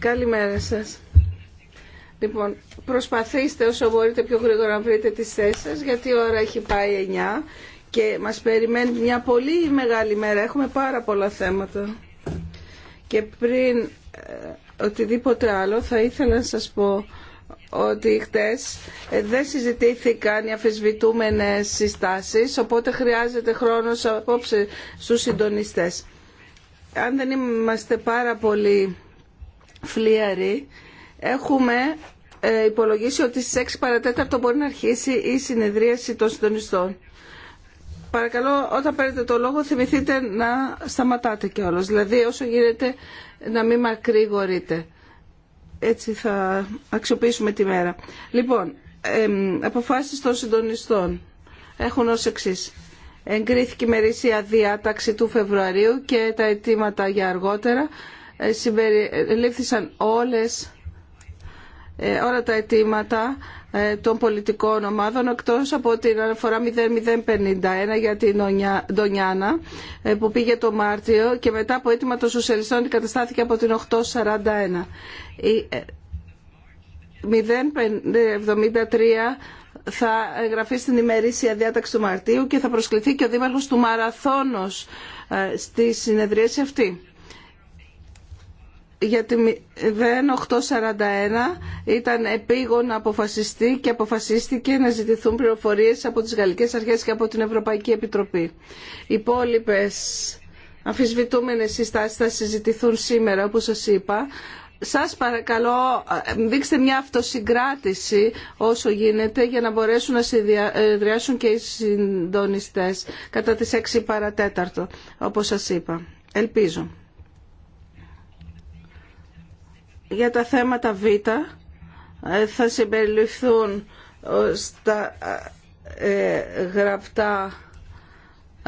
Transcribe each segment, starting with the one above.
Καλημέρα σας. Λοιπόν, προσπαθήστε όσο μπορείτε πιο γρήγορα να βρείτε τις θέσεις σα, γιατί η ώρα έχει πάει 9 και μας περιμένει μια πολύ μεγάλη μέρα. Έχουμε πάρα πολλά θέματα. Και πριν ε, οτιδήποτε άλλο θα ήθελα να σας πω ότι χτες ε, δεν συζητήθηκαν οι αφισβητούμενες συστάσεις, οπότε χρειάζεται χρόνο απόψε στου συντονιστές αν δεν είμαστε πάρα πολύ φλίαροι, έχουμε ε, υπολογίσει ότι στις 6 παρατέταρτο μπορεί να αρχίσει η συνεδρίαση των συντονιστών. Παρακαλώ, όταν παίρνετε το λόγο, θυμηθείτε να σταματάτε κιόλας. Δηλαδή, όσο γίνεται, να μην μακρύγορείτε. Έτσι θα αξιοποιήσουμε τη μέρα. Λοιπόν, ε, αποφάσεις των συντονιστών έχουν ως εξής. Εγκρίθηκε η μερίσια διάταξη του Φεβρουαρίου και τα αιτήματα για αργότερα. Ε, συμπεριλήφθησαν όλες ε, όλα τα αιτήματα ε, των πολιτικών ομάδων εκτός από την αναφορά 0051 για την Ντονιάνα που πήγε το Μάρτιο και μετά από αίτημα των σοσιαλιστών αντικαταστάθηκε από την 841. Η 073 θα εγγραφεί στην ημερήσια διάταξη του Μαρτίου και θα προσκληθεί και ο Δήμαρχος του Μαραθώνος ε, στη συνεδρίαση αυτή. Για τη 0841 ήταν επίγον να αποφασιστεί και αποφασίστηκε να ζητηθούν πληροφορίες από τις Γαλλικές Αρχές και από την Ευρωπαϊκή Επιτροπή. Οι υπόλοιπες αμφισβητούμενες συστάσεις θα συζητηθούν σήμερα, όπως σας είπα σας παρακαλώ ε, δείξτε μια αυτοσυγκράτηση όσο γίνεται για να μπορέσουν να συνδυάσουν ε, και οι συντονιστές κατά τις 6 παρατέταρτο όπως σας είπα. Ελπίζω. Για τα θέματα Β ε, θα συμπεριληφθούν στα γραπτά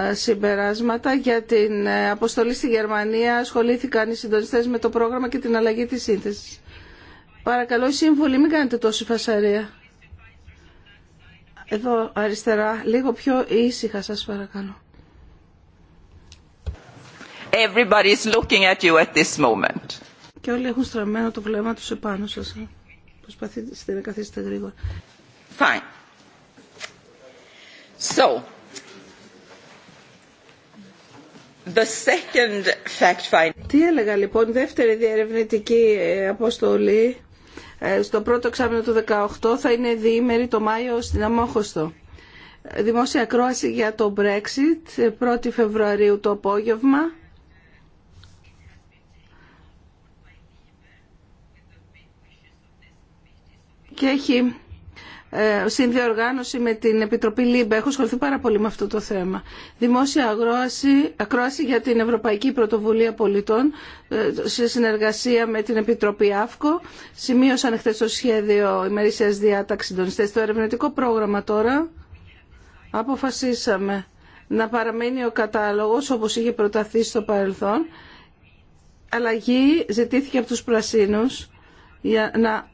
ε, συμπεράσματα για την ε, αποστολή στη Γερμανία ασχολήθηκαν οι συντονιστές με το πρόγραμμα και την αλλαγή της σύνθεσης. Παρακαλώ οι σύμβουλοι μην κάνετε τόση φασαρία. Εδώ αριστερά, λίγο πιο ήσυχα σας παρακαλώ. Everybody is looking at you at this moment. Και όλοι έχουν στραμμένο το βλέμμα τους επάνω σας. Ε. Προσπαθείτε να καθίσετε γρήγορα. Fine. So, The second fact Τι έλεγα λοιπόν, δεύτερη διερευνητική ε, αποστολή ε, στο πρώτο εξάμεινο του 2018 θα είναι διήμερη το Μάιο στην Αμόχωστο. Δημόσια κρόαση για το Brexit, 1η Φεβρουαρίου το απόγευμα. Και έχει ε, συνδιοργάνωση με την Επιτροπή ΛΥΜΠΑ. Έχω ασχοληθεί πάρα πολύ με αυτό το θέμα. Δημόσια αγρόαση, ακρόαση για την Ευρωπαϊκή Πρωτοβουλία Πολιτών ε, σε συνεργασία με την Επιτροπή ΑΦΚΟ. Σημείωσαν χθε το σχέδιο ημερήσιας διάταξη των Το ερευνητικό πρόγραμμα τώρα αποφασίσαμε να παραμείνει ο κατάλογος όπως είχε προταθεί στο παρελθόν. Αλλαγή ζητήθηκε από τους πρασίνους για να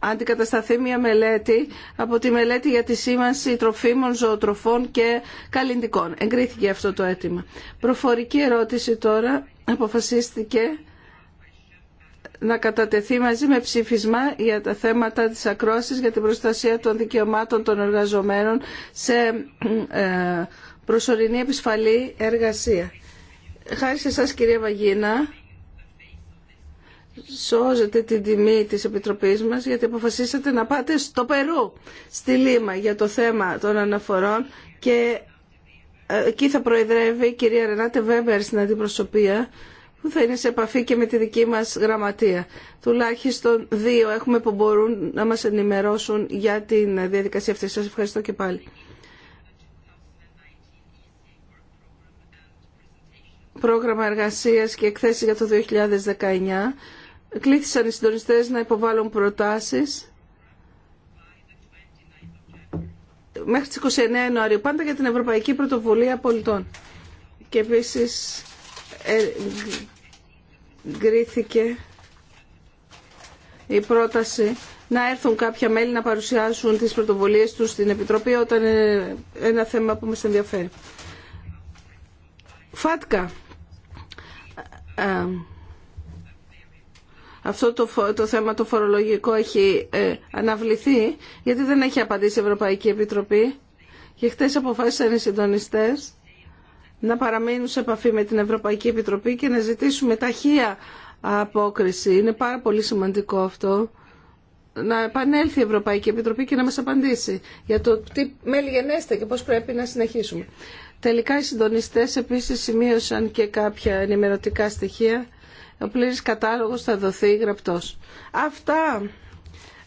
αντικατασταθεί μια μελέτη από τη μελέτη για τη σήμανση τροφίμων, ζωοτροφών και καλλιντικών. Εγκρίθηκε αυτό το αίτημα. Προφορική ερώτηση τώρα αποφασίστηκε να κατατεθεί μαζί με ψήφισμα για τα θέματα της ακρόασης για την προστασία των δικαιωμάτων των εργαζομένων σε ε, προσωρινή επισφαλή εργασία. Χάρη σε εσάς κυρία Βαγίνα σώζετε την τιμή της Επιτροπής μας γιατί αποφασίσατε να πάτε στο Περού, στη Λίμα για το θέμα των αναφορών και ε, εκεί θα προεδρεύει η κυρία Ρενάτε Βέμπερ στην αντιπροσωπεία που θα είναι σε επαφή και με τη δική μας γραμματεία. Τουλάχιστον δύο έχουμε που μπορούν να μας ενημερώσουν για την διαδικασία αυτή. Σας ευχαριστώ και πάλι. Πρόγραμμα εργασίας και εκθέσεις για το 2019 Κλήθησαν οι συντονιστές να υποβάλουν προτάσεις μέχρι τις 29 Ιανουαρίου, πάντα για την Ευρωπαϊκή Πρωτοβουλία Πολιτών. Και επίσης ε, γκρίθηκε η πρόταση να έρθουν κάποια μέλη να παρουσιάσουν τις πρωτοβουλίες τους στην Επιτροπή όταν είναι ένα θέμα που μας ενδιαφέρει. Φάτκα. Ε, ε, αυτό το, θέμα το φορολογικό έχει ε, αναβληθεί γιατί δεν έχει απαντήσει η Ευρωπαϊκή Επιτροπή και χτες αποφάσισαν οι συντονιστές να παραμείνουν σε επαφή με την Ευρωπαϊκή Επιτροπή και να ζητήσουμε ταχεία απόκριση. Είναι πάρα πολύ σημαντικό αυτό να επανέλθει η Ευρωπαϊκή Επιτροπή και να μας απαντήσει για το τι μέλη και πώς πρέπει να συνεχίσουμε. Τελικά οι συντονιστές επίσης σημείωσαν και κάποια ενημερωτικά στοιχεία ο πλήρης κατάλογος θα δοθεί γραπτός. Αυτά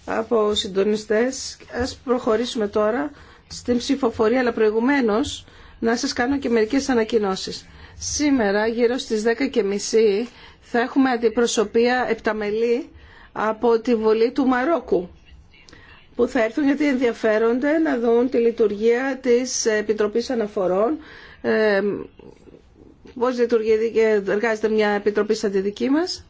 από συντονιστές. Ας προχωρήσουμε τώρα στην ψηφοφορία, αλλά προηγουμένως να σας κάνω και μερικές ανακοινώσεις. Σήμερα, γύρω στις 10.30, θα έχουμε αντιπροσωπεία επταμελή από τη Βολή του Μαρόκου που θα έρθουν γιατί ενδιαφέρονται να δουν τη λειτουργία της Επιτροπής Αναφορών ε, Πώ λειτουργεί και εργάζεται μια επιτροπή σαν τη δική μας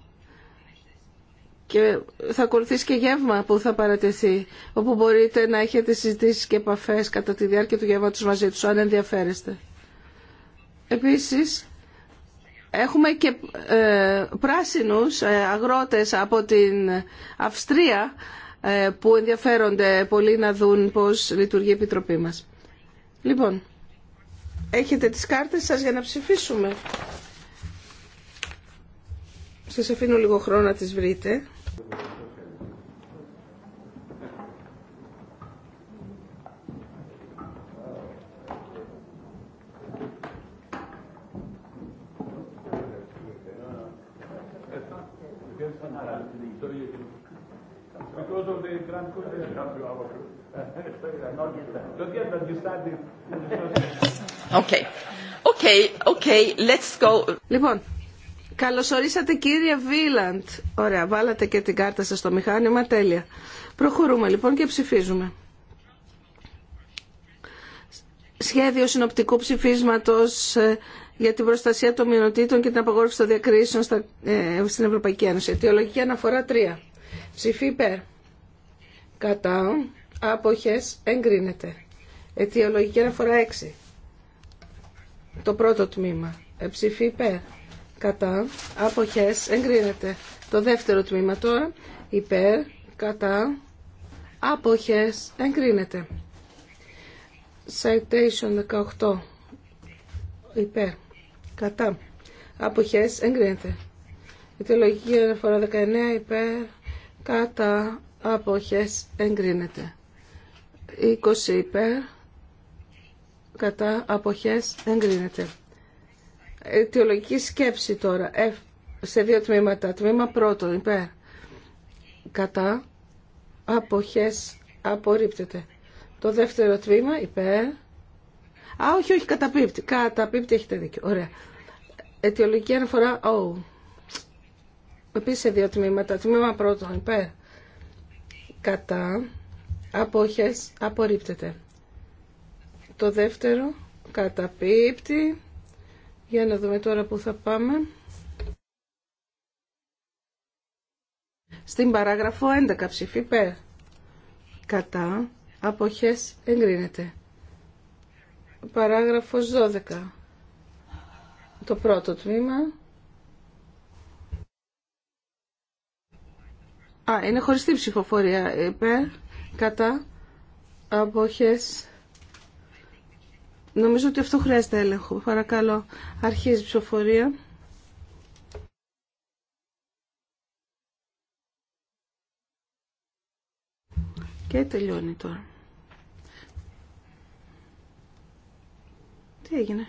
και θα ακολουθήσει και γεύμα που θα παρατεθεί, όπου μπορείτε να έχετε συζητήσει και επαφέ κατά τη διάρκεια του γεύματος μαζί του αν ενδιαφέρεστε. Επίσης, έχουμε και ε, πράσινους ε, αγρότες από την Αυστρία ε, που ενδιαφέρονται πολύ να δουν πώς λειτουργεί η Επιτροπή μα. Λοιπόν, Έχετε τις κάρτες σας για να ψηφίσουμε. Σας αφήνω λίγο χρόνο να τις βρείτε. Don't get that. Don't get that. You started. Λοιπόν, καλωσορίσατε κύριε Βίλαντ. Ωραία, βάλατε και την κάρτα σας στο μηχάνημα, τέλεια. Προχωρούμε λοιπόν και ψηφίζουμε. Σχέδιο συνοπτικού ψηφίσματος ε, για την προστασία των μειονοτήτων και την απαγόρευση των διακρίσεων στα, ε, στην Ευρωπαϊκή Ένωση. Αιτιολογική αναφορά 3. Ψηφί υπέρ. Κατά. Άποχες. Εγκρίνεται. Αιτιολογική αναφορά 6 το πρώτο τμήμα. Ε, Ψηφί υπέρ. Κατά. Αποχές. Εγκρίνεται. Το δεύτερο τμήμα τώρα. Υπέρ. Κατά. Αποχές. Εγκρίνεται. Citation 18. Υπέρ. Κατά. Αποχές. Εγκρίνεται. Η τελογική αναφορά 19. Υπέρ. Κατά. Αποχές. Εγκρίνεται. 20 υπέρ κατά αποχές εγκρίνεται. Αιτιολογική σκέψη τώρα, σε δύο τμήματα. Τμήμα πρώτο, υπέρ, κατά αποχές απορρίπτεται. Το δεύτερο τμήμα, υπέρ. Α, όχι, όχι, καταπίπτει. Καταπίπτει, έχετε δίκιο. Ωραία. Αιτιολογική αναφορά, ό Επίση σε δύο τμήματα. Τμήμα πρώτο, υπέρ. Κατά αποχές απορρίπτεται. Το δεύτερο καταπίπτει. Για να δούμε τώρα που θα πάμε. Στην παράγραφο 11 ψηφί περ. Κατά. Αποχές εγκρίνεται. Παράγραφος 12. Το πρώτο τμήμα. Α, είναι χωριστή ψηφοφορία υπέρ, κατά, αποχές Νομίζω ότι αυτό χρειάζεται έλεγχο. Παρακαλώ, αρχίζει η ψηφοφορία. Και τελειώνει τώρα. Τι έγινε.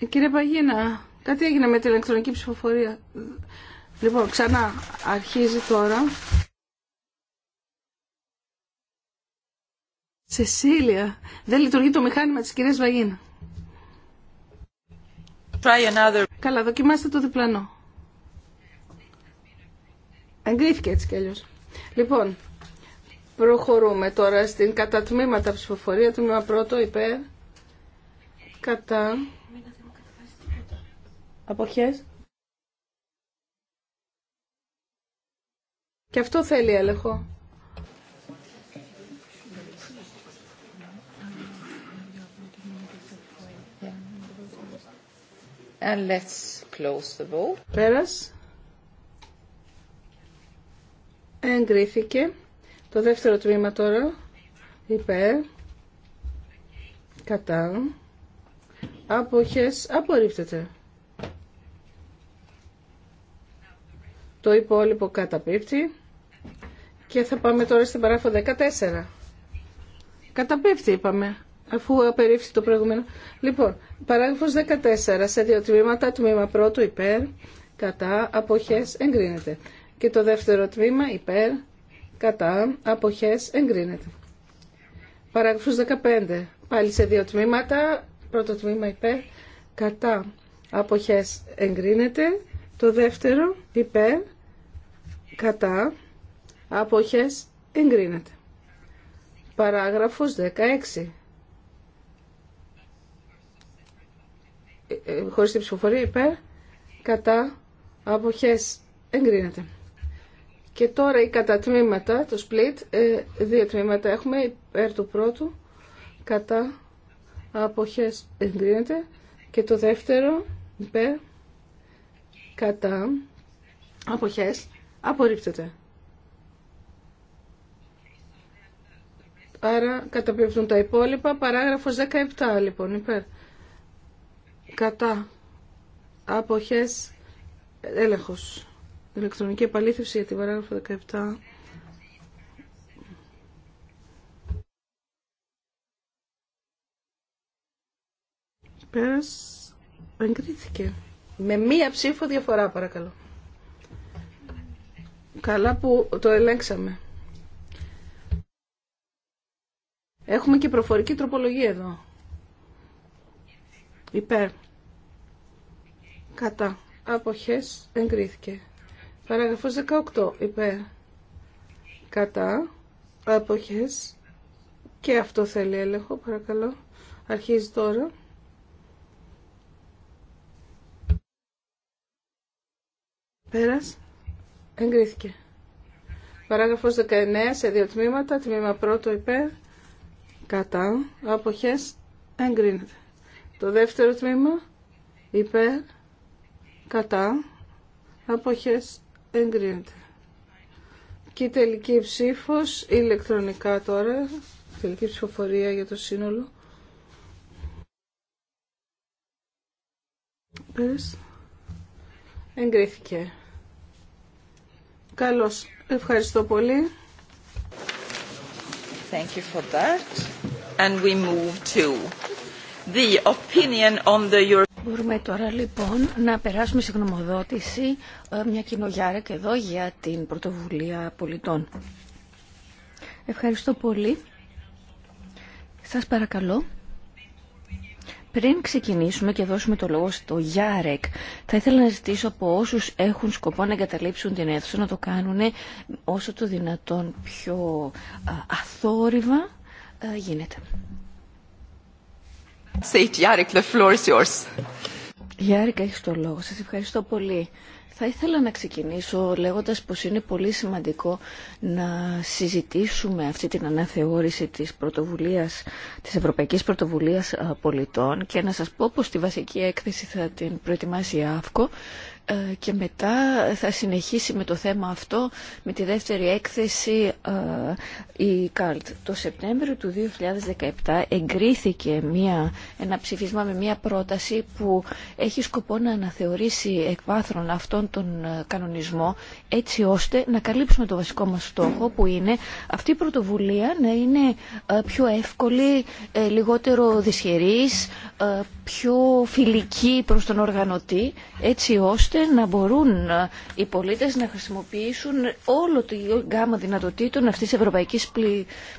Ε, κύριε Παγίνα, κάτι έγινε με την ηλεκτρονική ψηφοφορία. Λοιπόν, ξανά αρχίζει τώρα. Σεσίλια, δεν λειτουργεί το μηχάνημα της κυρίας Βαγίνα. Try another. Καλά, δοκιμάστε το διπλανό. Εγκρίθηκε έτσι κι αλλιώς. Λοιπόν, προχωρούμε τώρα στην κατατμήματα ψηφοφορία, τμήμα πρώτο υπέρ, κατά, αποχές. Και αυτό θέλει έλεγχο. And let's Πέρας. Εγκρίθηκε. Το δεύτερο τμήμα τώρα. Υπέρ. Κατά. Αποχές. Απορρίπτεται. Το υπόλοιπο καταπίπτει. Και θα πάμε τώρα στην παράφο 14. Καταπίπτει είπαμε αφού απερίφθη το προηγούμενο. Λοιπόν, παράγραφος 14, σε δύο τμήματα, τμήμα πρώτο υπέρ, κατά, αποχές, εγκρίνεται. Και το δεύτερο τμήμα υπέρ, κατά, αποχές, εγκρίνεται. Παράγραφος 15, πάλι σε δύο τμήματα, πρώτο τμήμα υπέρ, κατά, αποχές, εγκρίνεται. Το δεύτερο υπέρ, κατά, αποχές, εγκρίνεται. Παράγραφος 16 Ε, χωρίς την ψηφοφορία υπέρ κατά αποχές εγκρίνεται. Και τώρα οι κατατμήματα, το split, ε, δύο τμήματα έχουμε υπέρ του πρώτου κατά αποχές εγκρίνεται και το δεύτερο υπέρ κατά αποχές απορρίπτεται. Άρα καταπληκτούν τα υπόλοιπα. Παράγραφος 17 λοιπόν υπέρ κατά αποχές έλεγχος ηλεκτρονική επαλήθευση για την παράγραφο 17 πέρας εγκρίθηκε με μία ψήφο διαφορά παρακαλώ καλά που το ελέγξαμε έχουμε και προφορική τροπολογία εδώ υπέρ κατά αποχές εγκρίθηκε. Παράγραφος 18 υπέρ κατά αποχές και αυτό θέλει έλεγχο παρακαλώ. Αρχίζει τώρα. Πέρας. Εγκρίθηκε. Παράγραφος 19 σε δύο τμήματα. Τμήμα πρώτο υπέρ. Κατά. Αποχές. Εγκρίνεται. Το δεύτερο τμήμα υπέρ κατά αποχές εγκρίνεται. Και η τελική ψήφος ηλεκτρονικά τώρα, τελική ψηφοφορία για το σύνολο. Πες. Εγκρίθηκε. Καλώς. Ευχαριστώ πολύ. Thank you for that. And we move to the opinion on the Μπορούμε τώρα λοιπόν να περάσουμε σε γνωμοδότηση ε, μια κοινογιάρα και εδώ για την πρωτοβουλία πολιτών. Ευχαριστώ πολύ. Σας παρακαλώ. Πριν ξεκινήσουμε και δώσουμε το λόγο στο Γιάρεκ, θα ήθελα να ζητήσω από όσους έχουν σκοπό να εγκαταλείψουν την αίθουσα να το κάνουν όσο το δυνατόν πιο αθόρυβα ε, γίνεται το λόγο. Σας ευχαριστώ πολύ. Θα ήθελα να ξεκινήσω λέγοντας πως είναι πολύ σημαντικό να συζητήσουμε αυτή την αναθεώρηση της, πρωτοβουλίας, της Ευρωπαϊκής Πρωτοβουλίας ε, Πολιτών και να σας πω πως τη βασική έκθεση θα την προετοιμάσει η ΑΦΚΟ ε, και μετά θα συνεχίσει με το θέμα αυτό με τη δεύτερη έκθεση ε, η ΚΑΛΤ. Το Σεπτέμβριο του 2017 εγκρίθηκε μια, ένα ψηφίσμα με μια πρόταση που έχει σκοπό να αναθεωρήσει εκ αυτόν τον ε, κανονισμό έτσι ώστε να καλύψουμε το βασικό μας στόχο που είναι αυτή η πρωτοβουλία να είναι πιο εύκολη, λιγότερο δυσχερής, πιο φιλική προς τον οργανωτή έτσι ώστε να μπορούν ε, οι πολίτες να χρησιμοποιήσουν όλο το γάμα δυνατοτήτων αυτής της Ευρωπαϊκής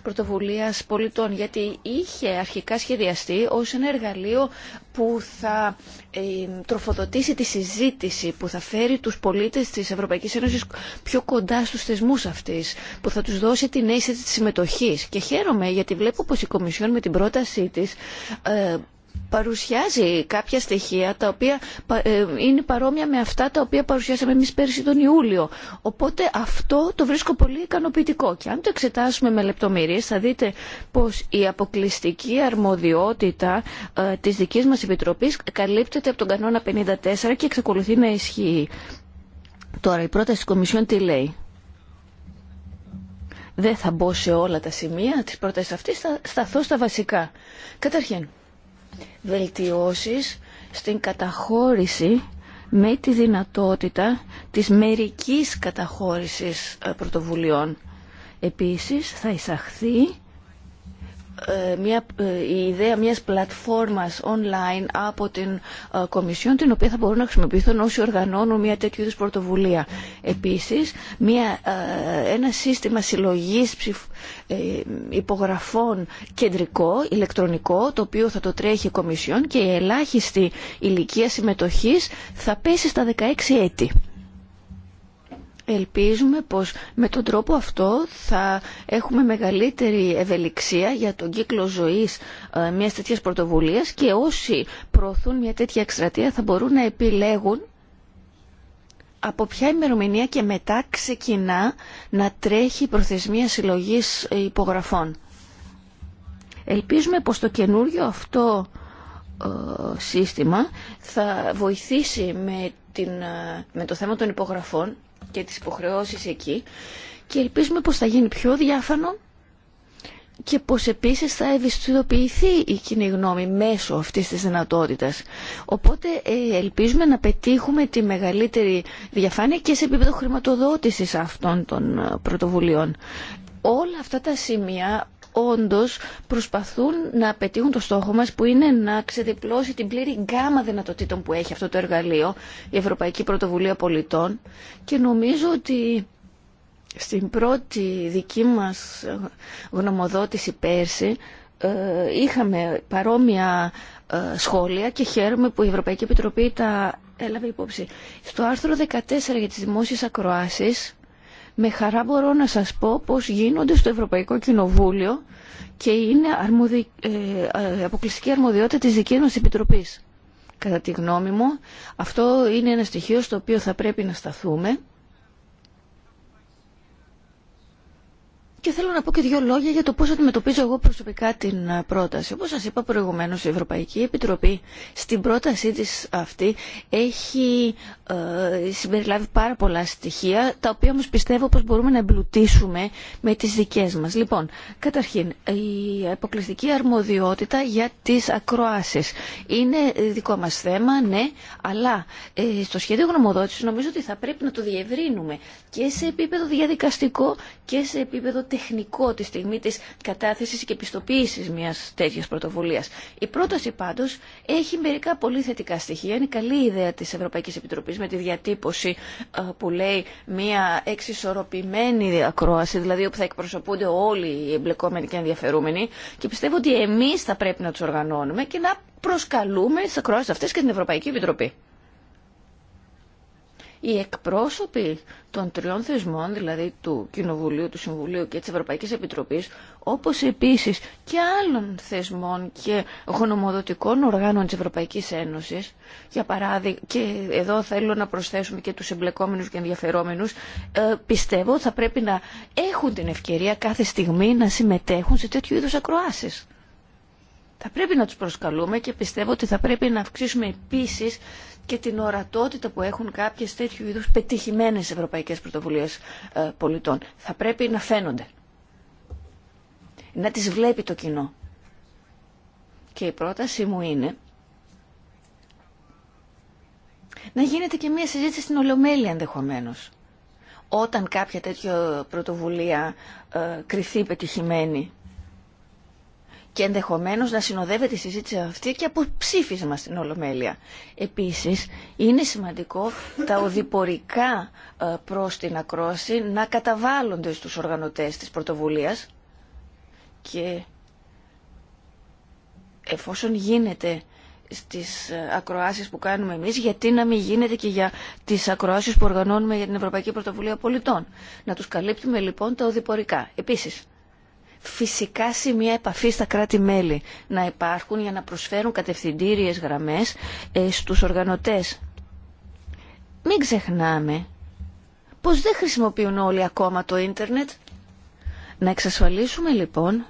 Πρωτοβουλίας Πολιτών γιατί είχε αρχικά σχεδιαστεί ως ένα εργαλείο που θα ε, τροφοδοτήσει τη συζήτηση που θα φέρει τους πολίτες της Ευρωπαϊκής Ένωσης πιο κοντά στους θεσμούς αυτής που θα τους δώσει την αίσθηση της συμμετοχής και χαίρομαι γιατί βλέπω πως η Κομισιόν με την πρότασή της ε, παρουσιάζει κάποια στοιχεία τα οποία ε, είναι παρόμοια με αυτά τα οποία παρουσιάσαμε εμείς πέρσι τον Ιούλιο. Οπότε αυτό το βρίσκω πολύ ικανοποιητικό και αν το εξετάσουμε με λεπτομέρειες θα δείτε πως η αποκλειστική αρμοδιότητα ε, της δικής μας Επιτροπής καλύπτεται από τον κανόνα 54 και εξακολουθεί να ισχύει. Τώρα η πρόταση της Κομισιόν τι λέει. Δεν θα μπω σε όλα τα σημεία της πρότασης αυτής, θα σταθώ στα βασικά. Καταρχήν, βελτιώσεις στην καταχώρηση με τη δυνατότητα της μερικής καταχώρησης ε, πρωτοβουλειών. Επίσης θα εισαχθεί ε, μια, ε, η ιδέα μιας πλατφόρμας online από την ε, Κομισιόν την οποία θα μπορούν να χρησιμοποιηθούν όσοι οργανώνουν μια τέτοιου είδους πρωτοβουλία. Επίσης, μια, ένα σύστημα συλλογής υπογραφών κεντρικό, ηλεκτρονικό, το οποίο θα το τρέχει η Κομισιόν και η ελάχιστη ηλικία συμμετοχής θα πέσει στα 16 έτη. Ελπίζουμε πως με τον τρόπο αυτό θα έχουμε μεγαλύτερη ευελιξία για τον κύκλο ζωής ε, μιας τέτοιας πρωτοβουλίας και όσοι προωθούν μια τέτοια εκστρατεία θα μπορούν να επιλέγουν από ποια ημερομηνία και μετά ξεκινά να τρέχει η προθεσμία συλλογής υπογραφών. Ελπίζουμε πως το καινούργιο αυτό ε, σύστημα θα βοηθήσει με, την, ε, με το θέμα των υπογραφών και τις υποχρεώσεις εκεί και ελπίζουμε πως θα γίνει πιο διάφανο και πως επίσης θα ευαισθητοποιηθεί η κοινή γνώμη μέσω αυτής της δυνατότητας. Οπότε ε, ελπίζουμε να πετύχουμε τη μεγαλύτερη διαφάνεια και σε επίπεδο χρηματοδότησης αυτών των ε, πρωτοβουλειών. Όλα αυτά τα σημεία όντως προσπαθούν να πετύχουν το στόχο μας που είναι να ξεδιπλώσει την πλήρη γκάμα δυνατοτήτων που έχει αυτό το εργαλείο, η Ευρωπαϊκή Πρωτοβουλία Πολιτών και νομίζω ότι στην πρώτη δική μας γνωμοδότηση πέρσι ε, είχαμε παρόμοια ε, σχόλια και χαίρομαι που η Ευρωπαϊκή Επιτροπή τα έλαβε υπόψη. Στο άρθρο 14 για τις δημόσιες ακροάσεις με χαρά μπορώ να σας πω πώς γίνονται στο Ευρωπαϊκό Κοινοβούλιο και είναι ε, ε, αποκλειστική αρμοδιότητα της δικής μας Επιτροπής. Κατά τη γνώμη μου, αυτό είναι ένα στοιχείο στο οποίο θα πρέπει να σταθούμε Και θέλω να πω και δύο λόγια για το πώς αντιμετωπίζω εγώ προσωπικά την ε, πρόταση. Όπως σας είπα προηγουμένως, η Ευρωπαϊκή Επιτροπή στην πρότασή της αυτή έχει ε, συμπεριλάβει πάρα πολλά στοιχεία, τα οποία όμως πιστεύω πως μπορούμε να εμπλουτίσουμε με τις δικές μας. Λοιπόν, καταρχήν, η αποκλειστική αρμοδιότητα για τις ακροάσεις. Είναι δικό μας θέμα, ναι, αλλά ε, στο σχέδιο γνωμοδότησης νομίζω ότι θα πρέπει να το διευρύνουμε και σε επίπεδο διαδικαστικό και σε επίπεδο τεχνικό τη στιγμή τη κατάθεση και επιστοποίηση μια τέτοια πρωτοβουλία. Η πρόταση πάντω έχει μερικά πολύ θετικά στοιχεία. Είναι καλή ιδέα τη Ευρωπαϊκή Επιτροπής με τη διατύπωση ε, που λέει μια εξισορροπημένη ακρόαση, δηλαδή όπου θα εκπροσωπούνται όλοι οι εμπλεκόμενοι και ενδιαφερούμενοι και πιστεύω ότι εμεί θα πρέπει να του οργανώνουμε και να προσκαλούμε τι ακρόασει αυτέ και την Ευρωπαϊκή Επιτροπή οι εκπρόσωποι των τριών θεσμών, δηλαδή του Κοινοβουλίου, του Συμβουλίου και της Ευρωπαϊκής Επιτροπής, όπως επίσης και άλλων θεσμών και γνωμοδοτικών οργάνων της Ευρωπαϊκής Ένωσης, για παράδειγμα, και εδώ θέλω να προσθέσουμε και τους εμπλεκόμενους και ενδιαφερόμενους, ε, πιστεύω θα πρέπει να έχουν την ευκαιρία κάθε στιγμή να συμμετέχουν σε τέτοιου είδους ακροάσεις. Θα πρέπει να τους προσκαλούμε και πιστεύω ότι θα πρέπει να αυξήσουμε επίσης και την ορατότητα που έχουν κάποιες τέτοιου είδους πετυχημένες ευρωπαϊκές πρωτοβουλίες ε, πολιτών. Θα πρέπει να φαίνονται, να τις βλέπει το κοινό. Και η πρότασή μου είναι να γίνεται και μια συζήτηση στην Ολομέλεια ενδεχομένω. Όταν κάποια τέτοια πρωτοβουλία ε, κρυθεί πετυχημένη και ενδεχομένως να συνοδεύεται η συζήτηση αυτή και από ψήφισμα στην Ολομέλεια. Επίσης, είναι σημαντικό τα οδηπορικά ε, προς την ακρόαση να καταβάλλονται στους οργανωτές της πρωτοβουλίας και εφόσον γίνεται στις ε, ακροάσεις που κάνουμε εμείς, γιατί να μην γίνεται και για τις ακροάσεις που οργανώνουμε για την Ευρωπαϊκή Πρωτοβουλία Πολιτών. Να τους καλύπτουμε λοιπόν τα οδηπορικά. Επίσης, φυσικά σημεία επαφή στα κράτη-μέλη να υπάρχουν για να προσφέρουν κατευθυντήριες γραμμές ε, στους οργανωτές. Μην ξεχνάμε πως δεν χρησιμοποιούν όλοι ακόμα το ίντερνετ. Να εξασφαλίσουμε λοιπόν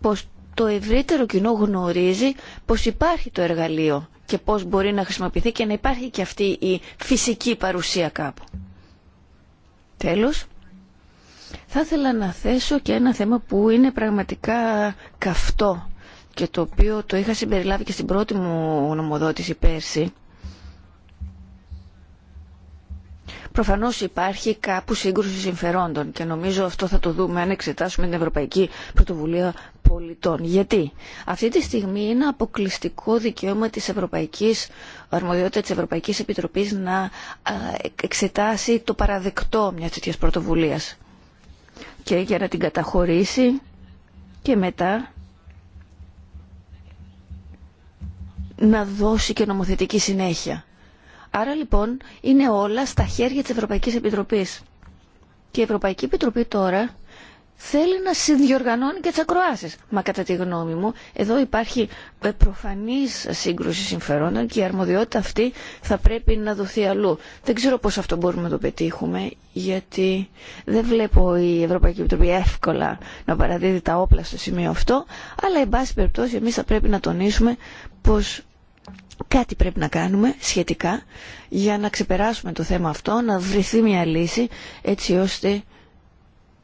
πως το ευρύτερο κοινό γνωρίζει πως υπάρχει το εργαλείο και πως μπορεί να χρησιμοποιηθεί και να υπάρχει και αυτή η φυσική παρουσία κάπου. Τέλος. Θα ήθελα να θέσω και ένα θέμα που είναι πραγματικά καυτό και το οποίο το είχα συμπεριλάβει και στην πρώτη μου νομοδότηση πέρσι. Προφανώς υπάρχει κάπου σύγκρουση συμφερόντων και νομίζω αυτό θα το δούμε αν εξετάσουμε την Ευρωπαϊκή Πρωτοβουλία Πολιτών. Γιατί αυτή τη στιγμή είναι αποκλειστικό δικαίωμα της Ευρωπαϊκής Αρμοδιότητα Ευρωπαϊκής Επιτροπής να εξετάσει το παραδεκτό μιας τέτοιας πρωτοβουλίας και για να την καταχωρήσει και μετά να δώσει και νομοθετική συνέχεια. Άρα λοιπόν είναι όλα στα χέρια της Ευρωπαϊκής Επιτροπής. Και η Ευρωπαϊκή Επιτροπή τώρα θέλει να συνδιοργανώνει και τι ακροάσει. Μα κατά τη γνώμη μου, εδώ υπάρχει ε, προφανή σύγκρουση συμφερόντων και η αρμοδιότητα αυτή θα πρέπει να δοθεί αλλού. Δεν ξέρω πώ αυτό μπορούμε να το πετύχουμε, γιατί δεν βλέπω η Ευρωπαϊκή Επιτροπή εύκολα να παραδίδει τα όπλα στο σημείο αυτό, αλλά εν πάση περιπτώσει εμεί θα πρέπει να τονίσουμε πω κάτι πρέπει να κάνουμε σχετικά για να ξεπεράσουμε το θέμα αυτό, να βρεθεί μια λύση έτσι ώστε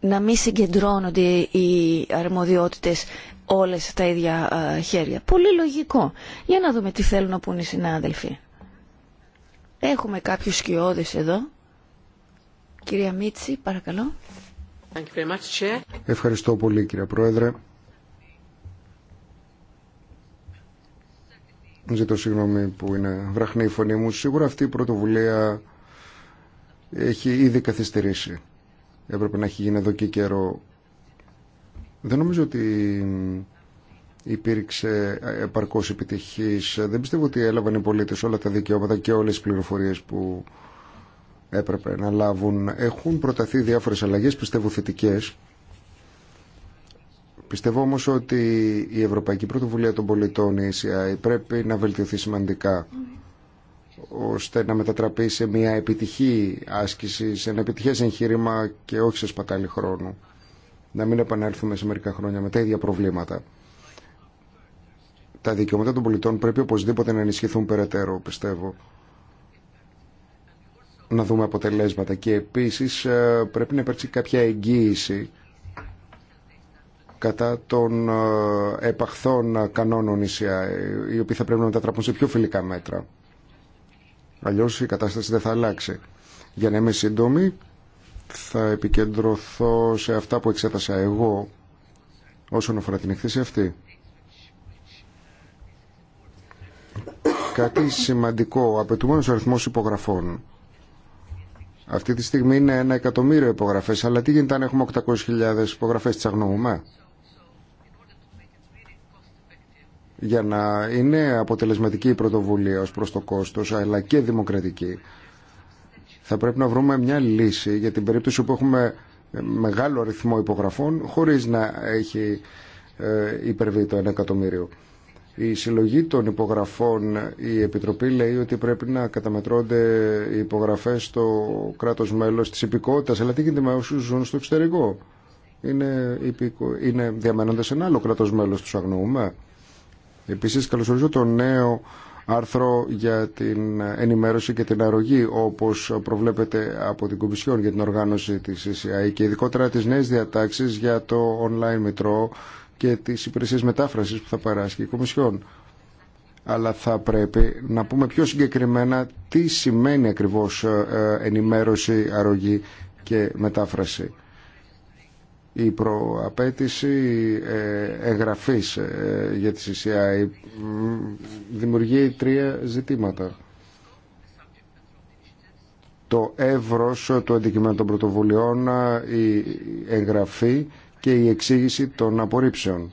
να μην συγκεντρώνονται οι αρμοδιότητες όλες στα ίδια χέρια. Πολύ λογικό. Για να δούμε τι θέλουν να πούνε οι συνάδελφοι. Έχουμε κάποιους σκιώδες εδώ. Κυρία Μίτση, παρακαλώ. Ευχαριστώ πολύ κύριε Πρόεδρε. Ζητώ συγγνώμη που είναι βραχνή η φωνή μου. Σίγουρα αυτή η πρωτοβουλία έχει ήδη καθυστερήσει έπρεπε να έχει γίνει εδώ και καιρό. Δεν νομίζω ότι υπήρξε επαρκώς επιτυχή. Δεν πιστεύω ότι έλαβαν οι πολίτε όλα τα δικαιώματα και όλες τις πληροφορίε που έπρεπε να λάβουν. Έχουν προταθεί διάφορες αλλαγέ, πιστεύω θετικέ. Πιστεύω όμως ότι η Ευρωπαϊκή Πρωτοβουλία των Πολιτών, η πρέπει να βελτιωθεί σημαντικά ώστε να μετατραπεί σε μια επιτυχή άσκηση, σε ένα επιτυχές εγχείρημα και όχι σε σπατάλη χρόνου. Να μην επανέλθουμε σε μερικά χρόνια με τα ίδια προβλήματα. Τα δικαιώματα των πολιτών πρέπει οπωσδήποτε να ενισχυθούν περαιτέρω, πιστεύω. Να δούμε αποτελέσματα και επίσης ε, πρέπει να υπάρξει κάποια εγγύηση κατά των ε, επαχθών κανόνων νησιά, οι οποίοι θα πρέπει να μετατραπούν σε πιο φιλικά μέτρα. Αλλιώ η κατάσταση δεν θα αλλάξει. Για να είμαι σύντομη, θα επικεντρωθώ σε αυτά που εξέτασα εγώ όσον αφορά την εκθέση αυτή. Κάτι σημαντικό, απαιτούμενος αριθμός υπογραφών. Αυτή τη στιγμή είναι ένα εκατομμύριο υπογραφές, αλλά τι γίνεται αν έχουμε 800.000 υπογραφές, τις αγνοούμε. για να είναι αποτελεσματική η πρωτοβουλία ως προς το κόστος αλλά και δημοκρατική θα πρέπει να βρούμε μια λύση για την περίπτωση που έχουμε μεγάλο αριθμό υπογραφών χωρίς να έχει ε, υπερβεί το 1 εκατομμύριο. Η συλλογή των υπογραφών, η Επιτροπή λέει ότι πρέπει να καταμετρώνται οι υπογραφές στο κράτος μέλος της υπηκότητας, αλλά τι γίνεται με όσους ζουν στο εξωτερικό. Είναι, είναι διαμένοντας ένα άλλο κράτος μέλος, τους αγνοούμε. Επίσης καλωσορίζω το νέο άρθρο για την ενημέρωση και την αρρωγή όπως προβλέπεται από την Κομισιόν για την οργάνωση της CCI και ειδικότερα τις νέες διατάξεις για το online μετρό και τις υπηρεσίες μετάφρασης που θα παράσχει η Κομισιόν. Αλλά θα πρέπει να πούμε πιο συγκεκριμένα τι σημαίνει ακριβώς ε, ενημέρωση, αρρωγή και μετάφραση η προαπέτηση ε, εγγραφής ε, για τη CCI δημιουργεί τρία ζητήματα. Το εύρος του αντικειμένου των πρωτοβουλειών, η εγγραφή και η εξήγηση των απορρίψεων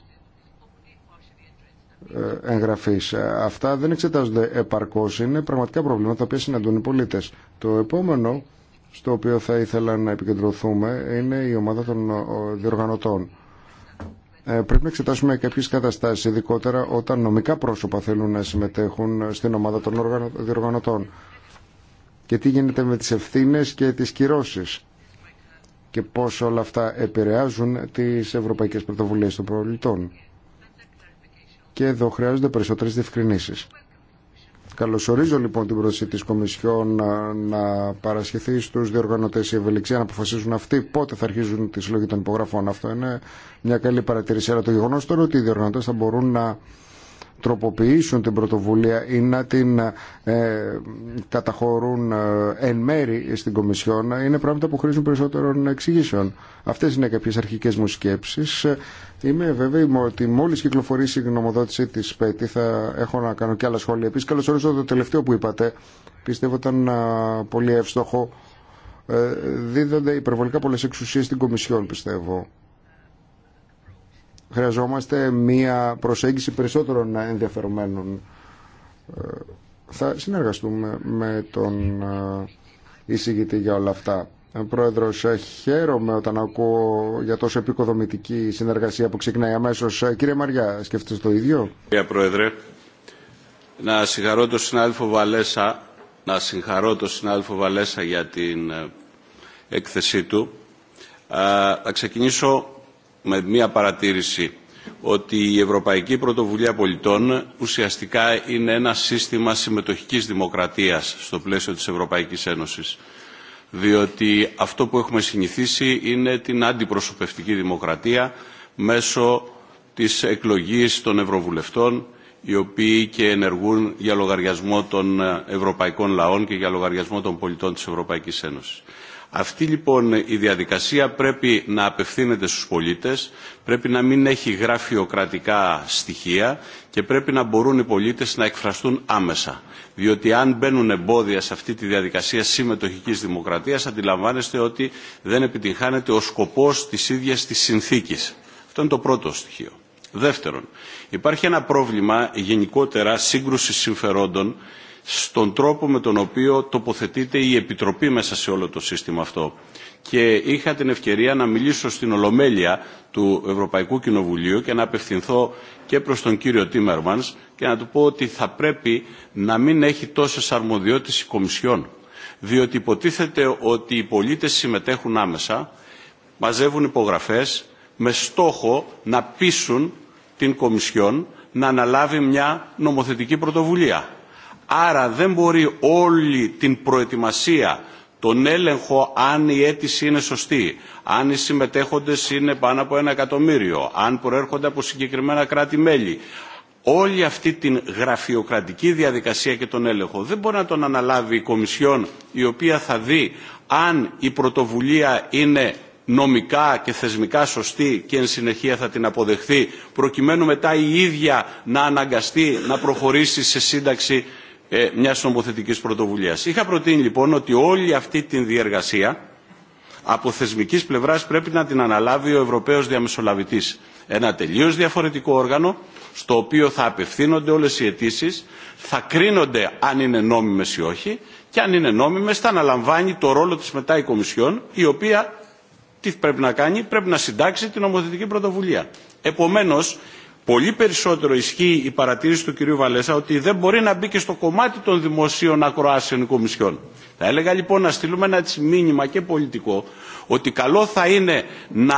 ε, εγγραφής. Αυτά δεν εξετάζονται επαρκώς, είναι πραγματικά προβλήματα τα οποία συναντούν οι πολίτες. Το επόμενο στο οποίο θα ήθελα να επικεντρωθούμε είναι η ομάδα των ε, διοργανωτών. Ε, πρέπει να εξετάσουμε κάποιες καταστάσεις, ειδικότερα όταν νομικά πρόσωπα θέλουν να συμμετέχουν στην ομάδα των διοργανωτών. Και τι γίνεται με τις ευθύνες και τις κυρώσεις και πώς όλα αυτά επηρεάζουν τις ευρωπαϊκές πρωτοβουλίες των πολιτών. Και εδώ χρειάζονται περισσότερες διευκρινήσεις. Καλωσορίζω λοιπόν την πρόταση της Κομισιόν να, παρασχεθεί στους διοργανωτές η ευελιξία να αποφασίζουν αυτοί πότε θα αρχίζουν τη συλλογή των υπογραφών. Αυτό είναι μια καλή παρατηρήση. Αλλά το γεγονό τώρα ότι οι διοργανωτές θα μπορούν να τροποποιήσουν την πρωτοβουλία ή να την ε, καταχωρούν ε, εν μέρη στην Κομισιόν είναι πράγματα που χρήζουν περισσότερων εξηγήσεων. Αυτές είναι κάποιες αρχικές μου σκέψεις. Είμαι βέβαιη ότι μόλι κυκλοφορήσει η γνωμοδότησή της ΠΕΤΗ θα έχω να κάνω και άλλα σχόλια. επίση. καλώ ορίζω το τελευταίο που είπατε. Πιστεύω ήταν ε, πολύ εύστοχο. δίδονται υπερβολικά πολλέ εξουσίε στην Κομισιόν πιστεύω Χρειαζόμαστε μία προσέγγιση περισσότερων ενδιαφερομένων. Ε, θα συνεργαστούμε με τον ε, εισηγητή για όλα αυτά. Ε, πρόεδρο χαίρομαι όταν ακούω για τόσο επικοδομητική συνεργασία που ξεκινάει αμέσω. Κύριε Μαριά, σκέφτεστε το ίδιο. Κύριε Πρόεδρε, να συγχαρώ τον συνάδελφο Βαλέσα, να συγχαρώ τον συνάδελφο Βαλέσα για την έκθεσή του. Θα ξεκινήσω με μία παρατήρηση ότι η Ευρωπαϊκή Πρωτοβουλία Πολιτών ουσιαστικά είναι ένα σύστημα συμμετοχικής δημοκρατίας στο πλαίσιο της Ευρωπαϊκής Ένωσης. Διότι αυτό που έχουμε συνηθίσει είναι την αντιπροσωπευτική δημοκρατία μέσω της εκλογής των Ευρωβουλευτών οι οποίοι και ενεργούν για λογαριασμό των ευρωπαϊκών λαών και για λογαριασμό των πολιτών της Ευρωπαϊκής Ένωσης. Αυτή λοιπόν η διαδικασία πρέπει να απευθύνεται στους πολίτες, πρέπει να μην έχει γραφειοκρατικά στοιχεία και πρέπει να μπορούν οι πολίτες να εκφραστούν άμεσα. Διότι αν μπαίνουν εμπόδια σε αυτή τη διαδικασία συμμετοχικής δημοκρατίας αντιλαμβάνεστε ότι δεν επιτυγχάνεται ο σκοπός της ίδιας της συνθήκης. Αυτό είναι το πρώτο στοιχείο. Δεύτερον, υπάρχει ένα πρόβλημα γενικότερα σύγκρουση συμφερόντων στον τρόπο με τον οποίο τοποθετείται η Επιτροπή μέσα σε όλο το σύστημα αυτό. Και είχα την ευκαιρία να μιλήσω στην Ολομέλεια του Ευρωπαϊκού Κοινοβουλίου και να απευθυνθώ και προς τον κύριο Τίμερμανς και να του πω ότι θα πρέπει να μην έχει τόσες αρμοδιότητες η Κομισιόν. Διότι υποτίθεται ότι οι πολίτες συμμετέχουν άμεσα, μαζεύουν υπογραφές με στόχο να πείσουν την Κομισιόν να αναλάβει μια νομοθετική πρωτοβουλία. Άρα δεν μπορεί όλη την προετοιμασία, τον έλεγχο αν η αίτηση είναι σωστή, αν οι συμμετέχοντες είναι πάνω από ένα εκατομμύριο, αν προέρχονται από συγκεκριμένα κράτη-μέλη, όλη αυτή την γραφειοκρατική διαδικασία και τον έλεγχο δεν μπορεί να τον αναλάβει η Κομισιόν η οποία θα δει αν η πρωτοβουλία είναι νομικά και θεσμικά σωστή και εν συνεχεία θα την αποδεχθεί προκειμένου μετά η ίδια να αναγκαστεί να προχωρήσει σε σύνταξη ε, μιας νομοθετικής πρωτοβουλίας. Είχα προτείνει λοιπόν ότι όλη αυτή τη διεργασία από θεσμικής πλευράς πρέπει να την αναλάβει ο Ευρωπαίος Διαμεσολαβητής. Ένα τελείως διαφορετικό όργανο στο οποίο θα απευθύνονται όλες οι αιτήσει, θα κρίνονται αν είναι νόμιμες ή όχι και αν είναι νόμιμες θα αναλαμβάνει το ρόλο της μετά η Κομισιόν η οποία τι πρέπει να κάνει, πρέπει να συντάξει την νομοθετική πρωτοβουλία. Επομένως, πολύ περισσότερο ισχύει η παρατήρηση του κυρίου Βαλέσα ότι δεν μπορεί να μπει και στο κομμάτι των δημοσίων ακροάσεων κομισιών. Θα έλεγα λοιπόν να στείλουμε ένα μήνυμα και πολιτικό ότι καλό θα είναι να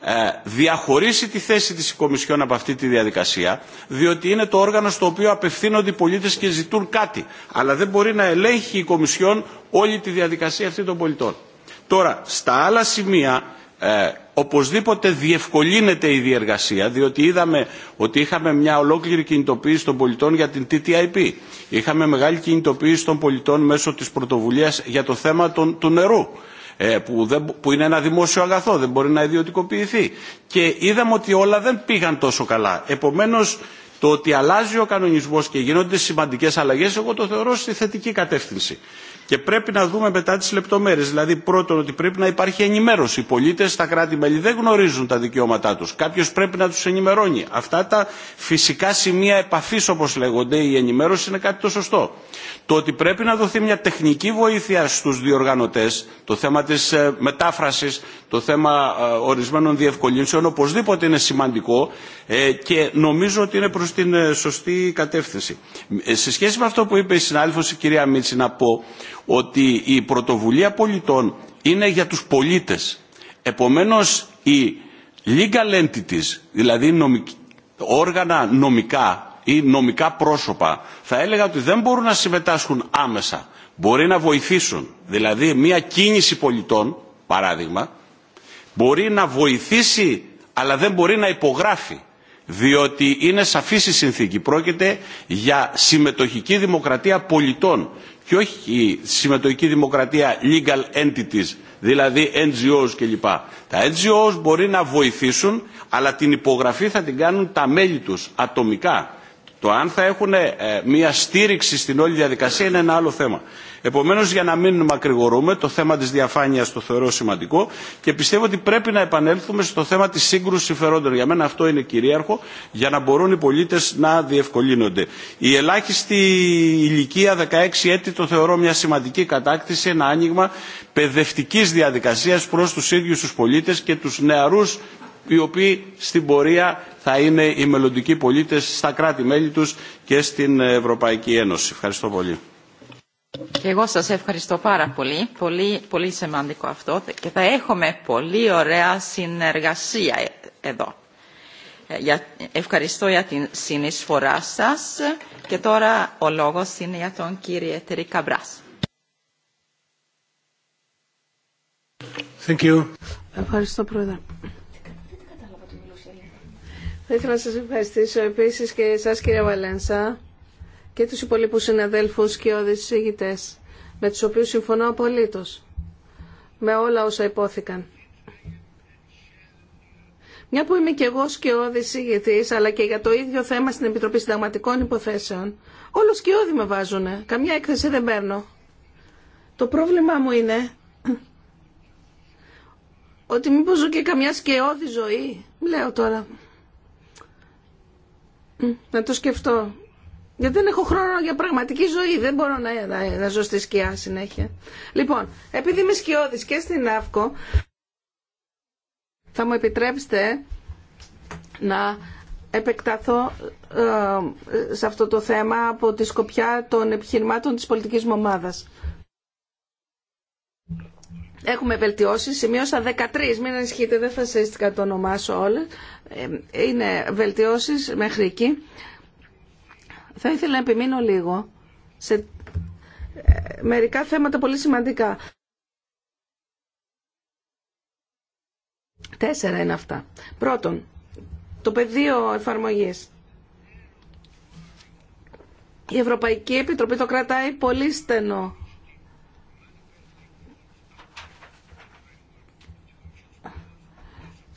ε, διαχωρίσει τη θέση της Κομισιόν από αυτή τη διαδικασία, διότι είναι το όργανο στο οποίο απευθύνονται οι πολίτες και ζητούν κάτι. Αλλά δεν μπορεί να ελέγχει η Κομισιόν όλη τη διαδικασία αυτή των πολιτών. Τώρα, στα άλλα σημεία ε, οπωσδήποτε διευκολύνεται η διεργασία διότι είδαμε ότι είχαμε μια ολόκληρη κινητοποίηση των πολιτών για την TTIP. Είχαμε μεγάλη κινητοποίηση των πολιτών μέσω της πρωτοβουλίας για το θέμα των, του νερού ε, που, δεν, που είναι ένα δημόσιο αγαθό, δεν μπορεί να ιδιωτικοποιηθεί. Και είδαμε ότι όλα δεν πήγαν τόσο καλά. Επομένως το ότι αλλάζει ο κανονισμός και γίνονται σημαντικές αλλαγές εγώ το θεωρώ στη θετική κατεύθυνση. Και πρέπει να δούμε μετά τι λεπτομέρειε. Δηλαδή, πρώτον, ότι πρέπει να υπάρχει ενημέρωση. Οι πολίτε στα κράτη-μέλη δεν γνωρίζουν τα δικαιώματά του. Κάποιο πρέπει να του ενημερώνει. Αυτά τα φυσικά σημεία επαφή, όπω λέγονται, η ενημέρωση είναι κάτι το σωστό. Το ότι πρέπει να δοθεί μια τεχνική βοήθεια στου διοργανωτέ, το θέμα τη ε, μετάφραση, το θέμα ε, ορισμένων διευκολύνσεων, οπωσδήποτε είναι σημαντικό ε, και νομίζω ότι είναι προ την σωστή κατεύθυνση. Σε σχέση με αυτό που είπε η συνάδελφο η κυρία Μίτση, να ότι η πρωτοβουλία πολιτών είναι για τους πολίτες. Επομένως οι legal entities, δηλαδή νομικοί, όργανα νομικά ή νομικά πρόσωπα, θα βοηθήσουν. Δηλαδή μια κίνηση πολιτών, παράδειγμα, μπορεί να βοηθήσει αλλά δεν μπορεί να υπογράφει διότι είναι σαφής η συνθήκη. Πρόκειται για συμμετοχική δημοκρατία πολιτών και όχι η συμμετοχική δημοκρατία legal entities, δηλαδή NGOs κλπ. Τα NGOs μπορεί να βοηθήσουν, αλλά την υπογραφή θα την κάνουν τα μέλη τους ατομικά. Το αν θα έχουν ε, μια στήριξη στην όλη διαδικασία είναι ένα άλλο θέμα. Επομένως, για να μην μακρηγορούμε, το θέμα της διαφάνειας το θεωρώ σημαντικό και πιστεύω ότι πρέπει να επανέλθουμε στο θέμα της σύγκρουσης συμφερόντων. Για μένα αυτό είναι κυρίαρχο, για να μπορούν οι πολίτες να διευκολύνονται. Η ελάχιστη ηλικία 16 έτη το θεωρώ μια σημαντική κατάκτηση, ένα άνοιγμα παιδευτικής διαδικασίας προς τους ίδιους τους πολίτες και τους νεαρούς οι οποίοι στην πορεία θα είναι οι μελλοντικοί πολίτες στα κράτη-μέλη τους και στην Ευρωπαϊκή Ένωση. Ευχαριστώ πολύ. Και εγώ σας ευχαριστώ πάρα πολύ. Πολύ, πολύ σημαντικό αυτό και θα έχουμε πολύ ωραία συνεργασία εδώ. Ε, ευχαριστώ για την συνεισφορά σας και τώρα ο λόγος είναι για τον κύριο Τερή Καμπράς. Thank you. Ευχαριστώ πρόεδρε. Θα ήθελα να σας ευχαριστήσω επίσης και εσάς κύριε Βαλένσα και τους υπολείπους συναδέλφους και ηγητές, με τους οποίους συμφωνώ απολύτως με όλα όσα υπόθηκαν. Μια που είμαι και εγώ σκιώδη σύγητης αλλά και για το ίδιο θέμα στην Επιτροπή Συνταγματικών Υποθέσεων, όλο σκιώδη με βάζουν. Καμιά έκθεση δεν παίρνω. Το πρόβλημά μου είναι ότι μήπως ζω και καμιά σκιώδη ζωή. Λέω τώρα. Να το σκεφτώ. Γιατί δεν έχω χρόνο για πραγματική ζωή. Δεν μπορώ να, να, να ζω στη σκιά συνέχεια. Λοιπόν, επειδή είμαι σκιώδη και στην Αύκο, θα μου επιτρέψετε να επεκταθώ ε, σε αυτό το θέμα από τη σκοπιά των επιχειρημάτων της πολιτικής μου ομάδας. Έχουμε βελτιώσει, σημείωσα 13, μην ανησυχείτε, δεν θα το το σου όλες. Ε, είναι βελτιώσεις μέχρι εκεί θα ήθελα να επιμείνω λίγο σε ε, μερικά θέματα πολύ σημαντικά. Τέσσερα είναι αυτά. Πρώτον, το πεδίο εφαρμογής. Η Ευρωπαϊκή Επιτροπή το κρατάει πολύ στενό.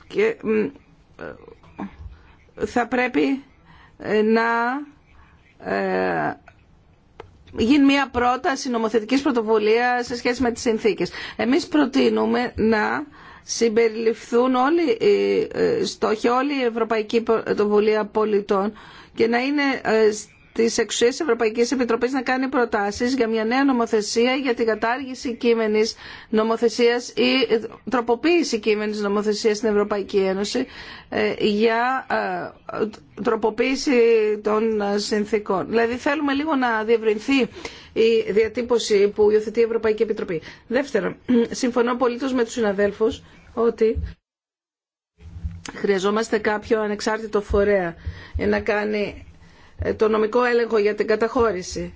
Και ε, θα πρέπει ε, να ε, γίνει μια πρόταση νομοθετικής πρωτοβουλία σε σχέση με τις συνθήκες. Εμείς προτείνουμε να συμπεριληφθούν όλοι οι ε, στόχοι, όλη η Ευρωπαϊκή Πρωτοβουλία Πολιτών και να είναι ε, της τη Ευρωπαϊκή Επιτροπής να κάνει προτάσεις για μια νέα νομοθεσία για την κατάργηση κείμενης νομοθεσίας ή τροποποίηση κείμενης νομοθεσία στην Ευρωπαϊκή Ένωση ε, για ε, τροποποίηση των συνθήκων. Δηλαδή θέλουμε λίγο να διευρυνθεί η τροποποιηση κειμενη νομοθεσιας στην ευρωπαικη που υιοθετεί η Ευρωπαϊκή Επιτροπή. Δεύτερον, συμφωνώ πολύ με του συναδέλφου ότι χρειαζόμαστε κάποιο ανεξάρτητο φορέα να κάνει ε, το νομικό έλεγχο για την καταχώρηση.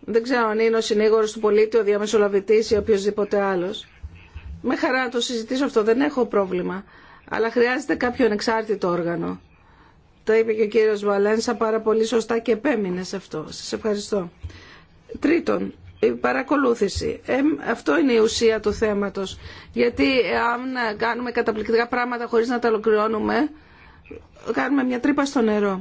Δεν ξέρω αν είναι ο συνήγορο του πολίτη, ο διαμεσολαβητής ή οποιοδήποτε άλλο. Με χαρά να το συζητήσω αυτό, δεν έχω πρόβλημα. Αλλά χρειάζεται κάποιο ανεξάρτητο όργανο. Το είπε και ο κύριο Βαλένσα πάρα πολύ σωστά και επέμεινε σε αυτό. Σα ευχαριστώ. Τρίτον, η παρακολούθηση. Ε, αυτό είναι η ουσία του θέματο. Γιατί ε, αν κάνουμε καταπληκτικά πράγματα χωρί να τα ολοκληρώνουμε, κάνουμε μια τρύπα στο νερό.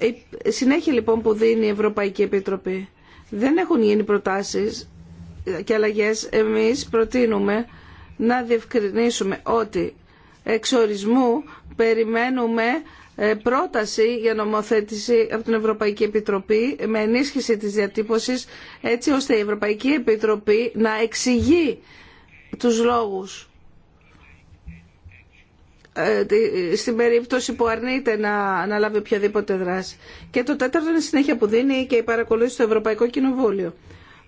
Η ε, συνέχεια λοιπόν που δίνει η Ευρωπαϊκή Επιτροπή. Δεν έχουν γίνει προτάσεις και αλλαγές. Εμείς προτείνουμε να διευκρινίσουμε ότι εξορισμού περιμένουμε ε, πρόταση για νομοθέτηση από την Ευρωπαϊκή Επιτροπή με ενίσχυση της διατύπωσης έτσι ώστε η Ευρωπαϊκή Επιτροπή να εξηγεί τους λόγους ε, στην περίπτωση που αρνείται να αναλάβει οποιαδήποτε δράση. Και το τέταρτο είναι η συνέχεια που δίνει και η παρακολούθηση στο Ευρωπαϊκό Κοινοβούλιο.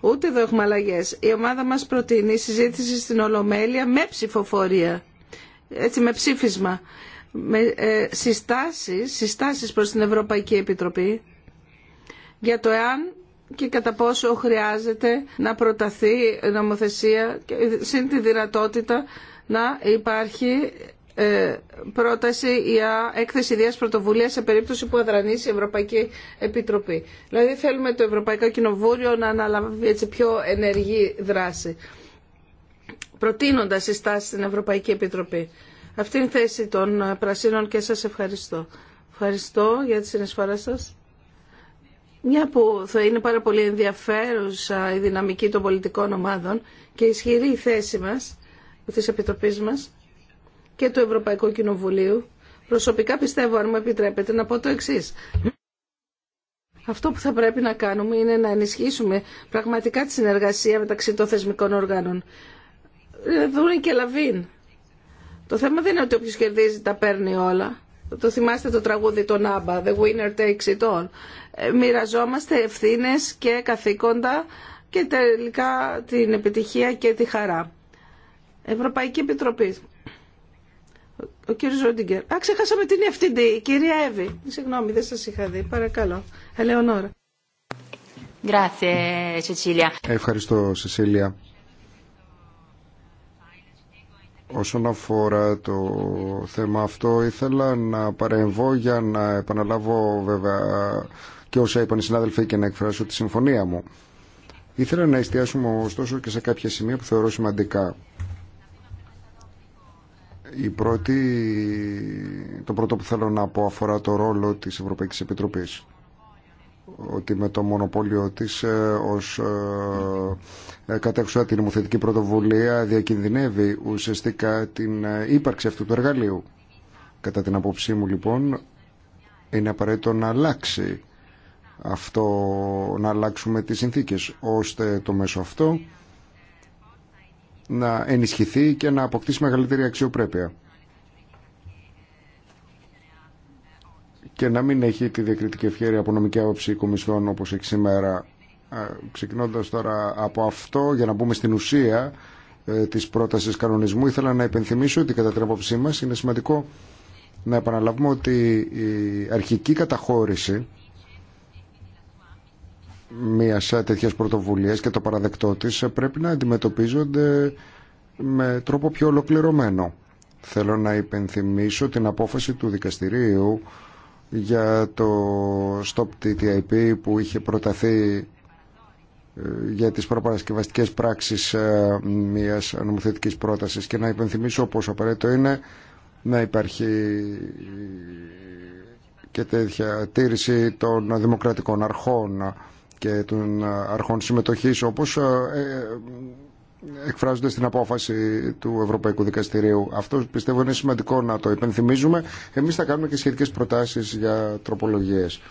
Ούτε εδώ έχουμε αλλαγέ. Η ομάδα μα προτείνει συζήτηση στην Ολομέλεια με ψηφοφορία. Έτσι, με ψήφισμα. Με ε, συστάσεις, συστάσεις προς την Ευρωπαϊκή Επιτροπή για το εάν και κατά πόσο χρειάζεται να προταθεί νομοθεσία και συν τη δυνατότητα να υπάρχει ε, πρόταση για έκθεση ιδέας πρωτοβουλία σε περίπτωση που αδρανήσει η Ευρωπαϊκή Επιτροπή. Δηλαδή θέλουμε το Ευρωπαϊκό Κοινοβούλιο να αναλάβει πιο ενεργή δράση, προτείνοντας συστάσεις στην Ευρωπαϊκή Επιτροπή. Αυτή είναι η θέση των Πρασίνων και σας ευχαριστώ. Ευχαριστώ για τη συνεισφορά σας. Μια που θα είναι πάρα πολύ ενδιαφέρουσα η δυναμική των πολιτικών ομάδων και ισχυρή η θέση μας, της Επιτροπής μας, και του Ευρωπαϊκού Κοινοβουλίου. Προσωπικά πιστεύω, αν μου επιτρέπετε, να πω το εξή. Αυτό που θα πρέπει να κάνουμε είναι να ενισχύσουμε πραγματικά τη συνεργασία μεταξύ των θεσμικών οργάνων. Ε, δούνε και Λαβίν. Το θέμα δεν είναι ότι όποιο κερδίζει τα παίρνει όλα. Το θυμάστε το τραγούδι των Άμπα, The Winner Takes It All. Ε, μοιραζόμαστε ευθύνε και καθήκοντα και τελικά την επιτυχία και τη χαρά. Ευρωπαϊκή Επιτροπή. Ο κύριος Ρόντιγκερ. Α, ξεχάσαμε την ευθύντη, η κυρία Εύη. Συγγνώμη, δεν σα είχα δει. Παρακαλώ. Ελεονόρα. Ευχαριστώ, Σεσίλια. Όσον αφορά το θέμα αυτό, ήθελα να παρεμβώ για να επαναλάβω βέβαια και όσα είπαν οι συνάδελφοι και να εκφράσω τη συμφωνία μου. Ήθελα να εστιάσουμε ωστόσο και σε κάποια σημεία που θεωρώ σημαντικά. Η πρώτη, το πρώτο που θέλω να πω αφορά το ρόλο της Ευρωπαϊκής Επιτροπής ότι με το μονοπόλιο της ε, ως ε, κατέξουσα την νομοθετική πρωτοβουλία διακινδυνεύει ουσιαστικά την ε, ύπαρξη αυτού του εργαλείου. Κατά την απόψή μου λοιπόν είναι απαραίτητο να αλλάξει αυτό, να αλλάξουμε τις συνθήκες ώστε το μέσο αυτό να ενισχυθεί και να αποκτήσει μεγαλύτερη αξιοπρέπεια. Και να μην έχει τη διακριτική ευχαίρεια από νομική άποψη κομισιών όπως έχει σήμερα. Ε, ξεκινώντας τώρα από αυτό, για να μπούμε στην ουσία ε, της πρότασης κανονισμού, ήθελα να υπενθυμίσω ότι κατά την άποψή μας είναι σημαντικό να επαναλάβουμε ότι η αρχική καταχώρηση μία τέτοια πρωτοβουλίας και το παραδεκτό της πρέπει να αντιμετωπίζονται με τρόπο πιο ολοκληρωμένο. Θέλω να υπενθυμίσω την απόφαση του δικαστηρίου για το Stop TTIP που είχε προταθεί ε, για τις προπαρασκευαστικές πράξεις ε, μιας νομοθετικής πρότασης και να υπενθυμίσω πόσο απαραίτητο είναι να υπάρχει και τέτοια τήρηση των δημοκρατικών αρχών και των αρχών συμμετοχής όπως ε, ε, εκφράζονται στην απόφαση του Ευρωπαϊκού Δικαστηρίου. Αυτό πιστεύω είναι σημαντικό να το υπενθυμίζουμε. Εμείς θα κάνουμε και σχετικές προτάσεις για τροπολογίες.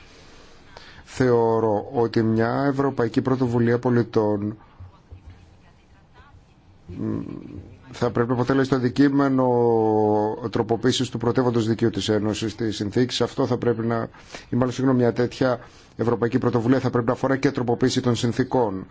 Θεωρώ ότι μια Ευρωπαϊκή Πρωτοβουλία Πολιτών θα πρέπει να αποτελέσει το αντικείμενο τροποποίηση του πρωτεύοντο δικαίου τη Ένωση, τη συνθήκη. Αυτό θα πρέπει να. ή μάλλον συγγνώμη, μια τέτοια ευρωπαϊκή πρωτοβουλία θα πρέπει να αφορά και τροποποίηση των συνθήκων.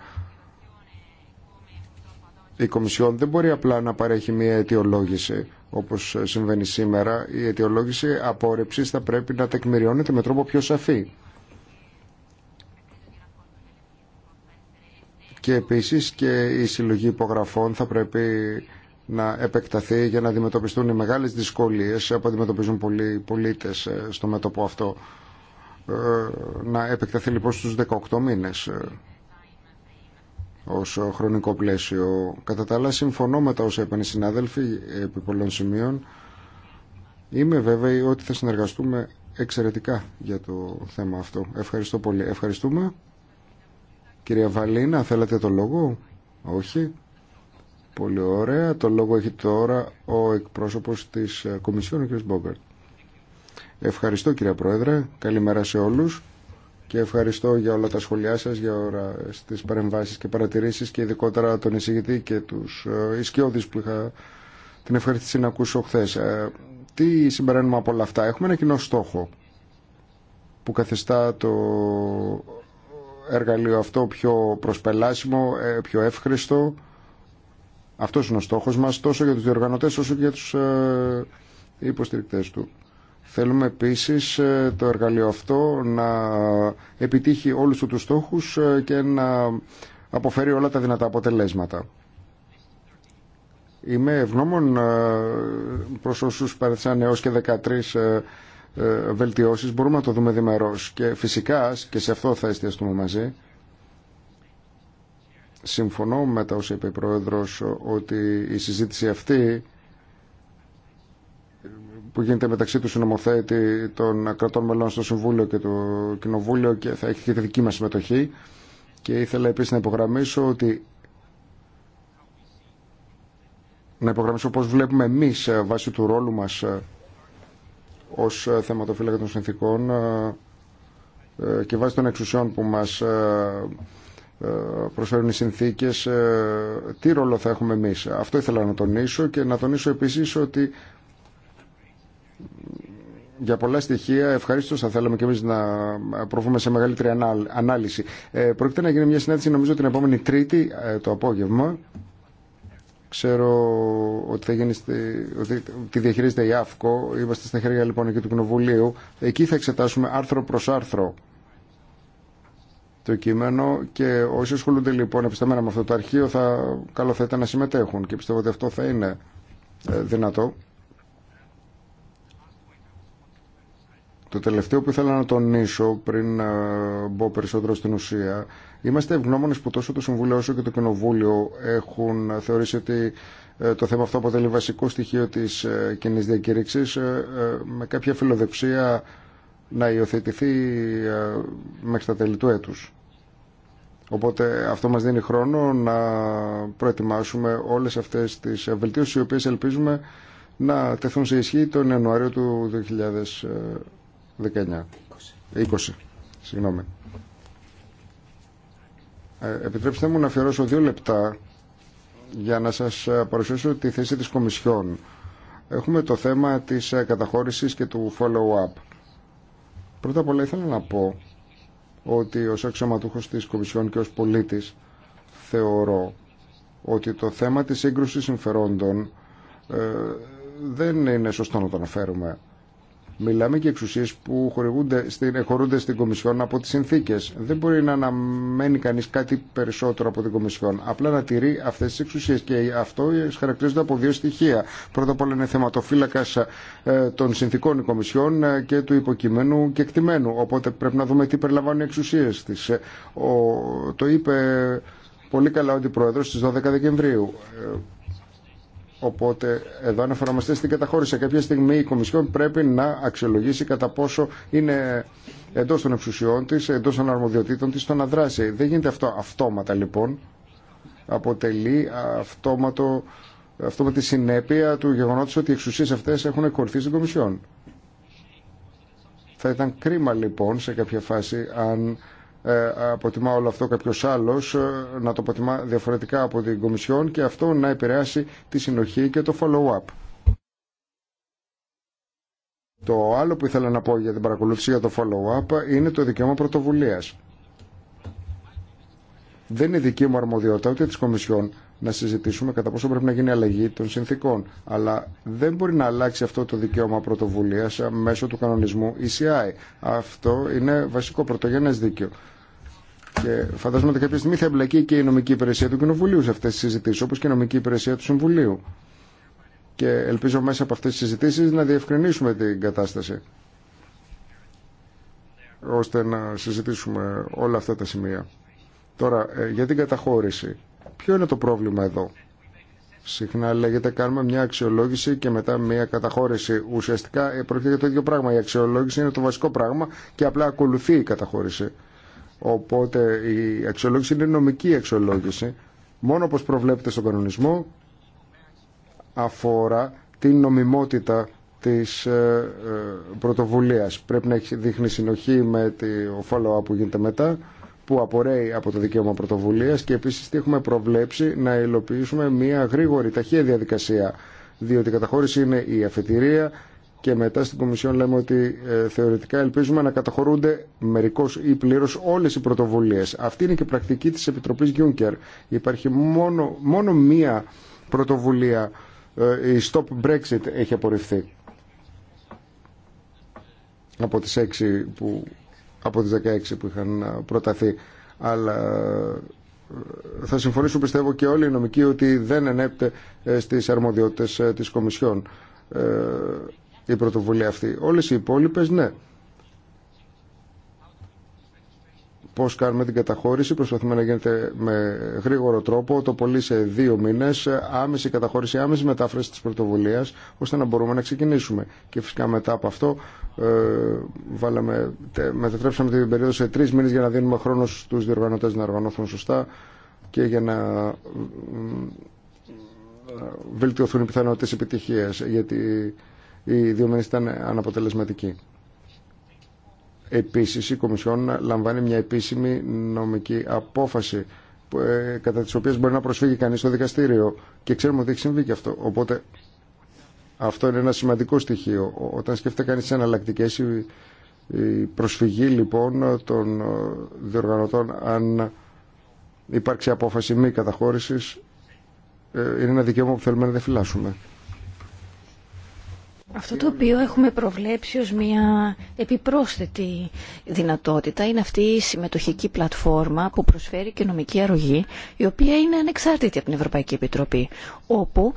Η Κομισιόν δεν μπορεί απλά να παρέχει μια αιτιολόγηση όπω συμβαίνει σήμερα. Η αιτιολόγηση απόρρεψη θα πρέπει να τεκμηριώνεται με τρόπο πιο σαφή. Και τροποποιηση των συνθηκων η κομισιον δεν μπορει απλα να παρεχει μια αιτιολογηση οπω συμβαινει σημερα η αιτιολογηση απορριψη θα πρεπει να τεκμηριωνεται με τροπο πιο σαφη και επισης και η συλλογή υπογραφών θα πρέπει να επεκταθεί για να αντιμετωπιστούν οι μεγάλες δυσκολίες που αντιμετωπίζουν πολλοί πολίτες ε, στο μέτωπο αυτό. Ε, να επεκταθεί λοιπόν στους 18 μήνες ε, ως χρονικό πλαίσιο. Κατά τα άλλα συμφωνώ με τα όσα είπαν οι συνάδελφοι επί πολλών σημείων. Είμαι βέβαιη ότι θα συνεργαστούμε εξαιρετικά για το θέμα αυτό. Ευχαριστώ πολύ. Ευχαριστούμε. Κυρία Βαλίνα, θέλετε το λόγο. Όχι. Πολύ ωραία. Το λόγο έχει τώρα ο εκπρόσωπος της ε, Κομισιόν, ο κ. Μπόγκαρτ. Ευχαριστώ κύριε Πρόεδρε. Καλημέρα σε όλους και ευχαριστώ για όλα τα σχόλιά σα για όλα τις παρεμβάσεις και παρατηρήσεις και ειδικότερα τον εισηγητή και του ε, ισκιώδεις που είχα την ευχαριστήση να ακούσω χθε. Ε, τι συμπεραίνουμε από όλα αυτά. Έχουμε ένα κοινό στόχο που καθιστά το εργαλείο αυτό πιο προσπελάσιμο, πιο εύχριστο αυτός είναι ο στόχος μας τόσο για τους διοργανωτές όσο και για τους ε, υποστηρικτές του. Θέλουμε επίσης ε, το εργαλείο αυτό να επιτύχει όλους τους στόχους ε, και να αποφέρει όλα τα δυνατά αποτελέσματα. Είμαι ευγνώμων προς όσους παρέθησαν έως και 13 βελτιώσεις. Μπορούμε να το δούμε διμερώς και φυσικά και σε αυτό θα εστιαστούμε μαζί Συμφωνώ με τα όσα είπε η Πρόεδρος ότι η συζήτηση αυτή που γίνεται μεταξύ του συνομοθέτη των κρατών μελών στο Συμβούλιο και το Κοινοβούλιο και θα έχει και τη δική μας συμμετοχή και ήθελα επίσης να υπογραμμίσω ότι να υπογραμμίσω πώς βλέπουμε εμείς ε, βάσει του ρόλου μας ε, ως ε, θεματοφύλακα των συνθήκων και βάσει των εξουσιών που μας προσφέρουν οι συνθήκες, ε, τι ρόλο θα έχουμε εμείς. Αυτό ήθελα να τονίσω και να τονίσω επίσης ότι για πολλά στοιχεία ευχαρίστω θα θέλαμε και εμεί να προβούμε σε μεγαλύτερη ανάλυση. Ε, πρόκειται να γίνει μια συνάντηση νομίζω την επόμενη Τρίτη ε, το απόγευμα. Ξέρω ότι, θα γίνει ότι τη διαχειρίζεται η ΑΦΚΟ. Είμαστε στα χέρια λοιπόν εκεί του Κοινοβουλίου. Εκεί θα εξετάσουμε άρθρο προς άρθρο το κείμενο και όσοι ασχολούνται λοιπόν επιστέμενα με αυτό το αρχείο θα καλό να συμμετέχουν και πιστεύω ότι αυτό θα είναι ε, δυνατό. Το τελευταίο που ήθελα να τονίσω πριν ε, μπω περισσότερο στην ουσία, είμαστε ευγνώμονε που τόσο το Συμβούλιο όσο και το Κοινοβούλιο έχουν θεωρήσει ότι ε, το θέμα αυτό αποτελεί βασικό στοιχείο τη κοινή διακήρυξη με κάποια φιλοδεξία να υιοθετηθεί μέχρι τα τέλη του έτους. Οπότε αυτό μας δίνει χρόνο να προετοιμάσουμε όλες αυτές τις βελτίωσεις οι οποίες ελπίζουμε να τεθούν σε ισχύ τον Ιανουάριο του 2019. 20. Ε, επιτρέψτε μου να αφιερώσω δύο λεπτά για να σας παρουσιάσω τη θέση της Κομισιόν. Έχουμε το θέμα της καταχώρησης και του follow-up. Πρώτα απ' όλα ήθελα να πω ότι ως αξιωματούχος της Κομισιόν και ως πολίτης θεωρώ ότι το θέμα της σύγκρουσης συμφερόντων ε, δεν είναι σωστό να το αναφέρουμε. Μιλάμε και εξουσίε που χορηγούνται στην, χωρούνται στην Κομισιόν από τι συνθήκε. Δεν μπορεί να αναμένει κανεί κάτι περισσότερο από την Κομισιόν. Απλά να τηρεί αυτέ τι εξουσίε. Και αυτό χαρακτηρίζεται από δύο στοιχεία. Πρώτα απ' όλα είναι θεματοφύλακα ε, των συνθήκων η Κομισιόν ε, και του υποκειμένου και εκτιμένου. Οπότε πρέπει να δούμε τι περιλαμβάνουν οι εξουσίε τη. Ε, το είπε πολύ καλά ο Αντιπρόεδρο στι 12 Δεκεμβρίου. Οπότε εδώ αναφερόμαστε στην καταχώρηση. Σε κάποια στιγμή η Κομισιόν πρέπει να αξιολογήσει κατά πόσο είναι εντό των εξουσιών τη, εντό των αρμοδιοτήτων τη το να δράσει. Δεν γίνεται αυτό αυτόματα λοιπόν. Αποτελεί αυτόματο, αυτόματη συνέπεια του γεγονότος ότι οι εξουσίες αυτές έχουν κορθεί στην Κομισιόν. Θα ήταν κρίμα λοιπόν σε κάποια φάση αν ε, αποτιμά όλο αυτό κάποιο άλλο, ε, να το αποτιμά διαφορετικά από την Κομισιόν και αυτό να επηρεάσει τη συνοχή και το follow-up. Το άλλο που ήθελα να πω για την παρακολούθηση για το follow-up είναι το δικαίωμα πρωτοβουλίας. Δεν είναι δική μου αρμοδιότητα ούτε της Κομισιόν, να συζητήσουμε κατά πόσο πρέπει να γίνει αλλαγή των συνθήκων. Αλλά δεν μπορεί να αλλάξει αυτό το δικαίωμα πρωτοβουλία μέσω του κανονισμού ECI. Αυτό είναι βασικό πρωτογενέ δίκαιο. Και φαντάζομαι ότι κάποια στιγμή θα εμπλακεί και η νομική υπηρεσία του Κοινοβουλίου σε αυτέ τι συζητήσει, όπω και η νομική υπηρεσία του Συμβουλίου. Και ελπίζω μέσα από αυτέ τι συζητήσει να διευκρινίσουμε την κατάσταση ώστε να συζητήσουμε όλα αυτά τα σημεία. Τώρα, ε, για την καταχώρηση. Ποιο είναι το πρόβλημα εδώ. Συχνά λέγεται κάνουμε μια αξιολόγηση και μετά μια καταχώρηση. Ουσιαστικά ε, πρόκειται για το ίδιο πράγμα. Η αξιολόγηση είναι το βασικό πράγμα και απλά ακολουθεί η καταχώρηση. Οπότε η αξιολόγηση είναι νομική αξιολόγηση. Μόνο όπως προβλέπεται στον κανονισμό αφορά την νομιμότητα της ε, ε, πρωτοβουλίας. Πρέπει να έχει δείχνει συνοχή με το follow-up που γίνεται μετά που απορρέει από το δικαίωμα πρωτοβουλία και επίση τι έχουμε προβλέψει να υλοποιήσουμε μια γρήγορη ταχεία διαδικασία. Διότι η καταχώρηση είναι η αφετηρία και μετά στην Κομισιόν λέμε ότι ε, θεωρητικά ελπίζουμε να καταχωρούνται μερικώ ή πλήρω όλε οι πρωτοβουλίε. Αυτή είναι και η πρακτική τη Επιτροπή Γιούνκερ. Υπάρχει μόνο, μόνο μία πρωτοβουλία. Ε, η Stop Brexit έχει απορριφθεί από τις έξι που από τις 16 που είχαν ε, προταθεί. Αλλά ε, θα συμφωνήσω, πιστεύω και όλοι οι νομικοί ότι δεν ενέπτε ε, στις αρμοδιότητες της Κομισιόν η πρωτοβουλία αυτή. Όλες οι υπόλοιπες ναι. Πώ κάνουμε την καταχώρηση. Προσπαθούμε να γίνεται με γρήγορο τρόπο, το πολύ σε δύο μήνες, άμεση καταχώρηση, άμεση μετάφραση της πρωτοβουλία, ώστε να μπορούμε να ξεκινήσουμε. Και φυσικά μετά από αυτό ε, βάλαμε, τε, μετατρέψαμε την περίοδο σε τρει μήνες για να δίνουμε χρόνο στους διοργανώτε να οργανώθουν σωστά και για να ε, βελτιωθούν οι πιθανότητες επιτυχίας, γιατί οι δύο μήνες ήταν αναποτελεσματικοί. Επίσης, η Κομισιόν λαμβάνει μια επίσημη νομική απόφαση ε, κατά τις οποίες μπορεί να προσφύγει κανείς στο δικαστήριο και ξέρουμε ότι έχει συμβεί και αυτό. Οπότε αυτό είναι ένα σημαντικό στοιχείο. Όταν σκέφτεται κανείς τις αναλλακτικές, η προσφυγή λοιπόν των ε, διοργανωτών αν υπάρξει απόφαση μη καταχώρησης ε, είναι ένα δικαίωμα που θέλουμε να δεν αυτό το οποίο έχουμε προβλέψει ως μια επιπρόσθετη δυνατότητα είναι αυτή η συμμετοχική πλατφόρμα που προσφέρει και νομική αρρωγή, η οποία είναι ανεξάρτητη από την Ευρωπαϊκή Επιτροπή, όπου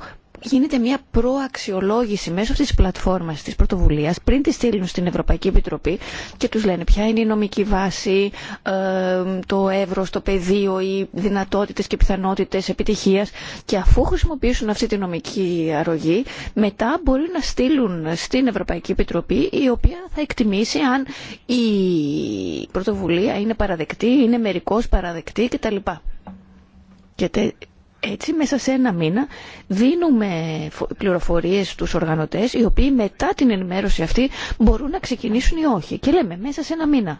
γίνεται μια προαξιολόγηση μέσω αυτής της πλατφόρμας της πρωτοβουλίας πριν τη στείλουν στην Ευρωπαϊκή Επιτροπή και τους λένε ποια είναι η νομική βάση, ε, το εύρος, το πεδίο, οι δυνατότητες και πιθανότητες επιτυχίας και αφού χρησιμοποιήσουν αυτή τη νομική αρρωγή μετά μπορεί να στείλουν στην Ευρωπαϊκή Επιτροπή η οποία θα εκτιμήσει αν η πρωτοβουλία είναι παραδεκτή, είναι μερικώς παραδεκτή κτλ. Έτσι μέσα σε ένα μήνα δίνουμε πληροφορίες στους οργανωτές οι οποίοι μετά την ενημέρωση αυτή μπορούν να ξεκινήσουν ή όχι. Και λέμε μέσα σε ένα μήνα.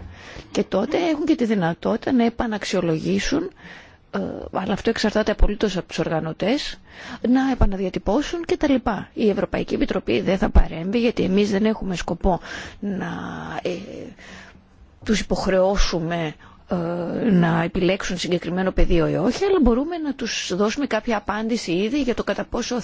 Και τότε έχουν και τη δυνατότητα να επαναξιολογήσουν ε, αλλά αυτό εξαρτάται απολύτω από του οργανωτέ, να επαναδιατυπώσουν κτλ. Η Ευρωπαϊκή Επιτροπή δεν θα παρέμβει γιατί εμεί δεν έχουμε σκοπό να ε, του υποχρεώσουμε ε, να επιλέξουν συγκεκριμένο πεδίο ή όχι, αλλά μπορούμε να τους δώσουμε κάποια απάντηση ήδη για το κατά πόσο ε,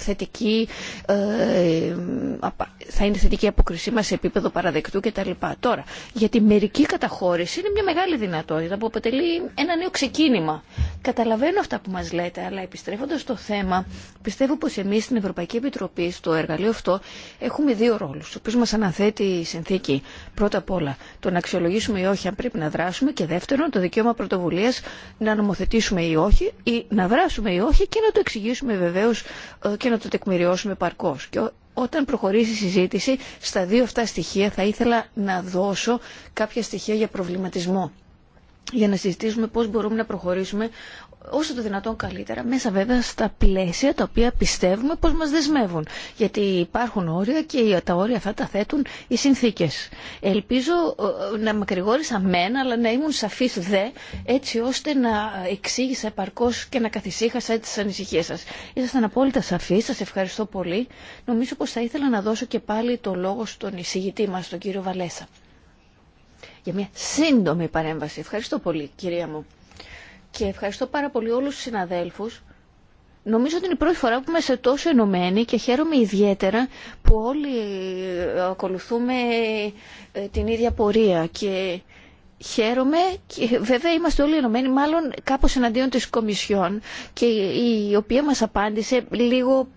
θα είναι θετική αποκρισή μας σε επίπεδο παραδεκτού κτλ. Τώρα, για τη μερική καταχώρηση είναι μια μεγάλη δυνατότητα που αποτελεί ένα νέο ξεκίνημα. Καταλαβαίνω αυτά που μας λέτε, αλλά επιστρέφοντας στο θέμα, πιστεύω πως εμείς στην Ευρωπαϊκή Επιτροπή, στο εργαλείο αυτό, έχουμε δύο ρόλους, του οποίους μας αναθέτει η συνθήκη. Πρώτα απ' όλα, το να αξιολογήσουμε ή όχι αν πρέπει να δράσουμε και δεύτερον, το δικαίωμα πρωτοβουλίας να νομοθετήσουμε ή όχι, ή να δράσουμε ή όχι και να το εξηγήσουμε βεβαίως ε, και να το τεκμηριώσουμε παρκώς. Και όταν προχωρήσει η συζήτηση στα δύο αυτά στοιχεία θα ήθελα να δώσω κάποια στοιχεία για προβληματισμό για να συζητήσουμε πώς μπορούμε να προχωρήσουμε όσο το δυνατόν καλύτερα, μέσα βέβαια στα πλαίσια τα οποία πιστεύουμε πως μας δεσμεύουν. Γιατί υπάρχουν όρια και τα όρια αυτά τα θέτουν οι συνθήκες. Ελπίζω ε, να μακρηγόρησα μένα, αλλά να ήμουν σαφής δε, έτσι ώστε να εξήγησα επαρκώς και να καθησύχασα τις ανησυχίες σας. Ήσασταν απόλυτα σαφής, σας ευχαριστώ πολύ. Νομίζω πως θα ήθελα να δώσω και πάλι το λόγο στον εισηγητή μας, τον κύριο Βαλέσα. Για μια σύντομη παρέμβαση. Ευχαριστώ πολύ, κυρία μου και ευχαριστώ πάρα πολύ όλους τους συναδέλφους. Νομίζω ότι είναι η πρώτη φορά που είμαστε τόσο ενωμένοι και χαίρομαι ιδιαίτερα που όλοι ε, ακολουθούμε ε, την ίδια πορεία και Χαίρομαι και βέβαια είμαστε όλοι ενωμένοι, μάλλον κάπως εναντίον της Κομισιόν και η οποία μας απάντησε λίγο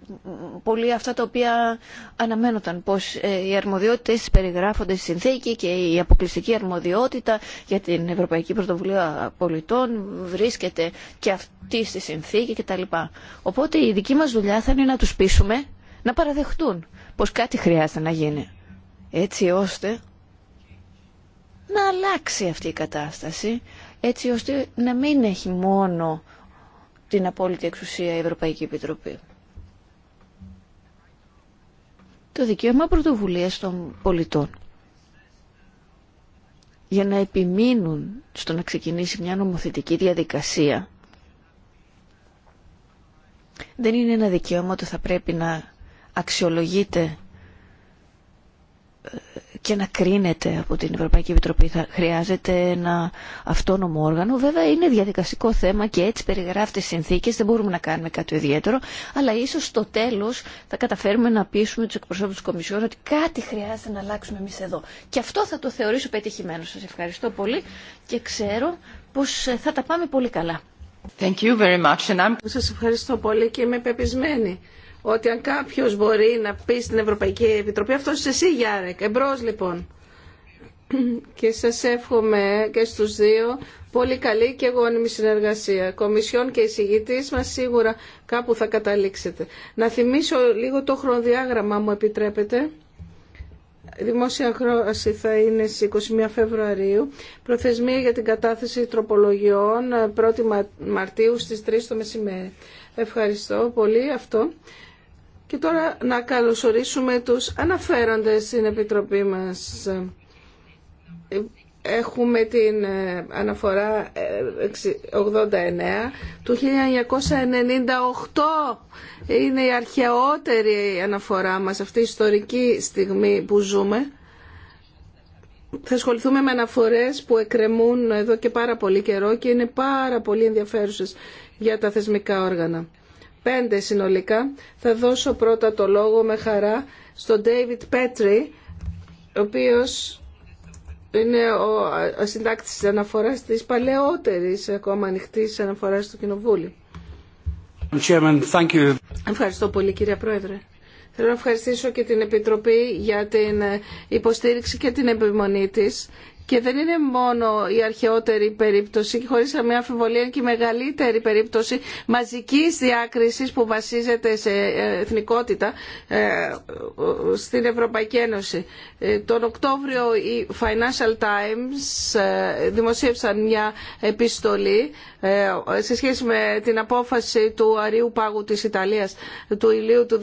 πολύ αυτά τα οποία αναμένονταν πως ε, οι αρμοδιότητες περιγράφονται στη συνθήκη και η αποκλειστική αρμοδιότητα για την Ευρωπαϊκή Πρωτοβουλία Πολιτών βρίσκεται και αυτή στη συνθήκη κτλ. Οπότε η δική μας δουλειά θα είναι να τους πείσουμε να παραδεχτούν πως κάτι χρειάζεται να γίνει έτσι ώστε να αλλάξει αυτή η κατάσταση έτσι ώστε να μην έχει μόνο την απόλυτη εξουσία η Ευρωπαϊκή Επιτροπή. Το δικαίωμα πρωτοβουλίας των πολιτών για να επιμείνουν στο να ξεκινήσει μια νομοθετική διαδικασία δεν είναι ένα δικαίωμα ότι θα πρέπει να αξιολογείται και να κρίνεται από την Ευρωπαϊκή Επιτροπή. Θα χρειάζεται ένα αυτόνομο όργανο. Βέβαια είναι διαδικαστικό θέμα και έτσι περιγράφεται στις συνθήκες. Δεν μπορούμε να κάνουμε κάτι ιδιαίτερο. Αλλά ίσως στο τέλος θα καταφέρουμε να πείσουμε τους εκπροσώπους της Κομισιόν ότι κάτι χρειάζεται να αλλάξουμε εμείς εδώ. Και αυτό θα το θεωρήσω πετυχημένο. Σας ευχαριστώ πολύ και ξέρω πως ε, θα τα πάμε πολύ καλά. Thank Σας ευχαριστώ πολύ και είμαι πεπισμένη ότι αν κάποιο μπορεί να πει στην Ευρωπαϊκή Επιτροπή, αυτό είσαι εσύ Γιάρεκ, Εμπρό λοιπόν. Και σα εύχομαι και στου δύο πολύ καλή και γόνιμη συνεργασία. Κομισιόν και εισηγητή μα σίγουρα κάπου θα καταλήξετε. Να θυμίσω λίγο το χρονοδιάγραμμα μου επιτρέπετε. δημόσια χρόαση θα είναι στις 21 Φεβρουαρίου. Προθεσμία για την κατάθεση τροπολογιών 1η Μαρτίου στις 3 το μεσημέρι. Ευχαριστώ πολύ αυτό. Και τώρα να καλωσορίσουμε τους αναφέροντες στην Επιτροπή μας. Έχουμε την ε, αναφορά 89 ε, του 1998. Είναι η αρχαιότερη αναφορά μας αυτή η ιστορική στιγμή που ζούμε. Θα ασχοληθούμε με αναφορές που εκκρεμούν εδώ και πάρα πολύ καιρό και είναι πάρα πολύ ενδιαφέρουσες για τα θεσμικά όργανα πέντε συνολικά. Θα δώσω πρώτα το λόγο με χαρά στον David Petrie, ο οποίος είναι ο συντάκτης της αναφοράς της παλαιότερης ακόμα ανοιχτής αναφοράς του Κοινοβούλου. Ευχαριστώ πολύ κύριε Πρόεδρε. Θέλω να ευχαριστήσω και την Επιτροπή για την υποστήριξη και την επιμονή της και δεν είναι μόνο η αρχαιότερη περίπτωση, χωρίς καμία αμφιβολία είναι και η μεγαλύτερη περίπτωση μαζικής διάκρισης που βασίζεται σε ε, εθνικότητα ε, στην Ευρωπαϊκή Ένωση. Ε, τον Οκτώβριο οι Financial Times δημοσίευσαν μια επιστολή σε σχέση με την απόφαση του αριού πάγου της Ιταλίας του Ιλίου του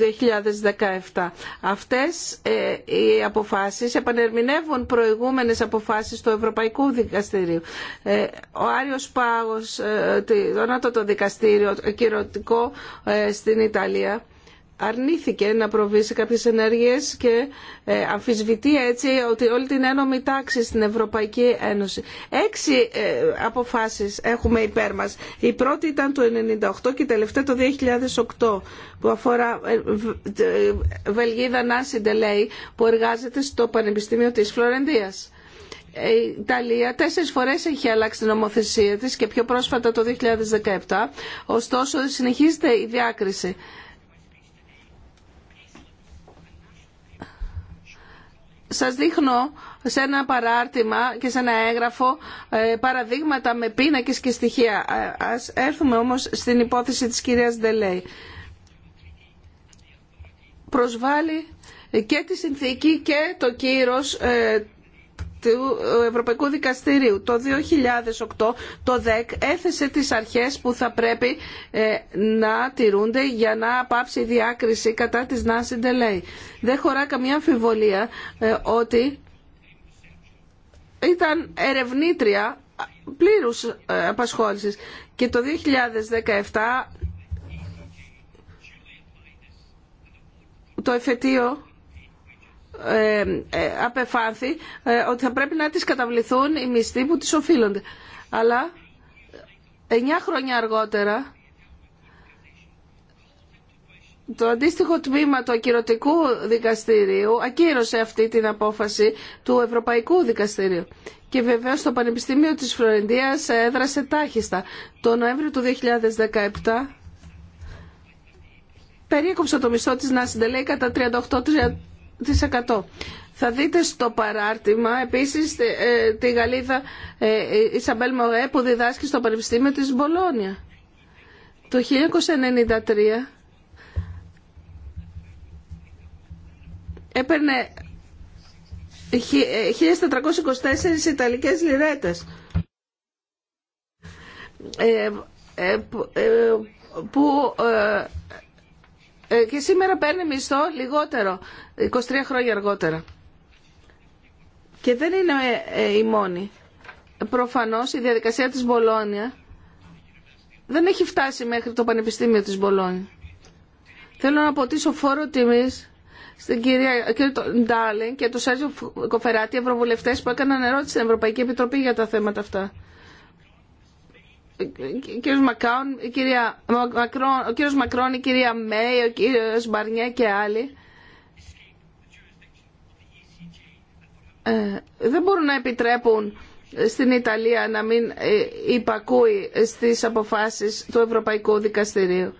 2017. Αυτές οι αποφάσεις επανερμηνεύουν προηγούμενες αποφάσεις στο Ευρωπαϊκό Ευρωπαϊκού ε, Ο Άριος Πάγος, ε, το, το δικαστήριο κυρωτικό ε, στην Ιταλία, αρνήθηκε να προβεί σε κάποιες ενέργειες και αμφισβητεί έτσι ότι όλη την ένωμη τάξη στην Ευρωπαϊκή Ένωση. Έξι αποφάσεις έχουμε υπέρ μας. Η πρώτη ήταν το 1998 και η τελευταία το 2008 που αφορά Βελγίδα Νάση Ντελέη που εργάζεται στο Πανεπιστήμιο της Φλωρεντίας. Ε, η Ιταλία τέσσερις φορές έχει αλλάξει την νομοθεσία τη και πιο πρόσφατα το 2017. Ωστόσο συνεχίζεται η διάκριση. Σας δείχνω σε ένα παράρτημα και σε ένα έγγραφο ε, παραδείγματα με πίνακες και στοιχεία. Α έρθουμε όμως στην υπόθεση της κυρίας Ντελέη. Προσβάλλει και τη συνθήκη και το κύρος ε, του ε, Ευρωπαϊκού Δικαστηρίου το 2008 το ΔΕΚ έθεσε τις αρχές που θα πρέπει ε, να τηρούνται για να πάψει η διάκριση κατά της Νάση Ντελέη. Δεν χωρά καμία αμφιβολία ε, ότι ήταν ερευνήτρια πλήρους απασχόλησης και το 2017 το εφετείο ε, ε, απεφάνθη ε, ότι θα πρέπει να τις καταβληθούν οι μισθοί που τις οφείλονται. Αλλά εννιά χρόνια αργότερα το αντίστοιχο τμήμα του ακυρωτικού δικαστηρίου ακύρωσε αυτή την απόφαση του Ευρωπαϊκού Δικαστηρίου. Και βεβαίω το Πανεπιστήμιο της Φλωρεντίας έδρασε τάχιστα. Το Νοέμβριο του 2017 περίεκοψε το μισθό της να συντελέει κατά θα δείτε στο παράρτημα επίσης ε, ε, τη Γαλλίδα ε, Ισαμπέλ Μορέ που διδάσκει στο Πανεπιστήμιο της Μπολόνια. Το 1993 έπαιρνε 1424 Ιταλικές λιρέτες που ε, και σήμερα παίρνει μισθό λιγότερο, 23 χρόνια αργότερα. Και δεν είναι ε, η μόνη. Προφανώς η διαδικασία της Μπολόνια δεν έχει φτάσει μέχρι το Πανεπιστήμιο της Μπολόνια. Θέλω να αποτύσω φόρο τιμής στην κυρία Ντάλιν και τον Σάρτζο Κοφεράτη, ευρωβουλευτές που έκαναν ερώτηση στην Ευρωπαϊκή Επιτροπή για τα θέματα αυτά. Μακρόν, ο κύριος Μακρόν, η κυρία Μέη, ο κύριος Μπαρνιέ και άλλοι ε, δεν μπορούν να επιτρέπουν στην Ιταλία να μην ε, υπακούει στις αποφάσεις του Ευρωπαϊκού Δικαστηρίου.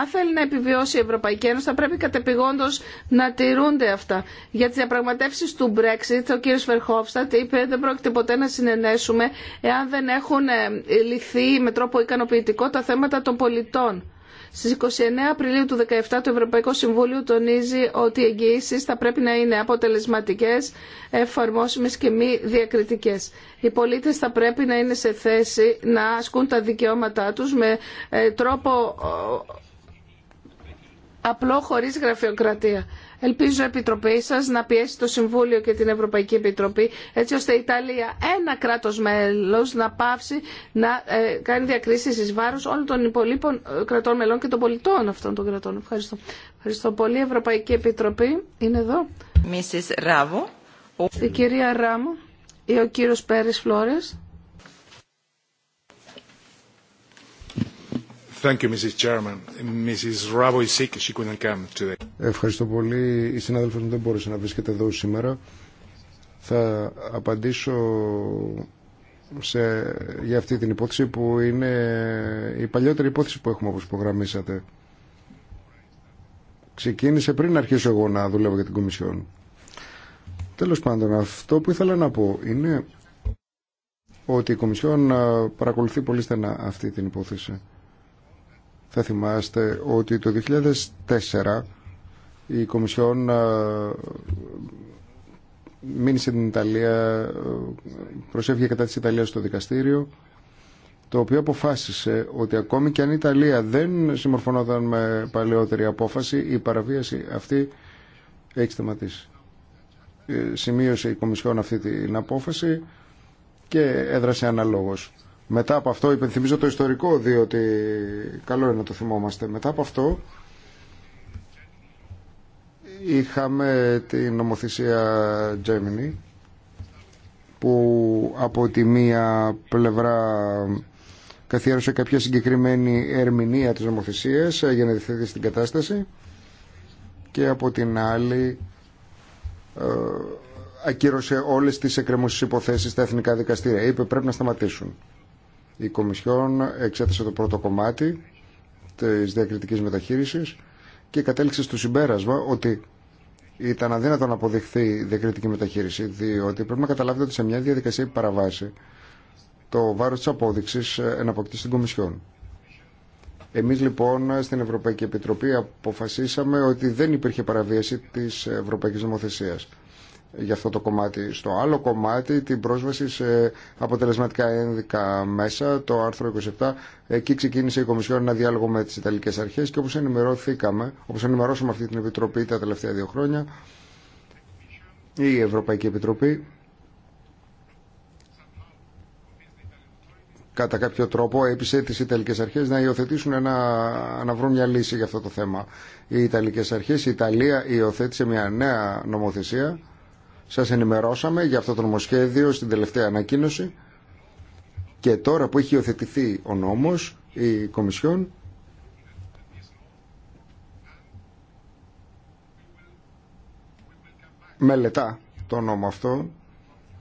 Αν θέλει να επιβιώσει η Ευρωπαϊκή Ένωση, θα πρέπει κατεπηγόντω να τηρούνται αυτά. Για τι διαπραγματεύσει του Brexit, ο κ. Φερχόφστατ είπε δεν πρόκειται ποτέ να συνενέσουμε εάν δεν έχουν ε, λυθεί με τρόπο ικανοποιητικό τα θέματα των πολιτών. Στι 29 Απριλίου του 2017 το Ευρωπαϊκό Συμβούλιο τονίζει ότι οι εγγυήσει θα πρέπει να είναι αποτελεσματικέ, εφαρμόσιμε και μη διακριτικέ. Οι πολίτε θα πρέπει να είναι σε θέση να ασκούν τα δικαιώματά του με ε, τρόπο απλό χωρίς γραφειοκρατία. Ελπίζω η Επιτροπή σας να πιέσει το Συμβούλιο και την Ευρωπαϊκή Επιτροπή έτσι ώστε η Ιταλία ένα κράτος μέλος να πάψει να ε, κάνει διακρίσεις εις βάρος όλων των υπολείπων ε, κρατών μελών και των πολιτών αυτών των κρατών. Ευχαριστώ. Ευχαριστώ πολύ. Ευρωπαϊκή Επιτροπή είναι εδώ. Η κυρία Ράμου ή ο κύριος Πέρης Φλόρες. Ευχαριστώ πολύ. Η συνάδελφος μου δεν μπόρεσε να βρίσκεται εδώ σήμερα. Θα απαντήσω σε, για αυτή την υπόθεση που είναι η παλιότερη υπόθεση που έχουμε όπως υπογραμμίσατε. Ξεκίνησε πριν αρχίσω εγώ να δουλεύω για την Κομισιόν. Τέλος πάντων, αυτό που ήθελα να πω είναι ότι η Κομισιόν ε, παρακολουθεί πολύ στενά αυτή την υπόθεση. Θα θυμάστε ότι το 2004 η Κομισιόν ε, μείνει την Ιταλία, ε, προσέφηκε κατά της Ιταλίας στο δικαστήριο, το οποίο αποφάσισε ότι ακόμη και αν η Ιταλία δεν συμμορφωνόταν με παλαιότερη απόφαση, η παραβίαση αυτή έχει σταματήσει. Ε, σημείωσε η Κομισιόν αυτή την απόφαση και έδρασε αναλόγως. Μετά από αυτό, υπενθυμίζω το ιστορικό, διότι καλό είναι να το θυμόμαστε. Μετά από αυτό, είχαμε την νομοθεσία Gemini, που από τη μία πλευρά καθιέρωσε κάποια συγκεκριμένη ερμηνεία της νομοθεσίας ε, για να διθέτει στην κατάσταση και από την άλλη ε, ακύρωσε όλες τις εκκρεμούσεις υποθέσεις στα εθνικά δικαστήρια. Είπε πρέπει να σταματήσουν. Η Κομισιόν εξέθεσε το πρώτο κομμάτι της διακριτικής μεταχείρισης και κατέληξε στο συμπέρασμα ότι ήταν αδύνατο να αποδειχθεί διακριτική μεταχείριση, διότι πρέπει να καταλάβετε ότι σε μια διαδικασία παραβάση το βάρος της απόδειξης εναποκτεί στην Κομισιόν. Εμείς λοιπόν στην Ευρωπαϊκή Επιτροπή αποφασίσαμε ότι δεν υπήρχε παραβίαση της Ευρωπαϊκής Νομοθεσίας για αυτό το κομμάτι. Στο άλλο κομμάτι, την πρόσβαση σε αποτελεσματικά ένδικα μέσα, το άρθρο 27, εκεί ξεκίνησε η Κομισιόν ένα διάλογο με τις Ιταλικές Αρχές και όπως ενημερώθηκαμε, όπως ενημερώσαμε αυτή την Επιτροπή τα τελευταία δύο χρόνια, η Ευρωπαϊκή Επιτροπή κατά κάποιο τρόπο έπεισε τις Ιταλικές Αρχές να υιοθετήσουν ένα, να βρουν μια λύση για αυτό το θέμα. Οι Ιταλικές Αρχές, η Ιταλία υιοθέτησε μια νέα νομοθεσία σας ενημερώσαμε για αυτό το νομοσχέδιο στην τελευταία ανακοίνωση και τώρα που έχει υιοθετηθεί ο νόμος, η Κομισιόν μελετά το νόμο αυτό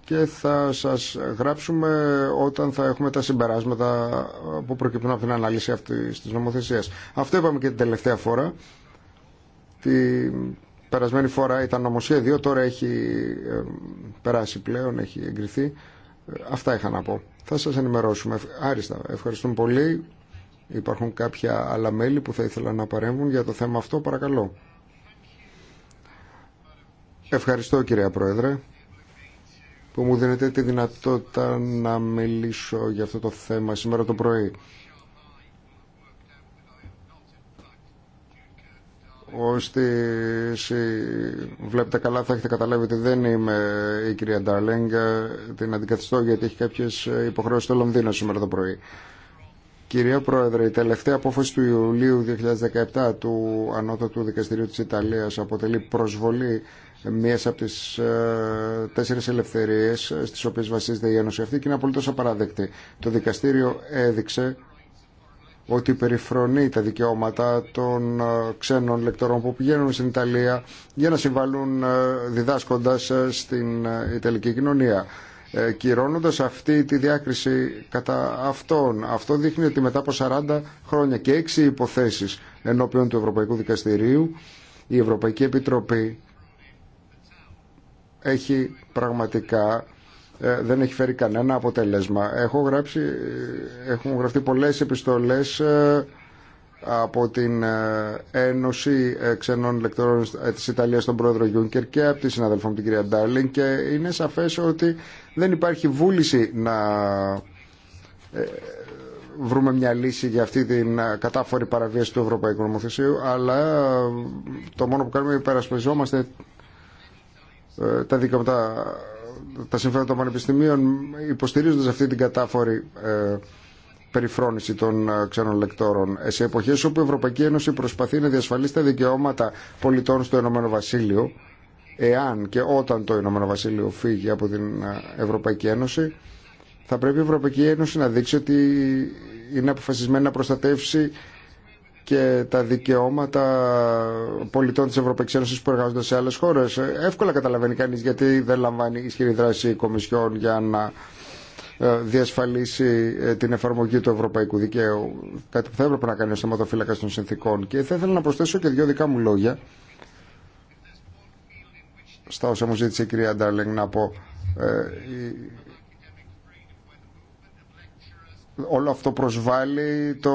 και θα σας γράψουμε όταν θα έχουμε τα συμπεράσματα που προκύπτουν από την ανάλυση αυτής της νομοθεσίας. Αυτό είπαμε και την τελευταία φορά. Τη περασμένη φορά ήταν νομοσχέδιο, τώρα έχει ε, περάσει πλέον, έχει εγκριθεί. Ε, αυτά είχα να πω. Θα σας ενημερώσουμε. Άριστα. Ευχαριστούμε πολύ. Υπάρχουν κάποια άλλα μέλη που θα ήθελα να παρέμβουν για το θέμα αυτό. Παρακαλώ. Ευχαριστώ κυρία Πρόεδρε που μου δίνετε τη δυνατότητα να μιλήσω για αυτό το θέμα σήμερα το πρωί. εσύ βλέπετε καλά θα έχετε καταλάβει ότι δεν είμαι η κυρία Ντάρλεγγ Την αντικαθιστώ γιατί έχει κάποιες υποχρεώσεις στο Λονδίνο σήμερα το πρωί. Κυρία Πρόεδρε, η τελευταία απόφαση του Ιουλίου 2017 του Ανώτατου Δικαστηρίου της Ιταλίας αποτελεί προσβολή μίας από τις ε, τέσσερις ελευθερίες στις οποίες βασίζεται η Ένωση αυτή και είναι απολύτως απαράδεκτη. Το δικαστήριο έδειξε ότι περιφρονεί τα δικαιώματα των ε, ξένων λεκτορών που πηγαίνουν στην Ιταλία για να συμβαλούν ε, διδάσκοντας ε, στην Ιταλική κοινωνία. Κυρώνοντας αυτή τη διάκριση κατά αυτόν, αυτό δείχνει ότι μετά από 40 χρόνια και 6 υποθέσεις ενώπιον του Ευρωπαϊκού Δικαστηρίου, η Ευρωπαϊκή Επιτροπή έχει πραγματικά ε, δεν έχει φέρει κανένα αποτέλεσμα. Έχω γράψει, έχουν γραφτεί πολλές επιστολές ε, από την ε, Ένωση Ξενών Ελεκτρών της Ιταλίας στον πρόεδρο Γιούνκερ και από τη συναδελφό μου την κυρία Ντάλιν και είναι σαφές ότι δεν υπάρχει βούληση να βρούμε μια λύση για αυτή την κατάφορη παραβίαση του Ευρωπαϊκού Νομοθεσίου αλλά το μόνο που κάνουμε υπερασπιζόμαστε τα δικαιώματα τα συμφέροντα των πανεπιστημίων υποστηρίζοντας αυτή την κατάφορη ε, περιφρόνηση των ε, ξένων λεκτόρων. Ε, σε εποχές όπου η Ευρωπαϊκή Ένωση προσπαθεί να διασφαλίσει τα δικαιώματα πολιτών στο Ηνωμένο Βασίλειο, εάν και όταν το Ηνωμένο Βασίλειο φύγει από την Ευρωπαϊκή Ένωση, θα πρέπει η Ευρωπαϊκή Ένωση να δείξει ότι είναι αποφασισμένη να προστατεύσει και τα δικαιώματα πολιτών τη Ευρωπαϊκή Ένωση που εργάζονται σε άλλε χώρε. Εύκολα καταλαβαίνει κανεί, γιατί δεν λαμβάνει ισχυρή δράση η Κομισιόν για να ε, διασφαλίσει ε, την εφαρμογή του ευρωπαϊκού δικαίου. Κάτι που θα έπρεπε να κάνει ο σταματοφύλακα των συνθήκων. Και θα ήθελα να προσθέσω και δύο δικά μου λόγια στα όσα μου ζήτησε η κυρία Ντάλεγκ να πω. Ε, όλο αυτό προσβάλλει το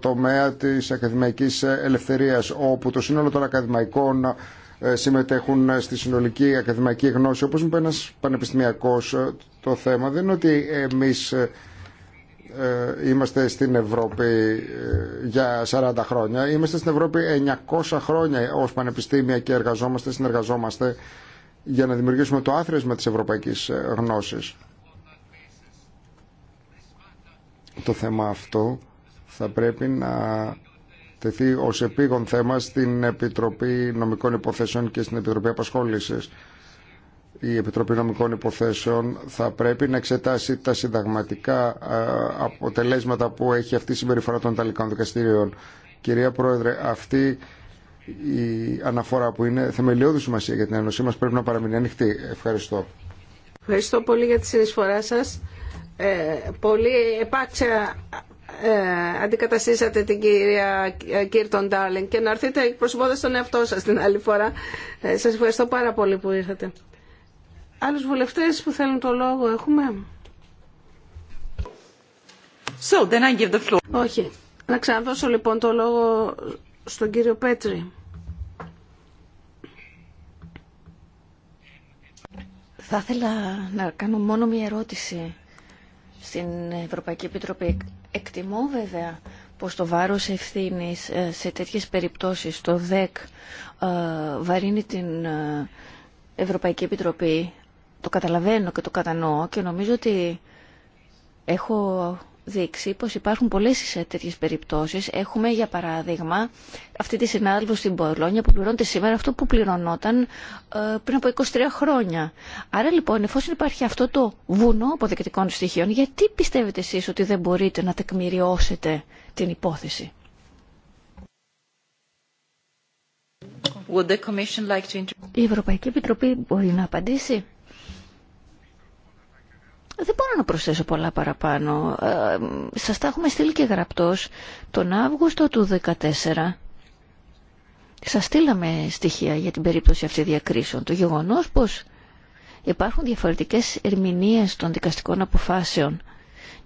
τομέα της ακαδημαϊκής ελευθερίας όπου το σύνολο των ακαδημαϊκών ε, συμμετέχουν στη συνολική ακαδημαϊκή γνώση όπως μου είπε ένας πανεπιστημιακός ε, το θέμα δεν είναι ότι εμείς ε, είμαστε στην Ευρώπη για 40 χρόνια είμαστε στην Ευρώπη 900 χρόνια ως πανεπιστήμια και εργαζόμαστε συνεργαζόμαστε για να δημιουργήσουμε το άθροισμα της ευρωπαϊκής γνώσης το θέμα αυτό θα πρέπει να τεθεί ως επίγον θέμα στην Επιτροπή Νομικών Υποθέσεων και στην Επιτροπή Απασχόλησης. Η Επιτροπή Νομικών Υποθέσεων θα πρέπει να εξετάσει τα συνταγματικά αποτελέσματα που έχει αυτή η συμπεριφορά των Ιταλικών Δικαστηρίων. Κυρία Πρόεδρε, αυτή η αναφορά που είναι θεμελιώδη σημασία για την Ένωσή μας πρέπει να παραμείνει ανοιχτή. Ευχαριστώ. Ευχαριστώ πολύ για τη συνεισφορά σας. Ε, πολύ επάξια ε, αντικαταστήσατε την κυρία Κίρτον Ντάρλινγκ και να έρθετε εκπροσωπώντας τον εαυτό σας την άλλη φορά. Ε, σας ευχαριστώ πάρα πολύ που ήρθατε. Άλλους βουλευτές που θέλουν το λόγο έχουμε. Όχι. Να ξαναδώσω λοιπόν το λόγο στον κύριο Πέτρη. Θα ήθελα να κάνω μόνο μία ερώτηση στην Ευρωπαϊκή Επιτροπή. Εκτιμώ βέβαια πως το βάρος ευθύνης ε, σε τέτοιες περιπτώσεις το ΔΕΚ ε, βαρύνει την ε, Ευρωπαϊκή Επιτροπή. Το καταλαβαίνω και το κατανοώ και νομίζω ότι έχω δείξει πως υπάρχουν πολλές τέτοιε περιπτώσεις. Έχουμε για παράδειγμα αυτή τη συνάδελφο στην Πολόνια που πληρώνεται σήμερα αυτό που πληρωνόταν ε, πριν από 23 χρόνια. Άρα λοιπόν εφόσον υπάρχει αυτό το βουνό αποδεκτικών στοιχείων γιατί πιστεύετε εσείς ότι δεν μπορείτε να τεκμηριώσετε την υπόθεση. Η Ευρωπαϊκή Επιτροπή μπορεί να απαντήσει. Δεν μπορώ να προσθέσω πολλά παραπάνω. Ε, σας τα έχουμε στείλει και γραπτός τον Αύγουστο του 2014. Σας στείλαμε στοιχεία για την περίπτωση αυτή διακρίσεων. Το γεγονός πως υπάρχουν διαφορετικές ερμηνείες των δικαστικών αποφάσεων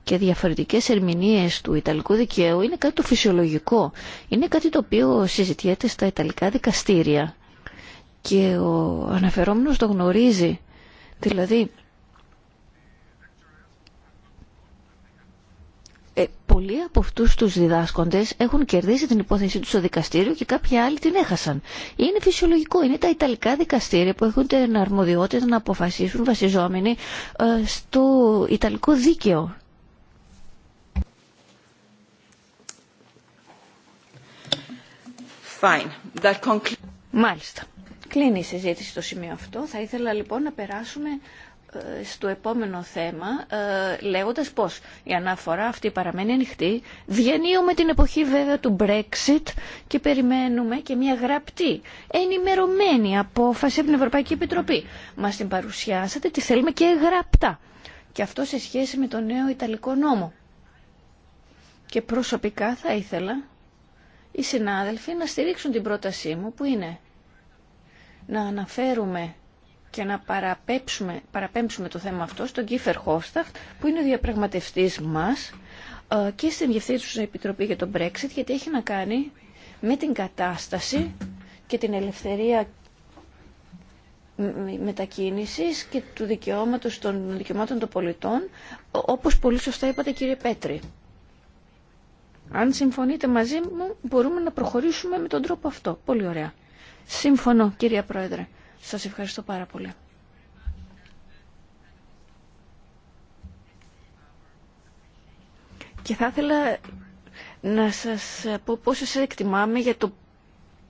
και διαφορετικές ερμηνείες του Ιταλικού δικαίου είναι κάτι το φυσιολογικό. Είναι κάτι το οποίο συζητιέται στα Ιταλικά δικαστήρια και ο αναφερόμενος το γνωρίζει. Δηλαδή, πολλοί από αυτού τους διδάσκοντες έχουν κερδίσει την υπόθεσή του στο δικαστήριο και κάποιοι άλλοι την έχασαν. Είναι φυσιολογικό. Είναι τα Ιταλικά δικαστήρια που έχουν την αρμοδιότητα να αποφασίσουν βασιζόμενοι ε, στο Ιταλικό δίκαιο. Fine. That Μάλιστα. Κλείνει η συζήτηση στο σημείο αυτό. Θα ήθελα λοιπόν να περάσουμε στο επόμενο θέμα ε, λέγοντας πως η αναφορά αυτή παραμένει ανοιχτή. Διανύουμε την εποχή βέβαια του Brexit και περιμένουμε και μια γραπτή, ενημερωμένη απόφαση από την Ευρωπαϊκή Επιτροπή. Μας την παρουσιάσατε, τη θέλουμε και γραπτά. Και αυτό σε σχέση με το νέο Ιταλικό νόμο. Και προσωπικά θα ήθελα οι συνάδελφοι να στηρίξουν την πρότασή μου που είναι να αναφέρουμε και να παραπέμψουμε, το θέμα αυτό στον Κίφερ Χόσταχτ που είναι ο διαπραγματευτής μας ε, και στην Διευθύνσουσα Επιτροπή για τον Brexit γιατί έχει να κάνει με την κατάσταση και την ελευθερία μετακίνησης και του δικαιώματος των δικαιωμάτων των πολιτών όπως πολύ σωστά είπατε κύριε Πέτρη. Αν συμφωνείτε μαζί μου μπορούμε να προχωρήσουμε με τον τρόπο αυτό. Πολύ ωραία. Σύμφωνο κύριε Πρόεδρε. Σας ευχαριστώ πάρα πολύ. Και θα ήθελα να σας πω πόσο σας εκτιμάμε για,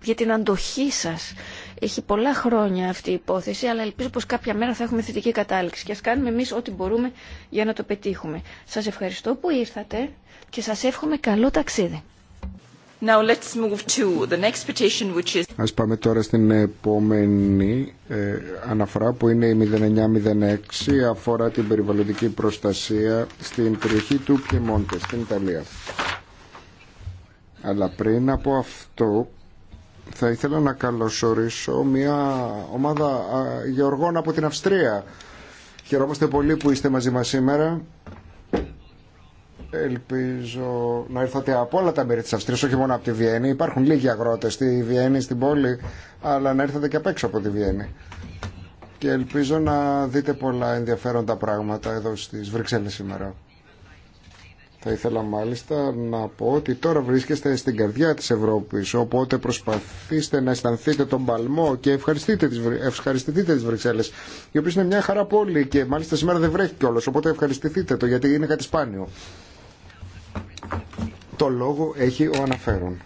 για την αντοχή σας. Έχει πολλά χρόνια αυτή η υπόθεση, αλλά ελπίζω πως κάποια μέρα θα έχουμε θετική κατάληξη και ας κάνουμε εμείς ό,τι μπορούμε για να το πετύχουμε. Σας ευχαριστώ που ήρθατε και σας εύχομαι καλό ταξίδι. Ας πάμε τώρα στην επόμενη ε, αναφορά που είναι η 0906 αφορά την περιβαλλοντική προστασία στην περιοχή του Πιεμόντε στην Ιταλία. Αλλά πριν από αυτό θα ήθελα να καλωσορίσω μια ομάδα γεωργών από την Αυστρία. Χαιρόμαστε πολύ που είστε μαζί μας σήμερα. Ελπίζω να ήρθατε από όλα τα μέρη τη Αυστρία, όχι μόνο από τη Βιέννη. Υπάρχουν λίγοι αγρότε στη Βιέννη, στην πόλη, αλλά να ήρθατε και απ' έξω από τη Βιέννη. Και ελπίζω να δείτε πολλά ενδιαφέροντα πράγματα εδώ στις Βρυξέλλες σήμερα. Θα ήθελα μάλιστα να πω ότι τώρα βρίσκεστε στην καρδιά τη Ευρώπη, οπότε προσπαθήστε να αισθανθείτε τον παλμό και ευχαριστείτε τις, ευχαριστηθείτε τις Βρυξέλλες, οι οποίες είναι μια χαρά πόλη και μάλιστα σήμερα δεν βρέχει κιόλας, οπότε ευχαριστηθείτε το γιατί είναι κάτι σπάνιο. Το λόγο έχει ο αναφέρον.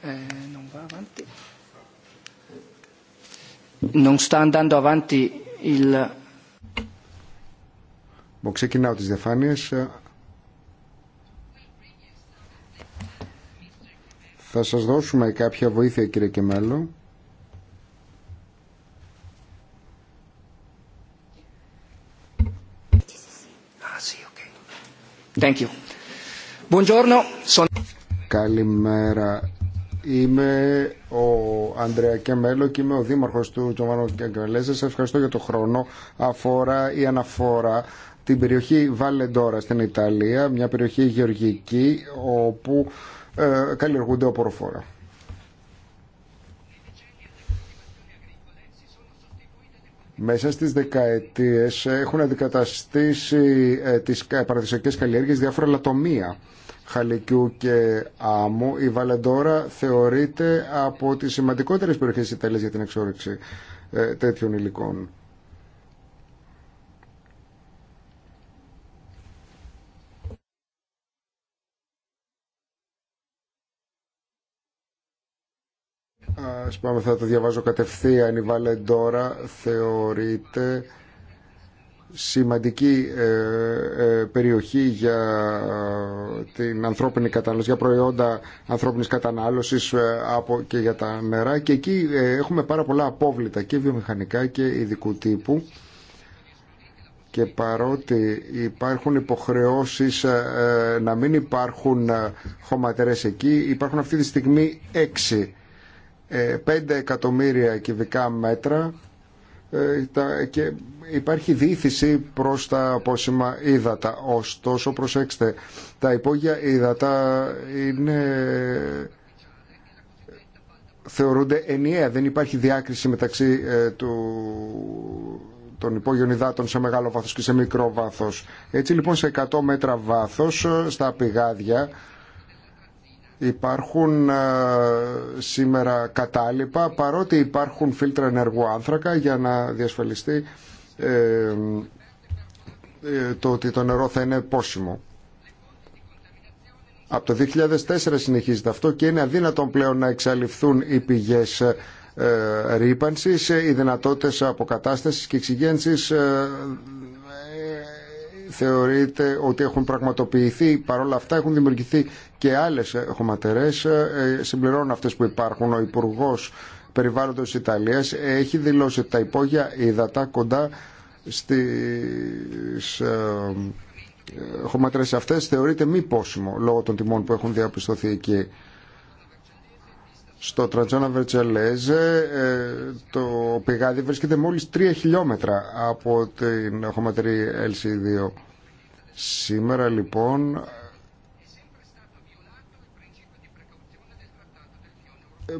Ε, non sta andando avanti il... ξεκινάω τις διαφάνειες. Θα σας δώσουμε κάποια βοήθεια κύριε Κεμέλο. Ah, Thank Καλημέρα. Είμαι ο Ανδρέα Κεμέλο και είμαι ο Δήμαρχος του Τζομάνο Κεγκαλέζα. Σας ευχαριστώ για το χρόνο. Αφορά ή αναφορά την περιοχή Βαλεντόρα στην Ιταλία, μια περιοχή γεωργική όπου ε, καλλιεργούνται οποροφόρα. Μέσα στις δεκαετίες έχουν αντικαταστήσει ε, τις παραδοσιακές καλλιέργειες διάφορα λατομεία χαλικιού και άμμου. Η Βαλεντόρα θεωρείται από τις σημαντικότερες περιοχές της Ιταλίας για την εξόρυξη ε, τέτοιων υλικών. Ας πάμε θα το διαβάζω κατευθείαν η Βαλεντόρα θεωρείται σημαντική ε, ε, περιοχή για την ανθρώπινη κατανάλωση, για προϊόντα ανθρώπινης κατανάλωσης ε, από, και για τα νερά και εκεί έχουμε πάρα πολλά απόβλητα και βιομηχανικά και ειδικού τύπου και παρότι υπάρχουν υποχρεώσεις να μην υπάρχουν χωματερές εκεί υπάρχουν αυτή τη στιγμή έξι 5 ε, εκατομμύρια κυβικά μέτρα ε, και υπάρχει δίθηση προς τα απόσημα ύδατα. Ωστόσο, προσέξτε, τα υπόγεια ύδατα είναι... θεωρούνται ενιαία. Δεν υπάρχει διάκριση μεταξύ ε, του, των υπόγειων υδάτων σε μεγάλο βάθος και σε μικρό βάθος. Έτσι λοιπόν σε 100 μέτρα βάθος στα πηγάδια υπάρχουν ε, σήμερα κατάλοιπα παρότι υπάρχουν φίλτρα ενεργού άνθρακα για να διασφαλιστεί ε, ε, το ότι το νερό θα είναι πόσιμο. Από το 2004 συνεχίζεται αυτό και είναι αδύνατον πλέον να εξαλειφθούν οι πηγές ρήπανσης, οι δυνατότητες αποκατάστασης και εξυγένσης θεωρείται ότι έχουν πραγματοποιηθεί. Παρόλα αυτά έχουν δημιουργηθεί και άλλες ε, χωματερές. Ε, ε, Συμπληρώνω αυτές που υπάρχουν. Ο υπουργό Περιβάλλοντος Ιταλίας έχει δηλώσει ότι τα υπόγεια ύδατα κοντά στις χωματερές αυτές θεωρείται μη πόσιμο λόγω των τιμών που έχουν διαπιστωθεί εκεί. Στο Τρατζονα Βερτσελέζε ε, το πηγάδι βρίσκεται μόλις 3 χιλιόμετρα από την χωματερή LC2. Σήμερα λοιπόν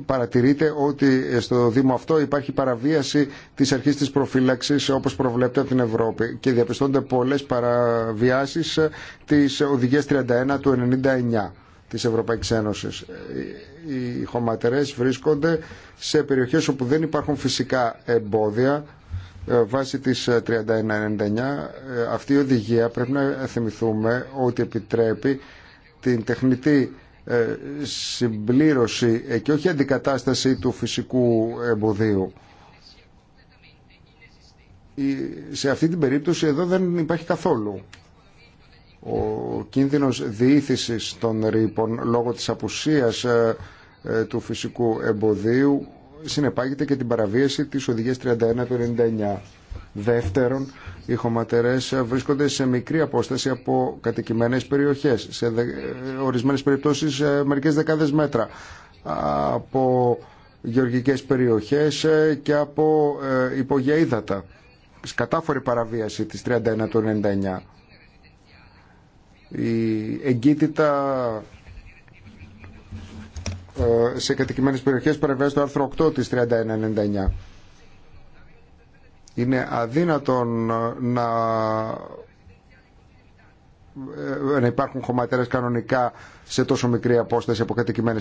παρατηρείτε ότι στο Δήμο αυτό υπάρχει παραβίαση της αρχής της προφύλαξης όπως προβλέπεται από την Ευρώπη και διαπιστώνται πολλές παραβιάσεις της οδηγίας 31 του 99 της Ευρωπαϊκής Ένωσης οι χωματερές βρίσκονται σε περιοχές όπου δεν υπάρχουν φυσικά εμπόδια ε, βάσει της 3199 ε, ε, αυτή η οδηγία πρέπει να θυμηθούμε ότι επιτρέπει την τεχνητή συμπλήρωση και όχι αντικατάσταση του φυσικού εμποδίου. Σε αυτή την περίπτωση εδώ δεν υπάρχει καθόλου ο κίνδυνος διήθησης των ρήπων λόγω της απουσίας ε, ε, του φυσικού εμποδίου συνεπάγεται και την παραβίαση της οδηγίας 31 Δεύτερον, οι χωματερές βρίσκονται σε μικρή απόσταση από κατοικημένες περιοχές, σε ε, ορισμένες περιπτώσεις μερικές δεκάδες μέτρα από γεωργικές περιοχές και από υπογεία ύδατα. Κατάφορη παραβίαση της 31 του 99 η εγκύτητα ε, σε κατοικημένες περιοχές παρεμβαίνει στο άρθρο 8 της 3199. Είναι αδύνατον να, ε, να υπάρχουν χωματέρες κανονικά σε τόσο μικρή απόσταση από κατοικημένε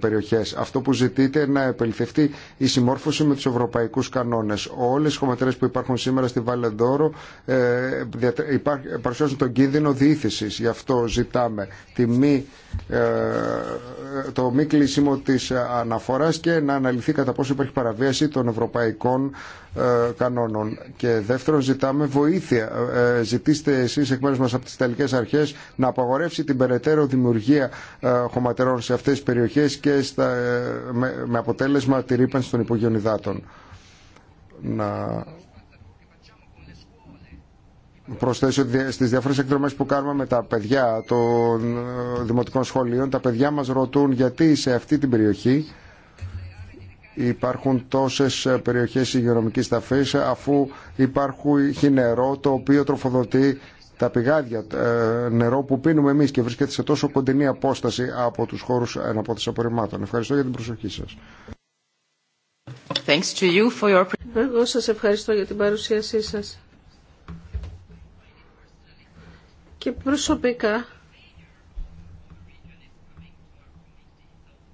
περιοχές. Αυτό που ζητείτε να επελθευτεί η συμμόρφωση με τους ευρωπαϊκούς κανόνες. Όλες οι χωματέρε που υπάρχουν σήμερα στη Βαλεντόρο ε, παρουσιάζουν τον κίνδυνο διήθηση. Γι' αυτό ζητάμε ε, το μη κλείσιμο της αναφοράς και να αναλυθεί κατά πόσο υπάρχει παραβίαση των ευρωπαϊκών ε, κανόνων. Και δεύτερον, ζητάμε βοήθεια. Ε, ε, ζητήστε εσεί εκ μέρου μα από τι Ιταλικέ Αρχέ να απαγορεύσει την περαιτέρω δημιουργία χωματερών σε αυτέ τι περιοχέ και στα, με, αποτέλεσμα τη ρήπανση των υπογειών Να προσθέσω ότι στις διάφορες εκδρομές που κάνουμε με τα παιδιά των δημοτικών σχολείων, τα παιδιά μας ρωτούν γιατί σε αυτή την περιοχή υπάρχουν τόσες ε, περιοχές υγειονομικής ταφής ε, αφού υπάρχει νερό το οποίο τροφοδοτεί τα πηγάδια, ε, νερό που πίνουμε εμείς και βρίσκεται σε τόσο κοντινή απόσταση από τους χώρους αναπόθεσης απορριμμάτων. Ευχαριστώ για την προσοχή σας. Thanks to you for your... Εγώ σας ευχαριστώ για την παρουσίασή σας. Και προσωπικά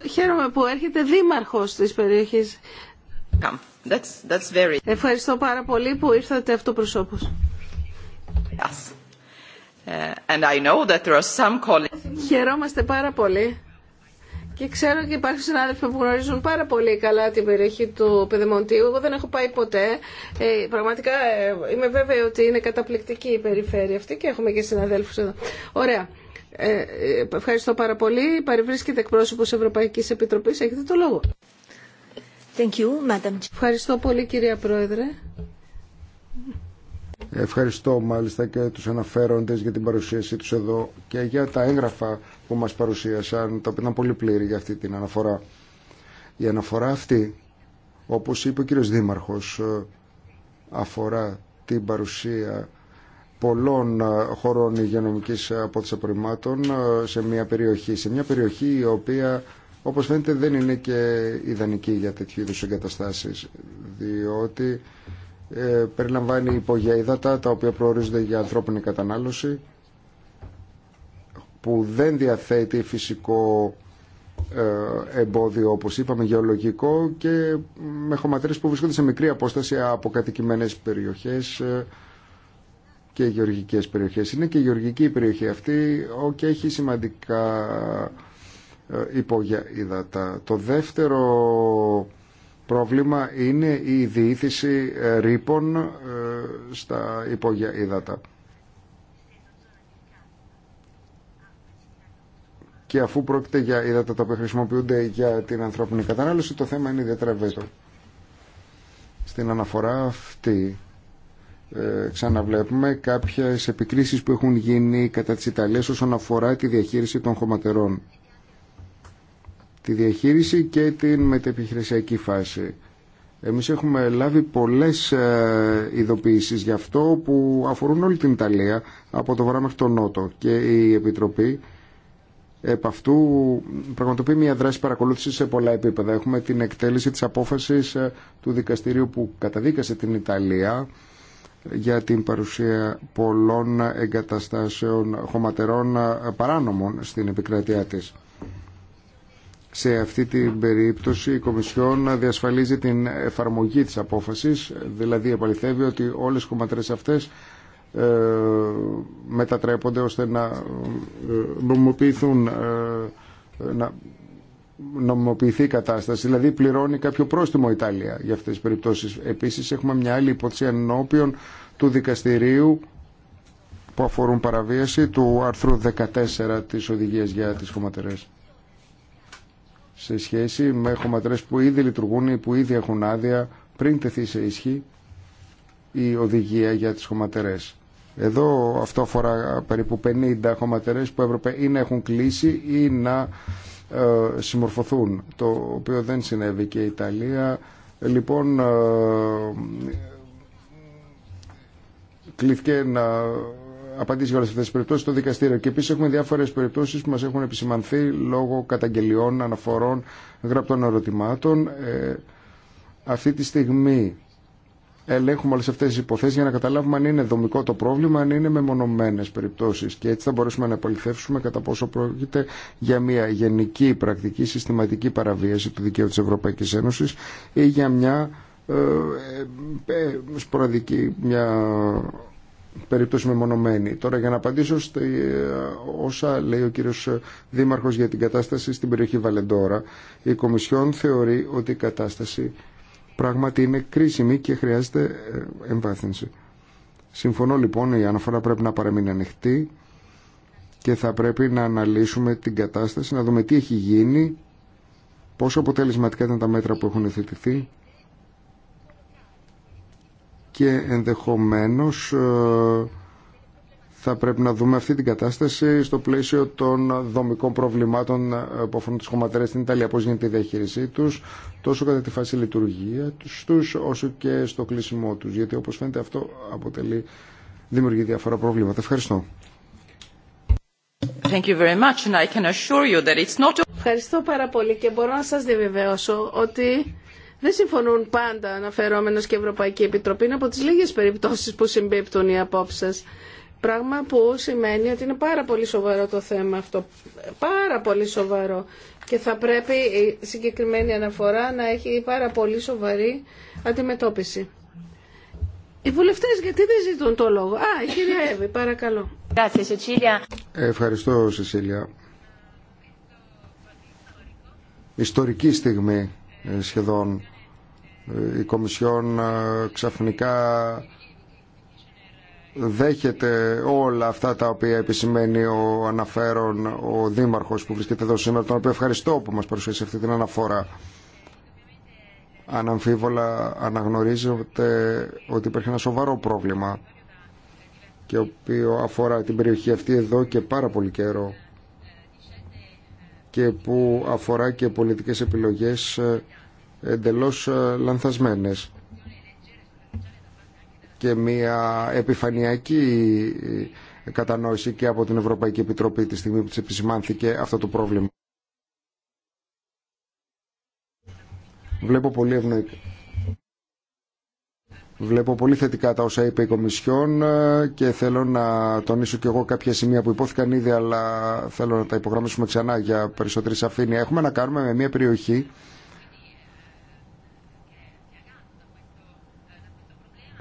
Χαίρομαι που έρχεται δήμαρχος της περιοχής. That's, that's very... Ευχαριστώ πάρα πολύ που ήρθατε αυτοπροσώπους. Yes. Uh, and I know that there are some Χαιρόμαστε πάρα πολύ. Και ξέρω ότι υπάρχουν συνάδελφοι που γνωρίζουν πάρα πολύ καλά την περιοχή του Πεδεμοντίου. Εγώ δεν έχω πάει ποτέ. Ε, πραγματικά ε, είμαι βέβαιη ότι είναι καταπληκτική η περιφέρεια αυτή και έχουμε και συναδέλφους εδώ. Ωραία. Ε, ευχαριστώ πάρα πολύ. Παρευρίσκεται εκπρόσωπο Ευρωπαϊκής Επιτροπής. Έχετε το λόγο. Thank you, Madam. Ευχαριστώ πολύ κυρία Πρόεδρε. Ευχαριστώ μάλιστα και τους αναφέροντες για την παρουσίασή τους εδώ και για τα έγγραφα που μας παρουσίασαν, τα οποία ήταν πολύ πλήρη για αυτή την αναφορά. Η αναφορά αυτή, όπως είπε ο κύριος Δήμαρχος, ε, αφορά την παρουσία πολλών ε, χωρών υγειονομικής ε, απόδοσης απορριμμάτων ε, σε μια περιοχή. Σε μια περιοχή η οποία όπως φαίνεται δεν είναι και ιδανική για τέτοιου είδους εγκαταστάσεις διότι περιλαμβάνει υπόγεια τα οποία προορίζονται για ανθρώπινη κατανάλωση που δεν διαθέτει φυσικό εμπόδιο όπως είπαμε γεωλογικό και με χωματέρες που βρίσκονται σε μικρή απόσταση από κατοικημένες περιοχές και γεωργικές περιοχές. Είναι και γεωργική περιοχή αυτή και έχει σημαντικά ε, υπόγεια υδατά. Το δεύτερο πρόβλημα είναι η διήθηση ε, ρήπων ε, στα υπόγεια υδατά. Και αφού πρόκειται για υδατά τα οποία χρησιμοποιούνται για την ανθρώπινη κατανάλωση, το θέμα είναι ιδιαίτερα ευαίσθητο. Στην αναφορά αυτή ε, ξαναβλέπουμε κάποιες επικρίσεις που έχουν γίνει κατά της Ιταλίας όσον αφορά τη διαχείριση των χωματερών. Τη διαχείριση και την μετεπιχειρησιακή φάση. Εμείς έχουμε λάβει πολλές ε, ειδοποιήσεις γι' αυτό που αφορούν όλη την Ιταλία από το βορρά μέχρι νότο και η Επιτροπή επ' αυτού πραγματοποιεί μια δράση παρακολούθησης σε πολλά επίπεδα. Έχουμε την εκτέλεση της απόφασης ε, του δικαστηρίου που καταδίκασε την Ιταλία για την παρουσία πολλών εγκαταστάσεων χωματερών παράνομων στην επικρατεία της. Σε αυτή την περίπτωση η Κομισιόν διασφαλίζει την εφαρμογή της απόφασης, δηλαδή επαληθεύει ότι όλες οι χωματερές αυτές ε, μετατρέπονται ώστε να ε, νομοποιηθούν ε, να νομιμοποιηθεί η κατάσταση. Δηλαδή πληρώνει κάποιο πρόστιμο η Ιταλία για αυτές τις περιπτώσεις. Επίσης έχουμε μια άλλη υπόθεση ενώπιον του δικαστηρίου που αφορούν παραβίαση του άρθρου 14 της οδηγίας για τις χωματερές σε σχέση με χωματερές που ήδη λειτουργούν ή που ήδη έχουν άδεια πριν τεθεί σε ισχύ η οδηγία για τις χωματερές. Εδώ αυτό αφορά περίπου 50 χωματερές που έπρεπε ή να έχουν κλείσει ή να ε, συμμορφωθούν, το οποίο δεν συνέβη και η Ιταλία. Λοιπόν, ε, κλείθηκε να απαντήσει για όλε αυτέ τι στο δικαστήριο. Και επίσης έχουμε διάφορες περιπτώσεις που μας έχουν επισημανθεί λόγω καταγγελιών, αναφορών, γραπτών ερωτημάτων. Ε, αυτή τη στιγμή ελέγχουμε όλε αυτέ τι υποθέσει για να καταλάβουμε αν είναι δομικό το πρόβλημα, αν είναι μεμονωμένε περιπτώσει. Και έτσι θα μπορέσουμε να απολυθεύσουμε κατά πόσο πρόκειται για μια γενική πρακτική συστηματική παραβίαση του δικαίου τη Ευρωπαϊκή Ένωση ή για μια ε, ε, ε, σποραδική, μια περίπτωση μεμονωμένη. Τώρα για να απαντήσω ε, όσα λέει ο κύριος Δήμαρχος για την κατάσταση στην περιοχή Βαλεντόρα, η Κομισιόν θεωρεί ότι η κατάσταση πράγματι είναι κρίσιμη και χρειάζεται ε, εμβάθυνση. Συμφωνώ λοιπόν, η αναφορά πρέπει να παραμείνει ανοιχτή και θα πρέπει να αναλύσουμε την κατάσταση, να δούμε τι έχει γίνει, πόσο αποτελεσματικά ήταν τα μέτρα που έχουν εθετηθεί και ενδεχομένως ε, θα πρέπει να δούμε αυτή την κατάσταση στο πλαίσιο των δομικών προβλημάτων ε, που αφορούν τις χωματερές στην Ιταλία, πώς γίνεται η διαχείρισή τους, τόσο κατά τη φάση λειτουργία τους, όσο και στο κλείσιμό τους, γιατί όπως φαίνεται αυτό αποτελεί, δημιουργεί διάφορα προβλήματα. Ευχαριστώ. Thank you very much and I can assure you that it's not... Ευχαριστώ πάρα πολύ και μπορώ να σας διαβεβαιώσω ότι δεν συμφωνούν πάντα αναφερόμενος και η Ευρωπαϊκή Επιτροπή. Είναι από τις λίγες περιπτώσεις που συμπίπτουν οι απόψεις Πράγμα που σημαίνει ότι είναι πάρα πολύ σοβαρό το θέμα αυτό. Πάρα πολύ σοβαρό. Και θα πρέπει η συγκεκριμένη αναφορά να έχει πάρα πολύ σοβαρή αντιμετώπιση. Οι βουλευτές γιατί δεν ζητούν το λόγο. Α, η κυρία Εύη, παρακαλώ. Ευχαριστώ, Σεσίλια. Ιστορική στιγμή ε, σχεδόν ε, η Κομισιόν ε, ξαφνικά δέχεται όλα αυτά τα οποία επισημαίνει ο αναφέρον, ο Δήμαρχος που βρίσκεται εδώ σήμερα, τον οποίο ευχαριστώ που μας παρουσίασε αυτή την αναφορά. Αναμφίβολα αναγνωρίζεται ότι υπάρχει ένα σοβαρό πρόβλημα και οποίο αφορά την περιοχή αυτή εδώ και πάρα πολύ καιρό και που αφορά και πολιτικές επιλογές ε, εντελώς ε, λανθασμένες και μια επιφανειακή ε, κατανόηση και από την Ευρωπαϊκή Επιτροπή τη στιγμή που της επισημάνθηκε αυτό το πρόβλημα. Βλέπω πολύ Βλέπω πολύ θετικά τα όσα είπε η Κομισιόν ε, και θέλω να τονίσω και εγώ κάποια σημεία που υπόθηκαν ήδη αλλά θέλω να τα υπογραμμίσουμε ξανά για περισσότερη σαφήνεια. Έχουμε να κάνουμε με μια περιοχή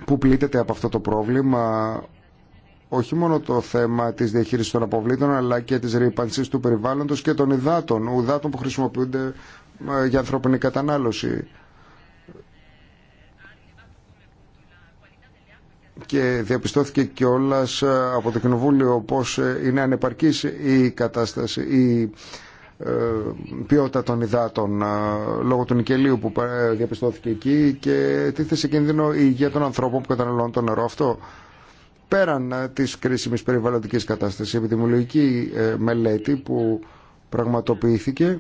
που πλήττεται από αυτό το πρόβλημα όχι μόνο το θέμα της διαχείρισης των αποβλήτων αλλά και της ρήπανση του περιβάλλοντος και των υδάτων, ουδάτων που χρησιμοποιούνται ε, για ανθρώπινη κατανάλωση. και διαπιστώθηκε κιόλα ε, από το Κοινοβούλιο πως ε, είναι ανεπαρκής η κατάσταση, ε, ποιότητα των υδάτων ε, λόγω του νικελίου που ε, διαπιστώθηκε εκεί και τι σε κίνδυνο η υγεία των ανθρώπων που καταναλώνουν το νερό αυτό. Πέραν της κρίσιμης περιβαλλοντικής κατάστασης, η επιδημιολογική μελέτη που πραγματοποιήθηκε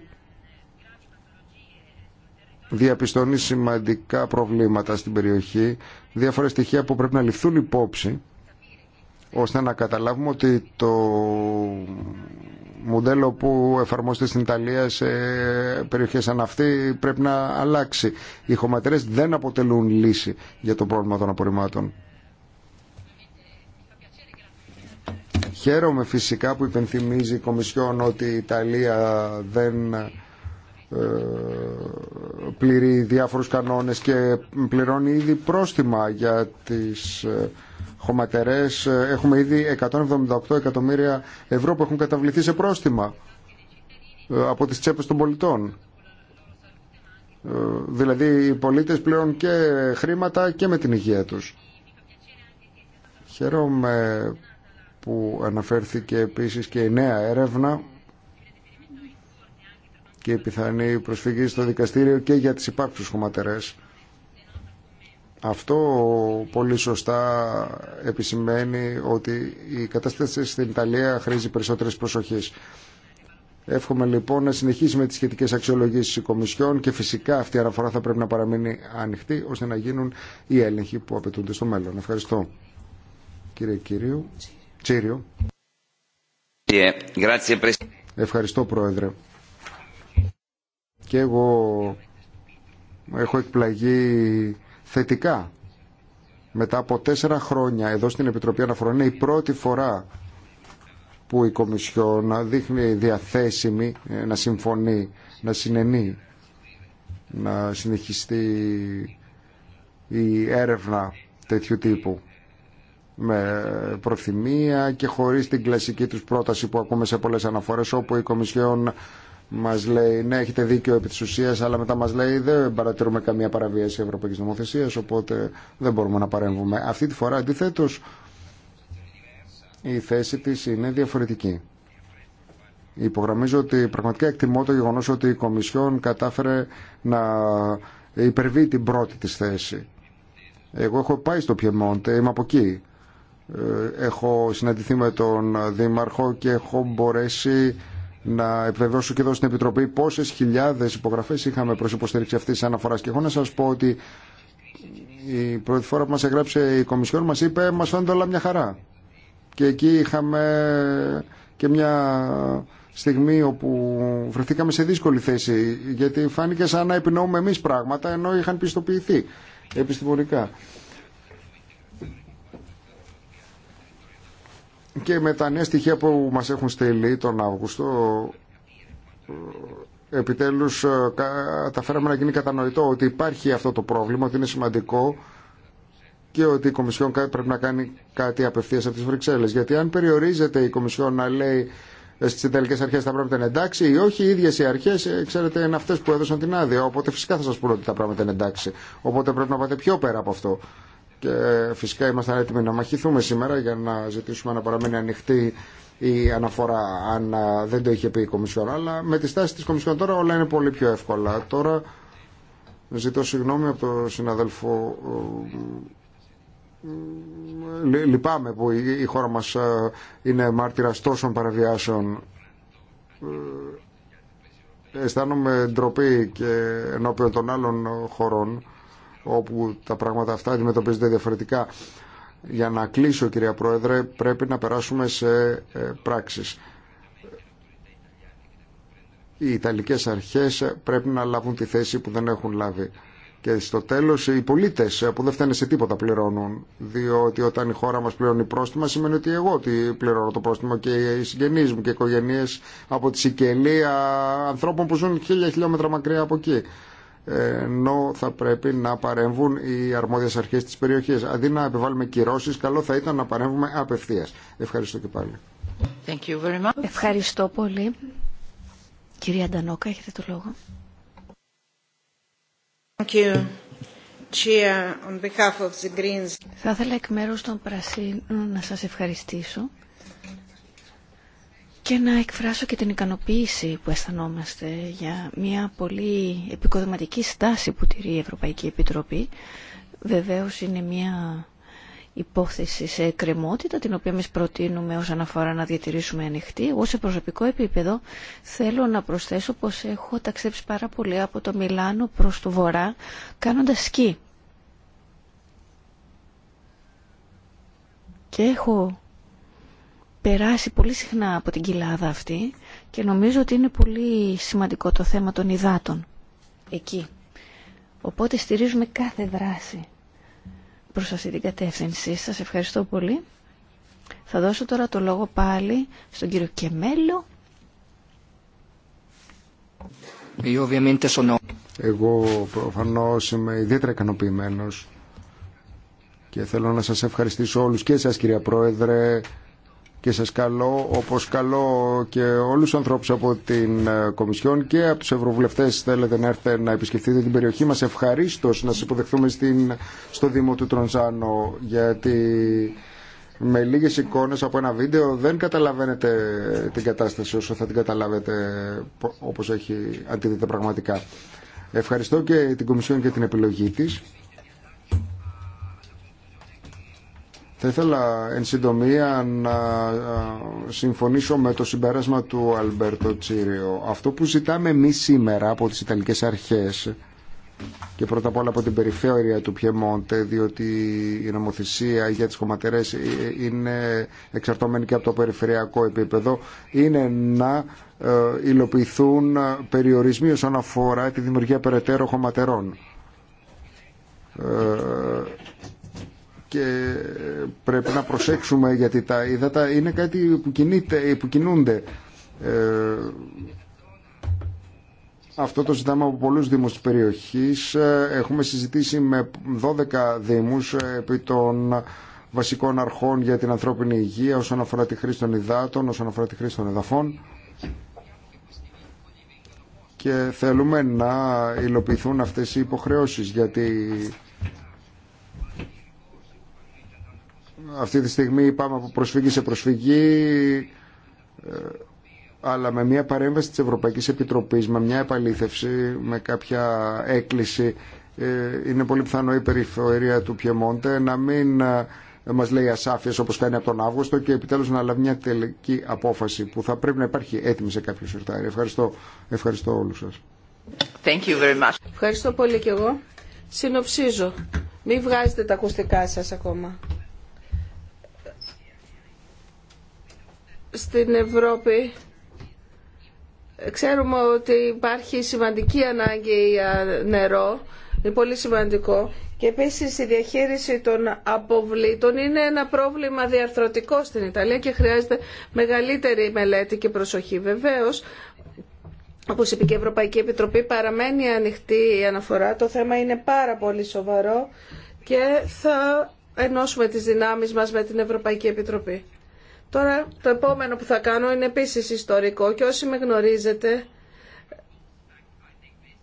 διαπιστώνει σημαντικά προβλήματα στην περιοχή, διάφορα στοιχεία που πρέπει να ληφθούν υπόψη ώστε να καταλάβουμε ότι το μοντέλο που εφαρμόζεται στην Ιταλία σε περιοχές σαν αυτή πρέπει να αλλάξει. Οι χωματερές δεν αποτελούν λύση για το πρόβλημα των απορριμμάτων. Χαίρομαι φυσικά που υπενθυμίζει η Κομισιόν ότι η Ιταλία δεν ε, πληρεί διάφορους κανόνες και πληρώνει ήδη πρόστιμα για τις ε, χωματερές. Έχουμε ήδη 178 εκατομμύρια ευρώ που έχουν καταβληθεί σε πρόστιμα ε, από τις τσέπες των πολιτών. Ε, δηλαδή οι πολίτες πλέον και χρήματα και με την υγεία τους. Χαίρομαι που αναφέρθηκε επίσης και η νέα έρευνα και η πιθανή προσφυγή στο δικαστήριο και για τις υπάρξεις χωματερές. Αυτό πολύ σωστά επισημαίνει ότι η κατάσταση στην Ιταλία χρήζει περισσότερες προσοχές. Εύχομαι λοιπόν να συνεχίσουμε τις σχετικές αξιολογήσεις της Κομισιόν και φυσικά αυτή η αναφορά θα πρέπει να παραμείνει ανοιχτή ώστε να γίνουν οι έλεγχοι που απαιτούνται στο μέλλον. Ευχαριστώ. Κύριε Κύριο. Τσίριο. Ευχαριστώ Πρόεδρε. Και εγώ έχω εκπλαγεί θετικά. Μετά από τέσσερα χρόνια εδώ στην Επιτροπή Αναφορών είναι η πρώτη φορά που η Κομισιόν δείχνει διαθέσιμη ε, να συμφωνεί, να συνενεί, να συνεχιστεί η έρευνα τέτοιου τύπου με προθυμία και χωρίς την κλασική τους πρόταση που ακούμε σε πολλές αναφορές όπου η Κομισιόν Μα λέει, ναι, έχετε δίκιο επί τη ουσία, αλλά μετά μα λέει, δεν παρατηρούμε καμία παραβίαση ευρωπαϊκή νομοθεσία, οπότε δεν μπορούμε να παρέμβουμε. Αυτή τη φορά, αντιθέτω, η θέση τη είναι διαφορετική. Υπογραμμίζω ότι πραγματικά εκτιμώ το γεγονό ότι η Κομισιόν κατάφερε να υπερβεί την πρώτη τη θέση. Εγώ έχω πάει στο Πιεμόντε, είμαι από εκεί. Ε, έχω συναντηθεί με τον Δήμαρχο και έχω μπορέσει να επιβεβαιώσω και εδώ στην Επιτροπή πόσε χιλιάδε υπογραφέ είχαμε προ υποστήριξη αυτή τη αναφορά. Και εγώ να σα πω ότι η πρώτη φορά που μα έγραψε η Κομισιόν μα είπε μα φαίνεται όλα μια χαρά. Και εκεί είχαμε και μια στιγμή όπου βρεθήκαμε σε δύσκολη θέση γιατί φάνηκε σαν να επινοούμε εμεί πράγματα ενώ είχαν πιστοποιηθεί επιστημονικά. Και με τα νέα στοιχεία που μας έχουν στείλει τον Αύγουστο, ε, επιτέλους ε, καταφέραμε να γίνει κατανοητό ότι υπάρχει αυτό το πρόβλημα, ότι είναι σημαντικό και ότι η Κομισιόν πρέπει να κάνει κάτι απευθείας από τις Βρυξέλλες. Γιατί αν περιορίζεται η Κομισιόν να λέει ε, στις Ιταλικές αρχές τα πράγματα είναι εντάξει ή όχι, οι ίδιες οι αρχές, ξέρετε, είναι αυτές που έδωσαν την άδεια. Οπότε φυσικά θα σας πούνε ότι τα πράγματα είναι εντάξει. Οπότε πρέπει να πάτε πιο πέρα από αυτό και φυσικά ήμασταν έτοιμοι να μαχηθούμε σήμερα για να ζητήσουμε να παραμένει ανοιχτή η αναφορά αν δεν το είχε πει η Κομισιόν. Αλλά με τη στάση της Κομισιόν τώρα όλα είναι πολύ πιο εύκολα. Τώρα ζητώ συγγνώμη από τον συναδελφό ε, ε, λυπάμαι που η χώρα μας ε, είναι μάρτυρας τόσων παραβιάσεων αισθάνομαι ντροπή και ενώπιον των άλλων χωρών όπου τα πράγματα αυτά αντιμετωπίζονται διαφορετικά. Για να κλείσω κυρία Πρόεδρε πρέπει να περάσουμε σε ε, πράξεις. Οι Ιταλικές αρχές πρέπει να λάβουν τη θέση που δεν έχουν λάβει. Και στο τέλος οι πολίτες που δεν φταίνε σε τίποτα πληρώνουν. Διότι όταν η χώρα μας πληρώνει πρόστιμα σημαίνει ότι εγώ ότι πληρώνω το πρόστιμο και οι συγγενείς μου και οι οικογένειες από τη Σικελία ανθρώπων που ζουν χίλια χιλιόμετρα μακριά από εκεί ενώ θα πρέπει να παρέμβουν οι αρμόδιες αρχές της περιοχής. Αντί να επιβάλλουμε κυρώσεις, καλό θα ήταν να παρέμβουμε απευθείας. Ευχαριστώ και πάλι. Thank you very much. Ευχαριστώ πολύ. Κυρία Αντανόκα, έχετε το λόγο. Thank you. On of the Greens. Θα ήθελα εκ μέρους των Πρασίνων να σας ευχαριστήσω και να εκφράσω και την ικανοποίηση που αισθανόμαστε για μια πολύ επικοδοματική στάση που τηρεί η Ευρωπαϊκή Επιτροπή. Βεβαίως είναι μια υπόθεση σε εκκρεμότητα, την οποία εμείς προτείνουμε όσον αφορά να διατηρήσουμε ανοιχτή. Εγώ σε προσωπικό επίπεδο θέλω να προσθέσω πως έχω ταξιδέψει πάρα πολύ από το Μιλάνο προς το βορρά κάνοντας σκι. Και έχω περάσει πολύ συχνά από την κοιλάδα αυτή και νομίζω ότι είναι πολύ σημαντικό το θέμα των υδάτων εκεί. Οπότε στηρίζουμε κάθε δράση προς αυτή την κατεύθυνση. Σας ευχαριστώ πολύ. Θα δώσω τώρα το λόγο πάλι στον κύριο Κεμέλο. Εγώ προφανώς είμαι ιδιαίτερα ικανοποιημένο και θέλω να σας ευχαριστήσω όλους και εσάς κυρία Πρόεδρε και σας καλώ όπως καλώ και όλους τους ανθρώπους από την ε, Κομισιόν και από τους Ευρωβουλευτές θέλετε να έρθετε να επισκεφτείτε την περιοχή μας ευχαρίστως να σας υποδεχθούμε στην, στο Δήμο του Τρονζάνο γιατί με λίγες εικόνες από ένα βίντεο δεν καταλαβαίνετε την κατάσταση όσο θα την καταλάβετε όπως έχει αντιδείτε πραγματικά. Ευχαριστώ και την Κομισιόν για την επιλογή της. Θα ήθελα εν συντομία να συμφωνήσω με το συμπέρασμα του Αλμπέρτο Τσίριο. Αυτό που ζητάμε εμεί σήμερα από τις Ιταλικές Αρχές και πρώτα απ' όλα από την περιφέρεια του Πιεμόντε, διότι η νομοθεσία για τις κομματερές ε, ε, είναι εξαρτώμενη και από το περιφερειακό επίπεδο, είναι να ε, υλοποιηθούν περιορισμοί όσον αφορά τη δημιουργία περαιτέρω χωματερών και πρέπει να προσέξουμε γιατί τα ύδατα είναι κάτι που, κινείται, που κινούνται. Ε, αυτό το ζητάμε από πολλούς δήμους της περιοχής. Ε, έχουμε συζητήσει με 12 δήμους ε, επί των βασικών αρχών για την ανθρώπινη υγεία όσον αφορά τη χρήση των υδάτων, όσον αφορά τη χρήση των εδαφών και θέλουμε να υλοποιηθούν αυτές οι υποχρεώσεις γιατί Αυτή τη στιγμή πάμε από προσφυγή σε προσφυγή, ε, αλλά με μια παρέμβαση της Ευρωπαϊκής Επιτροπής, με μια επαλήθευση, με κάποια έκκληση, ε, είναι πολύ πιθανό η περιφερεια του Πιεμόντε να μην ε, μας λέει ασάφειε όπως κάνει από τον Αύγουστο και επιτέλους να λάβει μια τελική απόφαση που θα πρέπει να υπάρχει έτοιμη σε κάποιο σιρτάρι. Ευχαριστώ, ευχαριστώ όλους σας. Ευχαριστώ πολύ και εγώ. Συνοψίζω. Μην βγάζετε τα ακουστικά σα ακόμα. στην Ευρώπη ξέρουμε ότι υπάρχει σημαντική ανάγκη για νερό, είναι πολύ σημαντικό. Και επίσης η διαχείριση των αποβλήτων είναι ένα πρόβλημα διαρθρωτικό στην Ιταλία και χρειάζεται μεγαλύτερη μελέτη και προσοχή. Βεβαίως, όπως είπε και η Ευρωπαϊκή Επιτροπή, παραμένει ανοιχτή η αναφορά. Το θέμα είναι πάρα πολύ σοβαρό και θα ενώσουμε τις δυνάμεις μας με την Ευρωπαϊκή Επιτροπή. Τώρα το επόμενο που θα κάνω είναι επίσης ιστορικό και όσοι με γνωρίζετε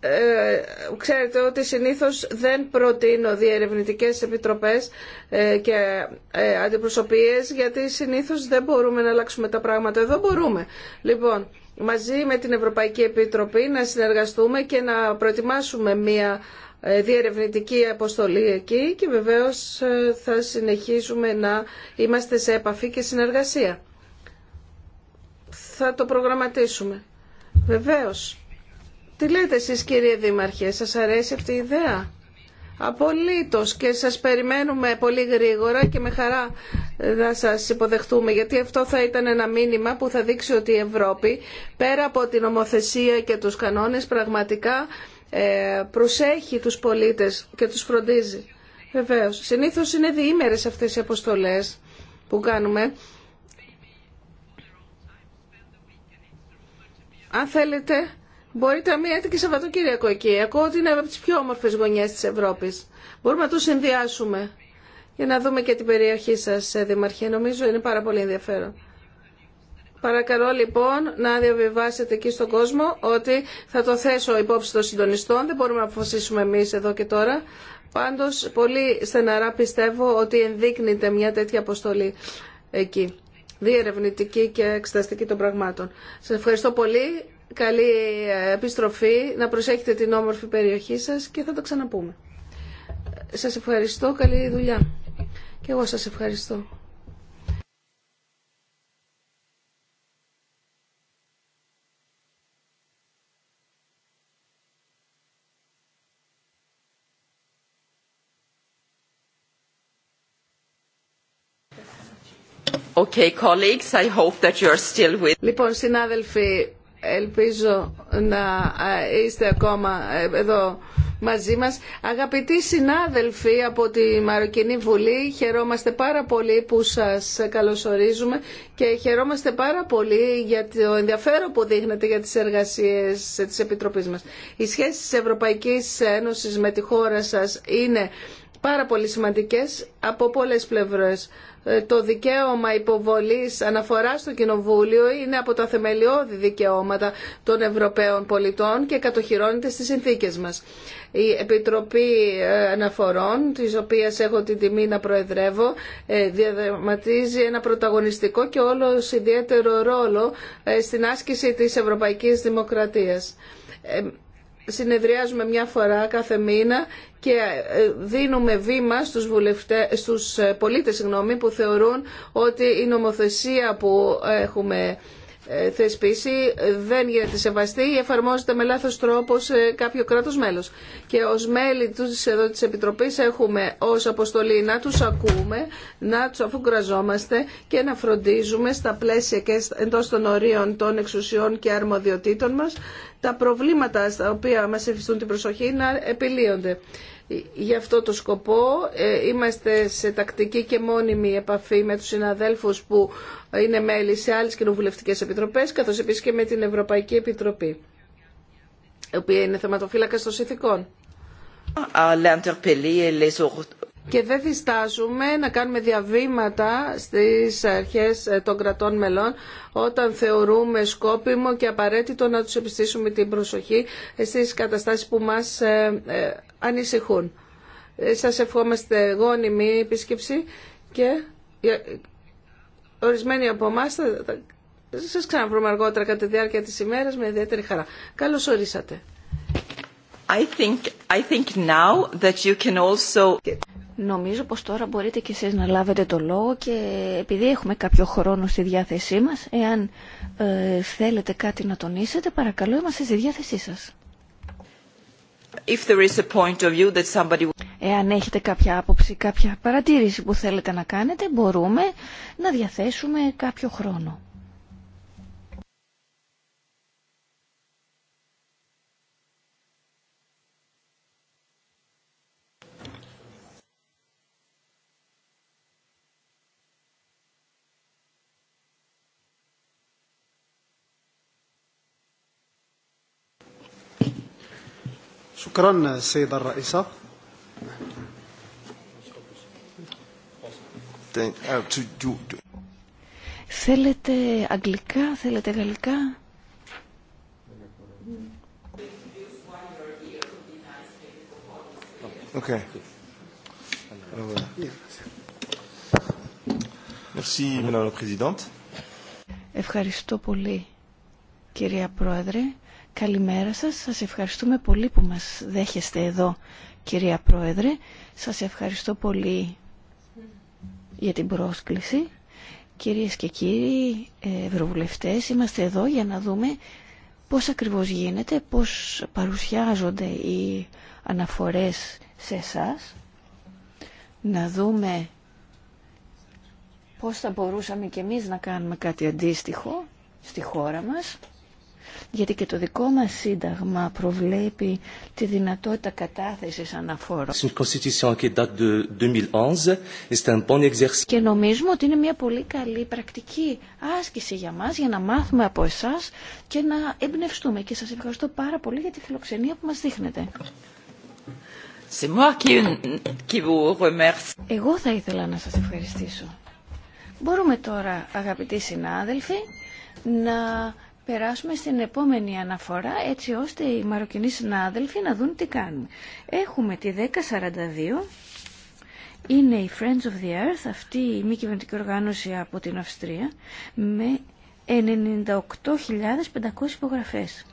ε, ξέρετε ότι συνήθως δεν προτείνω διερευνητικές επιτροπές ε, και ε, αντιπροσωπείες γιατί συνήθως δεν μπορούμε να αλλάξουμε τα πράγματα. Εδώ μπορούμε. Λοιπόν, μαζί με την Ευρωπαϊκή Επιτροπή να συνεργαστούμε και να προετοιμάσουμε μία ε, διερευνητική αποστολή εκεί και βεβαίως ε, θα συνεχίσουμε να είμαστε σε επαφή και συνεργασία. Θα το προγραμματίσουμε. Βεβαίως. Τι λέτε εσείς κύριε Δήμαρχε, σας αρέσει αυτή η ιδέα. Απολύτως και σας περιμένουμε πολύ γρήγορα και με χαρά ε, να σας υποδεχτούμε γιατί αυτό θα ήταν ένα μήνυμα που θα δείξει ότι η Ευρώπη πέρα από την ομοθεσία και τους κανόνες πραγματικά ε, προσέχει τους πολίτες και τους φροντίζει. Βεβαίως. Συνήθως είναι διήμερες αυτές οι αποστολές που κάνουμε. Αν θέλετε, μπορείτε να μείνετε και Σαββατοκύριακο εκεί. Ακούω ότι είναι από τις πιο όμορφες γωνιές της Ευρώπης. Μπορούμε να το συνδυάσουμε για να δούμε και την περιοχή σας, ε, Δημαρχέ. Νομίζω είναι πάρα πολύ ενδιαφέρον. Παρακαλώ λοιπόν να διαβιβάσετε εκεί στον κόσμο ότι θα το θέσω υπόψη των συντονιστών. Δεν μπορούμε να αποφασίσουμε εμείς εδώ και τώρα. Πάντως πολύ στεναρά πιστεύω ότι ενδείκνυται μια τέτοια αποστολή εκεί. Διερευνητική και εξεταστική των πραγμάτων. Σας ευχαριστώ πολύ. Καλή επιστροφή. Να προσέχετε την όμορφη περιοχή σας και θα το ξαναπούμε. Σας ευχαριστώ. Καλή δουλειά. Και εγώ σας ευχαριστώ. Λοιπόν, συνάδελφοι, ελπίζω να είστε ακόμα ε, εδώ μαζί μας. Αγαπητοί συνάδελφοι από τη Μαροκινή Βουλή, χαιρόμαστε πάρα πολύ που σας καλωσορίζουμε και χαιρόμαστε πάρα πολύ για το ενδιαφέρον που δείχνετε για τις εργασίες της Επιτροπής μας. Οι σχέσεις της Ευρωπαϊκής Ένωσης με τη χώρα σας είναι πάρα πολύ σημαντικές από πολλές πλευρές. Ε, το δικαίωμα υποβολής αναφοράς στο Κοινοβούλιο είναι από τα θεμελιώδη δικαιώματα των Ευρωπαίων πολιτών και κατοχυρώνεται στις συνθήκες μας. Η Επιτροπή ε, Αναφορών, της οποίας έχω την τιμή να προεδρεύω, ε, διαδραματίζει ένα πρωταγωνιστικό και όλο ιδιαίτερο ρόλο στην άσκηση της Ευρωπαϊκής Δημοκρατίας συνεδριάζουμε μια φορά κάθε μήνα και ε, δίνουμε βήμα στους, βουλευτέ στους ε, πολίτες συγγνώμη, που θεωρούν ότι η νομοθεσία που έχουμε ε, θεσπίσει δεν γίνεται σεβαστή ή εφαρμόζεται με λάθος τρόπο σε κάποιο κράτος μέλος. Και ω μέλη τους Επιτροπή της Επιτροπής έχουμε ως αποστολή να τους ακούμε, να του αφού και να φροντίζουμε στα πλαίσια και εντός των ορίων των εξουσιών και αρμοδιοτήτων μας τα προβλήματα στα οποία μας εφιστούν την προσοχή να επιλύονται. Γι' αυτό το σκοπό ε, είμαστε σε τακτική και μόνιμη επαφή με τους συναδέλφους που είναι μέλη σε άλλες κοινοβουλευτικέ επιτροπές, καθώς επίσης και με την Ευρωπαϊκή Επιτροπή, η οποία είναι θεματοφύλακα των συνθηκών και δεν διστάζουμε να κάνουμε διαβήματα στις αρχές ε, των κρατών μελών όταν θεωρούμε σκόπιμο και απαραίτητο να τους επιστήσουμε την προσοχή ε, στις καταστάσεις που μας ε, ανησυχούν. Σας ευχόμαστε γόνιμη επίσκεψη και ορισμένοι από εμά θα σας ξαναβρούμε αργότερα κατά τη διάρκεια της ημέρας με ιδιαίτερη χαρά. Καλώς ορίσατε. I think, you Νομίζω πως τώρα μπορείτε και εσείς να λάβετε το λόγο και επειδή έχουμε κάποιο χρόνο στη διάθεσή μας, εάν ε, θέλετε κάτι να τονίσετε, παρακαλώ είμαστε στη διάθεσή σας. Εάν έχετε κάποια άποψη, κάποια παρατήρηση που θέλετε να κάνετε, μπορούμε να διαθέσουμε κάποιο χρόνο. شكرا السيدة uh, Θέλετε αγγλικά, θέλετε γαλλικά. Ευχαριστώ πολύ, κυρία Πρόεδρε. Καλημέρα σας. Σας ευχαριστούμε πολύ που μας δέχεστε εδώ, κυρία Πρόεδρε. Σας ευχαριστώ πολύ για την πρόσκληση. Κυρίες και κύριοι ε, ευρωβουλευτές, είμαστε εδώ για να δούμε πώς ακριβώς γίνεται, πώς παρουσιάζονται οι αναφορές σε εσά, να δούμε πώς θα μπορούσαμε κι εμείς να κάνουμε κάτι αντίστοιχο στη χώρα μας γιατί και το δικό μας σύνταγμα προβλέπει τη δυνατότητα κατάθεσης αναφόρων. Και νομίζουμε ότι είναι μια πολύ καλή πρακτική άσκηση για μας, για να μάθουμε από εσάς και να εμπνευστούμε. Και σας ευχαριστώ πάρα πολύ για τη φιλοξενία που μας δείχνετε. Εγώ θα ήθελα να σας ευχαριστήσω. Μπορούμε τώρα, αγαπητοί συνάδελφοι, να περάσουμε στην επόμενη αναφορά έτσι ώστε οι μαροκινοί συνάδελφοι να δουν τι κάνουν. Έχουμε τη 1042. Είναι η Friends of the Earth, αυτή η μη κυβερνητική οργάνωση από την Αυστρία, με 98.500 υπογραφές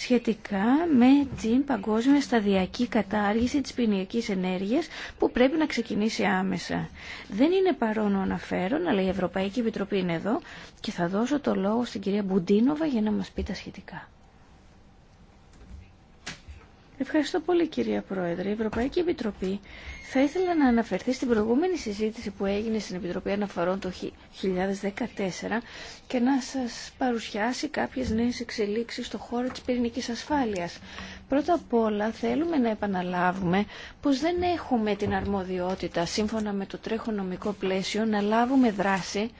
σχετικά με την παγκόσμια σταδιακή κατάργηση της ποινιακή ενέργειας που πρέπει να ξεκινήσει άμεσα. Δεν είναι παρόν ο αναφέρον, αλλά η Ευρωπαϊκή Επιτροπή είναι εδώ και θα δώσω το λόγο στην κυρία Μπουντίνοβα για να μας πει τα σχετικά. Ευχαριστώ πολύ κυρία Πρόεδρε. Η Ευρωπαϊκή Επιτροπή θα ήθελα να αναφερθεί στην προηγούμενη συζήτηση που έγινε στην Επιτροπή Αναφορών το 2014 και να σας παρουσιάσει κάποιες νέες εξελίξεις στο χώρο της πυρηνικής ασφάλειας. Πρώτα απ' όλα θέλουμε να επαναλάβουμε πως δεν έχουμε την αρμοδιότητα σύμφωνα με το τρέχον νομικό πλαίσιο να λάβουμε δράση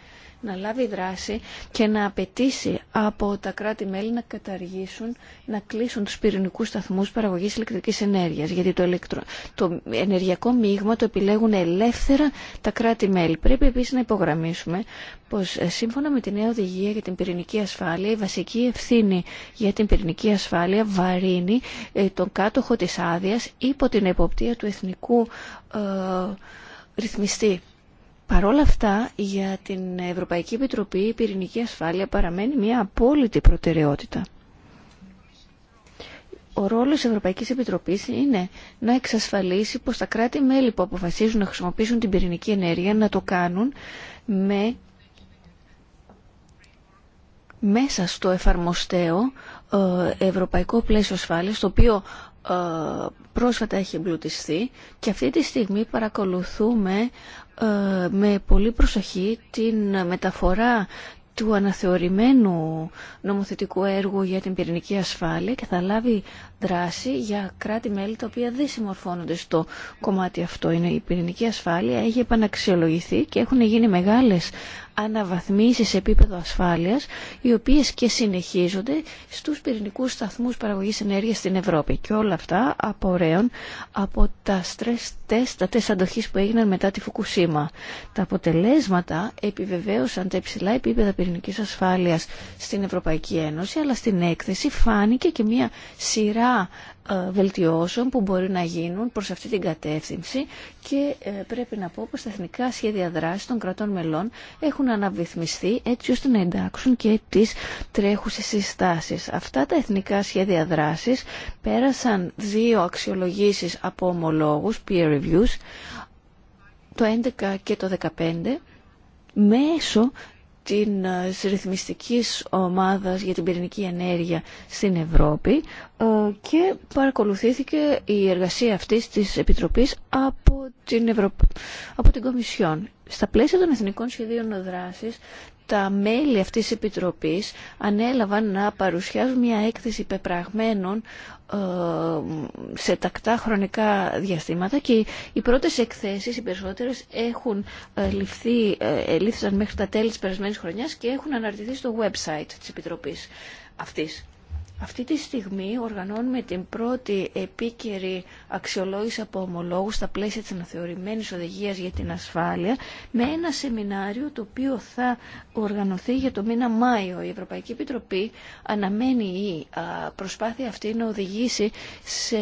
να λάβει δράση και να απαιτήσει από τα κράτη-μέλη να καταργήσουν, να κλείσουν τους πυρηνικούς σταθμούς παραγωγής ηλεκτρικής ενέργειας. Γιατί το, ηλεκτρο... το ενεργειακό μείγμα το επιλέγουν ελεύθερα τα κράτη-μέλη. Πρέπει επίσης να υπογραμμίσουμε πως ε, σύμφωνα με τη νέα οδηγία για την πυρηνική ασφάλεια, η βασική ευθύνη για την πυρηνική ασφάλεια βαρύνει ε, τον κάτοχο της άδειας υπό την εποπτεία του εθνικού ε, ρυθμιστή. Παρ' όλα αυτά, για την Ευρωπαϊκή Επιτροπή η πυρηνική ασφάλεια παραμένει μια απόλυτη προτεραιότητα. Ο ρόλος της Ευρωπαϊκής Επιτροπής είναι να εξασφαλίσει πως τα κράτη-μέλη που αποφασίζουν να χρησιμοποιήσουν την πυρηνική ενέργεια να το κάνουν μέσα στο εφαρμοστέο ε, ευρωπαϊκό πλαίσιο ασφάλειας, το οποίο ε, πρόσφατα έχει εμπλουτιστεί και αυτή τη στιγμή παρακολουθούμε ε, με πολύ προσοχή την μεταφορά του αναθεωρημένου νομοθετικού έργου για την πυρηνική ασφάλεια και θα λάβει δράση για κράτη-μέλη τα οποία δεν συμμορφώνονται στο κομμάτι αυτό. Είναι η πυρηνική ασφάλεια έχει επαναξιολογηθεί και έχουν γίνει μεγάλες αναβαθμίσεις σε επίπεδο ασφάλειας, οι οποίες και συνεχίζονται στους πυρηνικούς σταθμούς παραγωγής ενέργειας στην Ευρώπη. Και όλα αυτά απορρέουν από τα stress τεστ, τα τεστ αντοχής που έγιναν μετά τη Φουκουσίμα. Τα αποτελέσματα επιβεβαίωσαν τα υψηλά επίπεδα πυρηνικής ασφάλειας στην Ευρωπαϊκή Ένωση, αλλά στην έκθεση φάνηκε και μια σειρά ε, βελτιώσεων που μπορεί να γίνουν προς αυτή την κατεύθυνση και ε, πρέπει να πω πως τα εθνικά σχέδια δράσης των κρατών μελών έχουν αναβυθμιστεί έτσι ώστε να εντάξουν και τις τρέχουσες συστάσεις. Αυτά τα εθνικά σχέδια δράσης πέρασαν δύο αξιολογήσεις από ομολόγους, peer reviews, το 2011 και το 2015, μέσω την ε, ρυθμιστικής ομάδας για την πυρηνική ενέργεια στην Ευρώπη ε, και παρακολουθήθηκε η εργασία αυτής της Επιτροπής από την, Ευρω... από την Κομισιόν. Στα πλαίσια των Εθνικών Σχεδίων Δράσης τα μέλη αυτής της Επιτροπής ανέλαβαν να παρουσιάζουν μια έκθεση πεπραγμένων ε, σε τακτά χρονικά διαστήματα και οι πρώτες εκθέσεις, οι περισσότερες, έχουν ε, ληφθεί, ε, ελήφθησαν μέχρι τα τέλη της περασμένης χρονιάς και έχουν αναρτηθεί στο website της Επιτροπής αυτής. Αυτή τη στιγμή οργανώνουμε την πρώτη επίκαιρη αξιολόγηση από ομολόγου στα πλαίσια της αναθεωρημένης οδηγίας για την ασφάλεια με ένα σεμινάριο το οποίο θα οργανωθεί για το μήνα Μάιο. Η Ευρωπαϊκή Επιτροπή αναμένει η προσπάθεια αυτή να οδηγήσει σε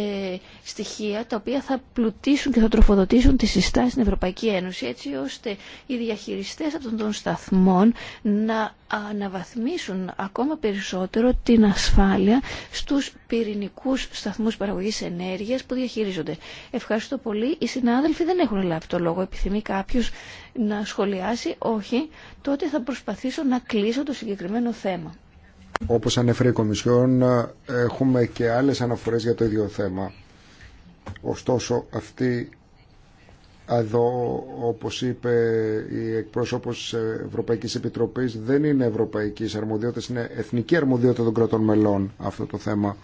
στοιχεία τα οποία θα πλουτίσουν και θα τροφοδοτήσουν τη συστάση στην Ευρωπαϊκή Ένωση έτσι ώστε οι διαχειριστές αυτών των σταθμών να αναβαθμίσουν ακόμα περισσότερο την ασφάλεια ασφάλεια στους πυρηνικούς σταθμούς παραγωγής ενέργειας που διαχειρίζονται. Ευχαριστώ πολύ. Οι συνάδελφοι δεν έχουν λάβει το λόγο. Επιθυμεί κάποιο να σχολιάσει. Όχι. Τότε θα προσπαθήσω να κλείσω το συγκεκριμένο θέμα. Όπως ανέφερε η Κομισιόν, έχουμε και άλλες αναφορές για το ίδιο θέμα. Ωστόσο, αυτή εδώ, όπως είπε η εκπρόσωπος της Ευρωπαϊκής Επιτροπής, δεν είναι ευρωπαϊκή αρμοδιότητας, είναι εθνική αρμοδιότητα των κρατών μελών αυτό το θέμα.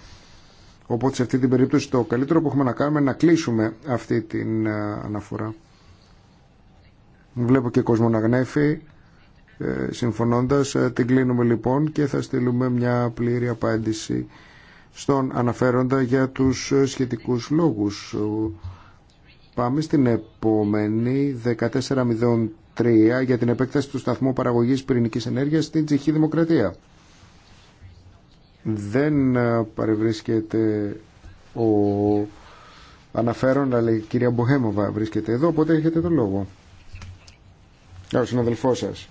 Οπότε σε αυτή την περίπτωση το καλύτερο που έχουμε να κάνουμε είναι να κλείσουμε αυτή την ε, αναφορά. Βλέπω και κόσμο να γνέφει, ε, συμφωνώντας. Ε, την κλείνουμε λοιπόν και θα στείλουμε μια πλήρη απάντηση στον αναφέροντα για τους σχετικούς λόγους Πάμε στην επόμενη 1403 για την επέκταση του σταθμού παραγωγής πυρηνικής ενέργειας στην Τσεχή Δημοκρατία. Δεν ε, παρευρίσκεται ο αναφέρον, αλλά η κυρία Μποχέμοβα βρίσκεται εδώ, οπότε έχετε τον λόγο. Ε, ο συναδελφός σας.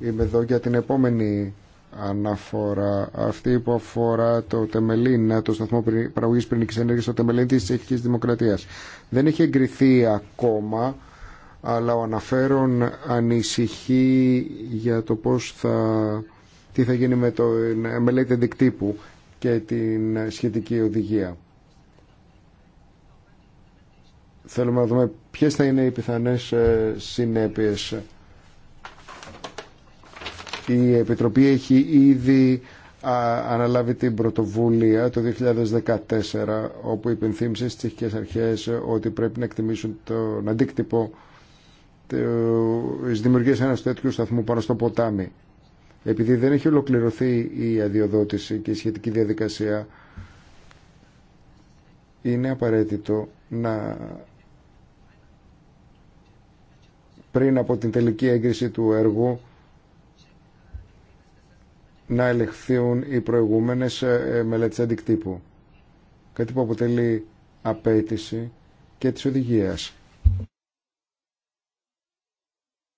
Είμαι εδώ για την επόμενη αναφορά αυτή που αφορά το Τεμελίν, ε, το σταθμό παραγωγής πυρηνικής ενέργειας, το Τεμελίν της Τσεχική Δημοκρατίας. Δεν έχει εγκριθεί ακόμα, αλλά ο αναφέρον ανησυχεί για το πώς θα, τι θα γίνει με το ε, μελέτη δικτύπου και την σχετική οδηγία. Θέλουμε να δούμε ποιες θα είναι οι πιθανές ε, συνέπειες η Επιτροπή έχει ήδη αναλάβει την πρωτοβουλία το 2014 όπου υπενθύμισε στις τσεχικές αρχές ότι πρέπει να εκτιμήσουν τον αντίκτυπο της δημιουργίας ένας τέτοιου σταθμού πάνω στο ποτάμι. Επειδή δεν έχει ολοκληρωθεί η αδειοδότηση και η σχετική διαδικασία είναι απαραίτητο να πριν από την τελική έγκριση του έργου να ελεγχθούν οι προηγούμενες ε, ε, μελέτες αντικτύπου. Κάτι που αποτελεί απέτηση και της οδηγίας.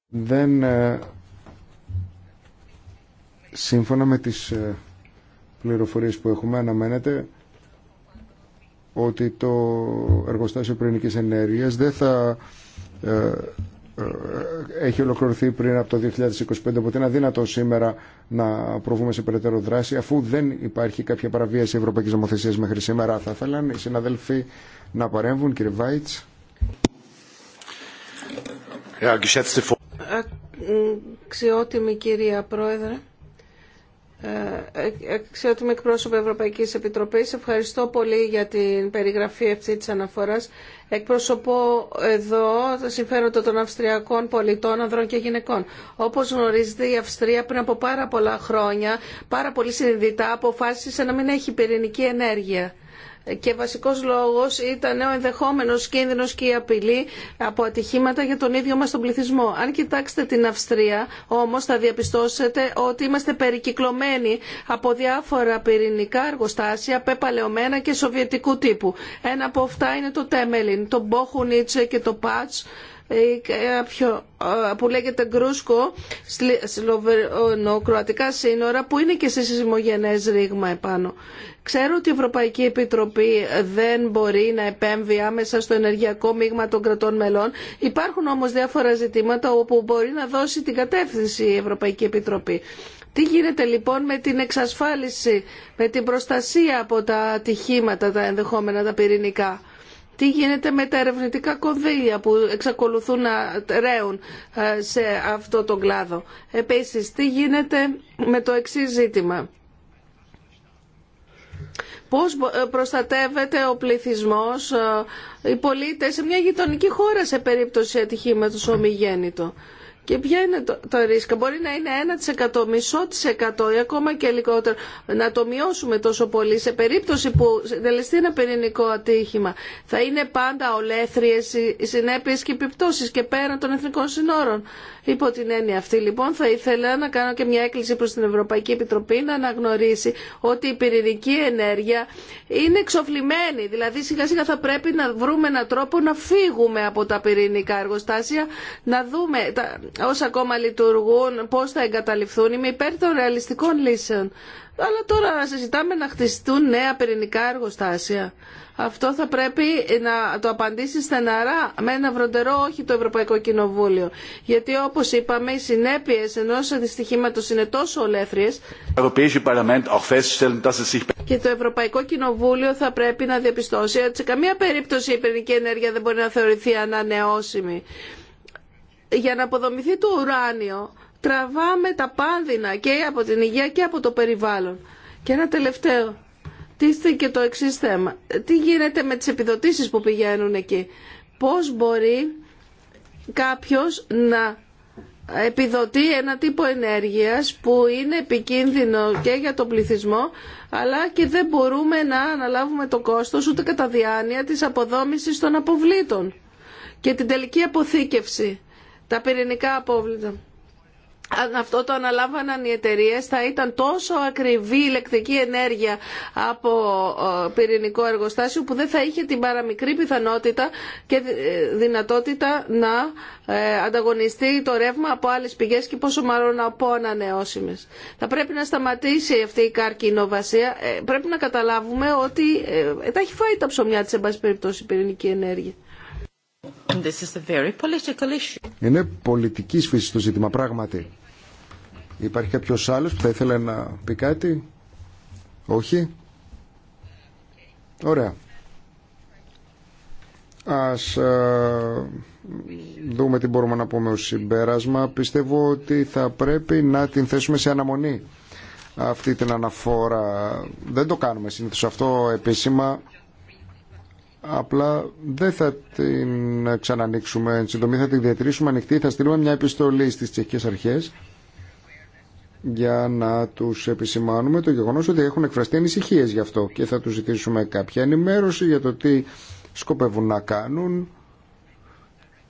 Δεν ε, σύμφωνα με τις πληροφορίες που έχουμε αναμένεται ότι το εργοστάσιο πυρηνικής ενέργειας δεν θα έχει ολοκληρωθεί πριν από το 2025, οπότε είναι αδύνατο σήμερα να προβούμε σε περαιτέρω δράση, αφού δεν υπάρχει κάποια παραβίαση ευρωπαϊκή νομοθεσία μέχρι σήμερα. Θα ήθελαν οι συναδέλφοι να παρέμβουν, κύριε Βάιτ. Ε, αξιότιμη κυρία Πρόεδρε. Ε, ε, αξιότιμη εκπρόσωπο Ευρωπαϊκής Επιτροπής, ευχαριστώ πολύ για την περιγραφή αυτή της αναφοράς. Εκπροσωπώ εδώ τα συμφέροντα των Αυστριακών πολιτών, ανδρών και γυναικών. Όπως γνωρίζετε, η Αυστρία πριν από πάρα πολλά χρόνια, πάρα πολύ συνειδητά αποφάσισε να μην έχει πυρηνική ενέργεια και βασικός λόγος ήταν ο ενδεχόμενος κίνδυνος και η απειλή από ατυχήματα για τον ίδιο μας τον πληθυσμό. Αν κοιτάξετε την Αυστρία όμως θα διαπιστώσετε ότι είμαστε περικυκλωμένοι από διάφορα πυρηνικά εργοστάσια πεπαλαιωμένα και σοβιετικού τύπου. Ένα από αυτά είναι το Τέμελιν, το Μπόχουνίτσε και το Πάτς ε, που λέγεται Γκρούσκο σλοβενοκροατικά σύνορα που είναι και σε σεισμογενές ρήγμα επάνω. Ξέρω ότι η Ευρωπαϊκή Επιτροπή δεν μπορεί να επέμβει άμεσα στο ενεργειακό μείγμα των κρατών μελών. Υπάρχουν όμως διάφορα ζητήματα όπου μπορεί να δώσει την κατεύθυνση η Ευρωπαϊκή Επιτροπή. Τι γίνεται λοιπόν με την εξασφάλιση, με την προστασία από τα ατυχήματα, τα ενδεχόμενα, τα πυρηνικά. Τι γίνεται με τα ερευνητικά κονδύλια που εξακολουθούν να ρέουν ε, σε αυτό τον κλάδο. Επίσης, τι γίνεται με το εξή ζήτημα πώς ε, προστατεύεται ο πληθυσμός, ε, οι πολίτες σε μια γειτονική χώρα σε περίπτωση ατυχήματος ομιγέννητο. Και ποια είναι το, το ρίσκα. Μπορεί να είναι 1%, μισό της εκατό ή ακόμα και λιγότερο. Να το μειώσουμε τόσο πολύ σε περίπτωση που τελεστεί ένα πυρηνικό ατύχημα. Θα είναι πάντα ολέθριες οι συνέπειες και επιπτώσεις και πέραν των εθνικών συνόρων. Υπό την έννοια αυτή λοιπόν θα ήθελα να κάνω και μια έκκληση προς την Ευρωπαϊκή Επιτροπή να αναγνωρίσει ότι η πυρηνική ενέργεια είναι εξοφλημένη. Δηλαδή σιγά σιγά θα πρέπει να βρούμε έναν τρόπο να φύγουμε από τα πυρηνικά εργοστάσια, να δούμε όσα ακόμα λειτουργούν, πώς θα εγκαταληφθούν. Είμαι υπέρ των ρεαλιστικών λύσεων. Αλλά τώρα να συζητάμε να χτιστούν νέα πυρηνικά εργοστάσια αυτό θα πρέπει να το απαντήσει στεναρά με ένα βροντερό όχι το Ευρωπαϊκό Κοινοβούλιο. Γιατί όπως είπαμε οι συνέπειε ενό αντιστοιχήματος είναι τόσο ολέθριε. και το Ευρωπαϊκό Κοινοβούλιο θα πρέπει να διαπιστώσει ότι σε καμία περίπτωση η πυρηνική ενέργεια δεν μπορεί να θεωρηθεί ανανεώσιμη. Για να αποδομηθεί το ουράνιο τραβάμε τα πάνδυνα και από την υγεία και από το περιβάλλον. Και ένα τελευταίο τίθεται και το εξή θέμα. Τι γίνεται με τις επιδοτήσεις που πηγαίνουν εκεί. Πώς μπορεί κάποιος να επιδοτεί ένα τύπο ενέργειας που είναι επικίνδυνο και για τον πληθυσμό αλλά και δεν μπορούμε να αναλάβουμε το κόστος ούτε κατά διάνοια της αποδόμησης των αποβλήτων και την τελική αποθήκευση, τα πυρηνικά απόβλητα αν αυτό το αναλάμβαναν οι εταιρείε, θα ήταν τόσο ακριβή ηλεκτρική ενέργεια από ε, πυρηνικό εργοστάσιο που δεν θα είχε την παραμικρή πιθανότητα και ε, δυνατότητα να ε, ανταγωνιστεί το ρεύμα από άλλε πηγέ και πόσο μάλλον από ανανεώσιμε. Θα πρέπει να σταματήσει αυτή η καρκινοβασία. Πρέπει να καταλάβουμε ότι τα έχει φάει τα ψωμιά τη, εν πάση περιπτώσει, η πυρηνική ενέργεια. Είναι πολιτική φύση το ζήτημα, πράγματι. Υπάρχει κάποιο άλλο που θα ήθελε να πει κάτι, Όχι. Ωραία. Ας ε, δούμε τι μπορούμε να πούμε ως συμπέρασμα. Πιστεύω ότι θα πρέπει να την θέσουμε σε αναμονή αυτή την αναφορά. Δεν το κάνουμε συνήθως αυτό επίσημα. Απλά δεν θα την ξανανοίξουμε. Εν συντομή θα την διατηρήσουμε ανοιχτή. Θα στείλουμε μια επιστολή στις τσεχικές αρχές για να τους επισημάνουμε το γεγονός ότι έχουν εκφραστεί ανησυχίε γι' αυτό και θα τους ζητήσουμε κάποια ενημέρωση για το τι σκοπεύουν να κάνουν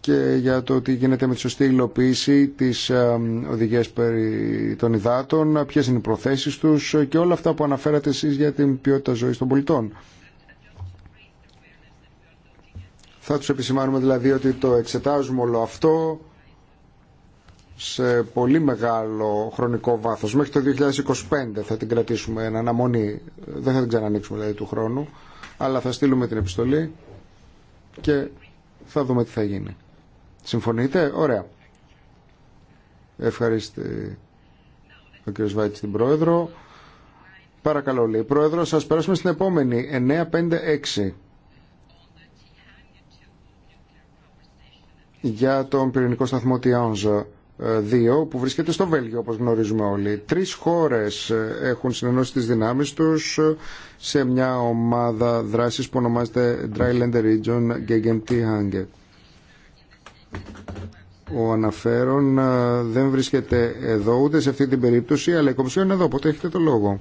και για το τι γίνεται με τη σωστή υλοποίηση της ε, οδηγίας περί των υδάτων, ποιες είναι οι προθέσεις τους και όλα αυτά που αναφέρατε εσείς για την ποιότητα ζωής των πολιτών. Θα τους επισημάνουμε δηλαδή ότι το εξετάζουμε όλο αυτό σε πολύ μεγάλο χρονικό βάθος. Μέχρι το 2025 θα την κρατήσουμε εν αναμονή, δεν θα την ξανανοίξουμε δηλαδή του χρόνου, αλλά θα στείλουμε την επιστολή και θα δούμε τι θα γίνει. Συμφωνείτε? Ωραία. Ευχαριστώ ο κ. Βάιτς την Πρόεδρο. Παρακαλώ, λέει η Πρόεδρο, σα περάσουμε στην επόμενη 956. για τον πυρηνικό σταθμό Τιάνζα 2 ε, που βρίσκεται στο Βέλγιο όπως γνωρίζουμε όλοι. Τρεις χώρες ε, έχουν συνενώσει τις δυνάμεις τους ε, σε μια ομάδα δράσης που ονομάζεται Dryland Region Hange. Ο αναφέρον δεν βρίσκεται εδώ ούτε σε αυτή την περίπτωση αλλά η είναι εδώ, οπότε έχετε το λόγο.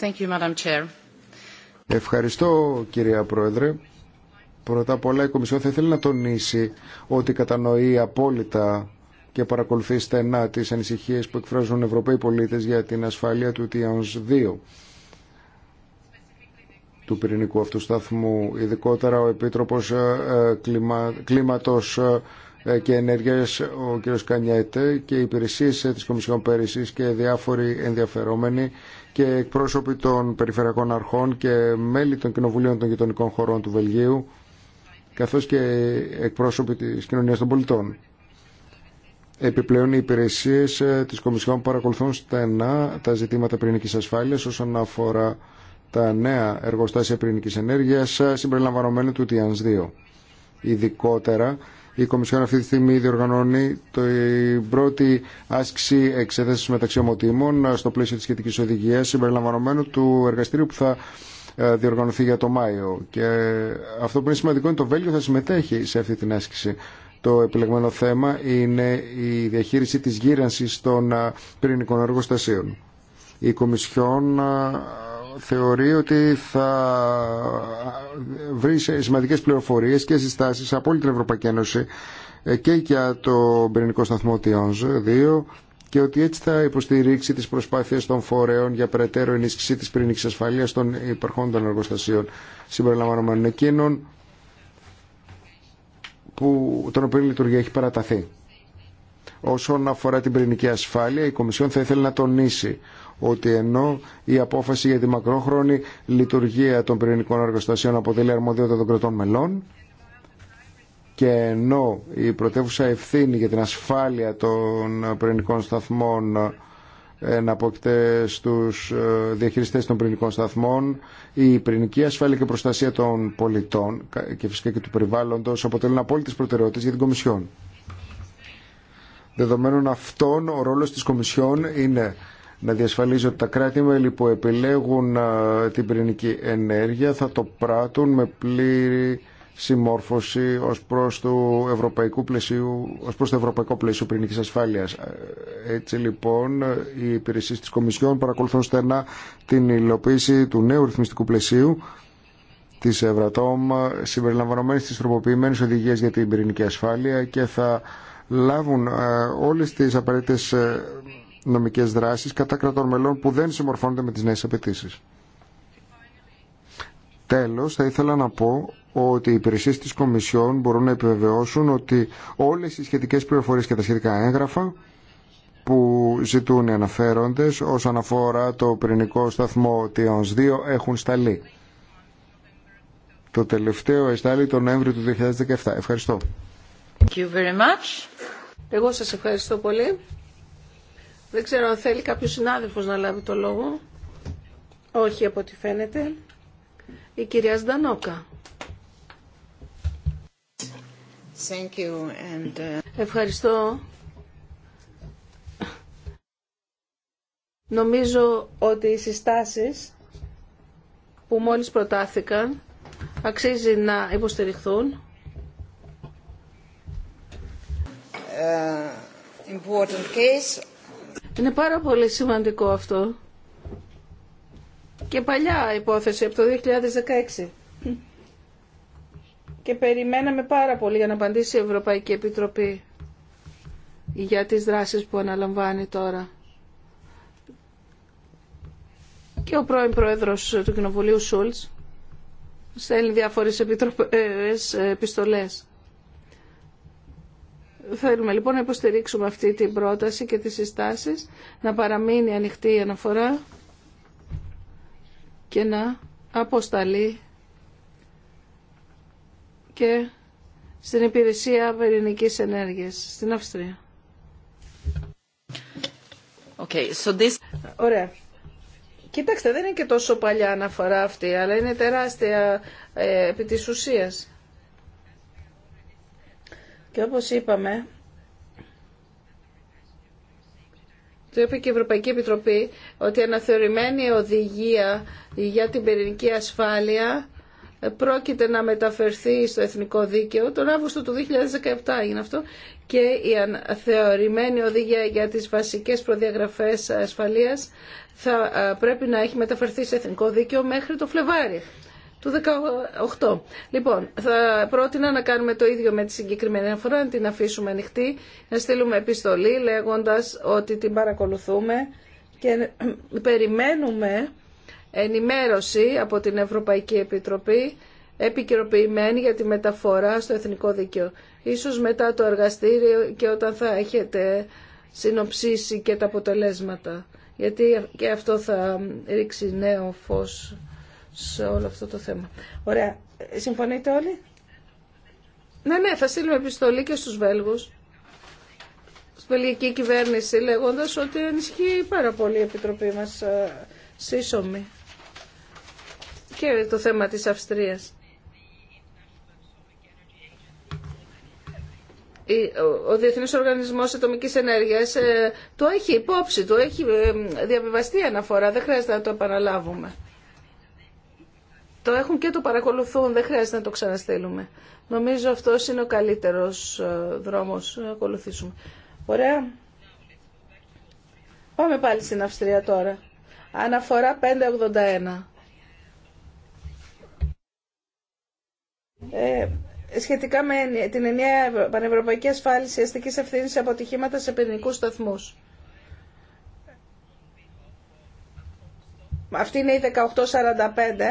Thank you, Madam Chair. Ευχαριστώ κυρία Πρόεδρε. Πρώτα απ' όλα η Κομισιόν θα ήθελε να τονίσει ότι κατανοεί απόλυτα και παρακολουθεί στενά τις ανησυχίες που εκφράζουν Ευρωπαίοι πολίτες για την ασφάλεια του Τιάνς 2 του πυρηνικού αυτού σταθμού. Ειδικότερα ο Επίτροπος ε, Κλίμα, Κλίματος ε, και Ενέργειας, ο κ. Κανιέτε και οι υπηρεσίες ε, της Κομισιόν Πέρυσης και διάφοροι ενδιαφερόμενοι και εκπρόσωποι των περιφερειακών αρχών και μέλη των κοινοβουλίων των γειτονικών χωρών του Βελγίου καθώς και εκπρόσωποι της κοινωνίας των πολιτών. Επιπλέον, οι υπηρεσίες ε, της Κομισιόν παρακολουθούν στενά τα ζητήματα πυρηνικής ασφάλειας όσον αφορά τα νέα εργοστάσια πυρηνικής ενέργειας ε, συμπεριλαμβανομένου του ΤΙΑΝΣ 2. Ειδικότερα, η Κομισιόν αυτή τη στιγμή διοργανώνει την πρώτη άσκηση εξέδεση μεταξύ ομοτήμων ε, στο πλαίσιο της σχετικής οδηγίας συμπεριλαμβανομένου του εργαστήριου που θα ε, διοργανωθεί για το Μάιο. Και αυτό που είναι σημαντικό είναι το Βέλγιο θα συμμετέχει σε αυτή την άσκηση. Το επιλεγμένο θέμα είναι η διαχείριση της γύρανσης των ε, πυρηνικών εργοστασίων. Η Κομισιόν ε, θεωρεί ότι θα βρει σημαντικές πληροφορίες και συστάσεις από όλη την Ευρωπαϊκή Ένωση και για το πυρηνικό σταθμό Τιόνζ και ότι έτσι θα υποστηρίξει τις προσπάθειες των φορέων για περαιτέρω ενίσχυση της πυρηνική ασφαλείας των υπερχόντων εργοστασίων συμπεριλαμβανομένων εκείνων που, τον οποίο η λειτουργία έχει παραταθεί. Όσον αφορά την πυρηνική ασφάλεια, η Κομισιόν θα ήθελε να τονίσει ότι ενώ η απόφαση για τη μακρόχρονη λειτουργία των πυρηνικών εργοστασίων αποτελεί αρμοδιότητα των κρατών μελών, και ενώ η πρωτεύουσα ευθύνη για την ασφάλεια των πυρηνικών σταθμών ε, εναπόκειται στους ε, διαχειριστές των πυρηνικών σταθμών, η πυρηνική ασφάλεια και προστασία των πολιτών και φυσικά και του περιβάλλοντος αποτελούν απόλυτες προτεραιότητες για την Κομισιόν. Δεδομένων αυτών, ο ρόλος της Κομισιόν είναι να διασφαλίζει ότι τα κράτη-μέλη που επιλέγουν ε, την πυρηνική ενέργεια θα το πράττουν με πλήρη συμμόρφωση ως προς, το ευρωπαϊκού ως προς το ευρωπαϊκό πλαίσιο πυρηνική ασφάλεια. Έτσι λοιπόν οι υπηρεσίε τη Κομισιόν παρακολουθούν στενά την υλοποίηση του νέου ρυθμιστικού πλαισίου τη Ευρατόμ συμπεριλαμβανομένη τη τροποποιημένη οδηγία για την πυρηνική ασφάλεια και θα λάβουν ε, όλε τι απαραίτητε ε, νομικέ δράσει κατά κρατών μελών που δεν συμμορφώνονται με τι νέε απαιτήσει. Τέλο, θα ήθελα να πω ότι οι υπηρεσίε της Κομισιόν μπορούν να επιβεβαιώσουν ότι όλες οι σχετικές πληροφορίε και τα σχετικά έγγραφα που ζητούν οι αναφέροντες όσον αφορά το πυρηνικό σταθμό Τιόνς 2 έχουν σταλεί. Το τελευταίο εστάλει τον Νοέμβριο του 2017. Ευχαριστώ. Thank you very much. Εγώ σας ευχαριστώ πολύ. Δεν ξέρω αν θέλει κάποιος συνάδελφος να λάβει το λόγο. Όχι από ό,τι φαίνεται. Η κυρία Σντανόκα. Uh, Ευχαριστώ. Νομίζω ότι οι συστάσεις που μόλις προτάθηκαν αξίζει να υποστηριχθούν. Uh, important case. Είναι πάρα πολύ σημαντικό αυτό. Και παλιά υπόθεση από το 2016 και περιμέναμε πάρα πολύ για να απαντήσει η Ευρωπαϊκή Επιτροπή για τις δράσεις που αναλαμβάνει τώρα. Και ο πρώην Πρόεδρος του Κοινοβουλίου Σούλτς στέλνει διάφορες επιτροπές, επιστολές. Θέλουμε λοιπόν να υποστηρίξουμε αυτή την πρόταση και τις συστάσεις, να παραμείνει ανοιχτή η αναφορά και να αποσταλεί και στην υπηρεσία πυρηνικής ενέργειας στην Αυστρία. Okay, so this... Ωραία. Κοιτάξτε, δεν είναι και τόσο παλιά αναφορά αυτή, αλλά είναι τεράστια ε, επί της ουσίας. Και όπως είπαμε, το είπε και η Ευρωπαϊκή Επιτροπή, ότι η αναθεωρημένη οδηγία για την πυρηνική ασφάλεια πρόκειται να μεταφερθεί στο εθνικό δίκαιο. Τον Αύγουστο του 2017 έγινε αυτό και η θεωρημένη οδηγία για τις βασικές προδιαγραφές ασφαλείας θα πρέπει να έχει μεταφερθεί σε εθνικό δίκαιο μέχρι το Φλεβάρι του 18. Λοιπόν, θα πρότεινα να κάνουμε το ίδιο με τη συγκεκριμένη αναφορά, να την αφήσουμε ανοιχτή, να στείλουμε επιστολή λέγοντας ότι την παρακολουθούμε και περιμένουμε ενημέρωση από την Ευρωπαϊκή Επιτροπή επικαιροποιημένη για τη μεταφορά στο εθνικό δίκαιο. Ίσως μετά το εργαστήριο και όταν θα έχετε συνοψίσει και τα αποτελέσματα. Γιατί και αυτό θα ρίξει νέο φως σε όλο αυτό το θέμα. Ωραία. Συμφωνείτε όλοι? Ναι, ναι, θα στείλουμε επιστολή και στους Βέλγους. Στην βελγική κυβέρνηση λέγοντας ότι ενισχύει πάρα πολύ η Επιτροπή μας ε, σύσσωμη και το θέμα της Αυστρίας. ο Διεθνής Οργανισμός Ατομικής Ενέργειας ε, το έχει υπόψη, το έχει ε, διαβιβαστεί αναφορά, δεν χρειάζεται να το επαναλάβουμε. Το έχουν και το παρακολουθούν, δεν χρειάζεται να το ξαναστείλουμε. Νομίζω αυτό είναι ο καλύτερος ε, δρόμος να ακολουθήσουμε. Ωραία. Πάμε πάλι στην Αυστρία τώρα. Αναφορά 581. Ε, σχετικά με την ενιαία πανευρωπαϊκή ασφάλιση αστικής ευθύνης αποτυχήματα σε πυρηνικούς σταθμούς. Αυτή είναι η 1845,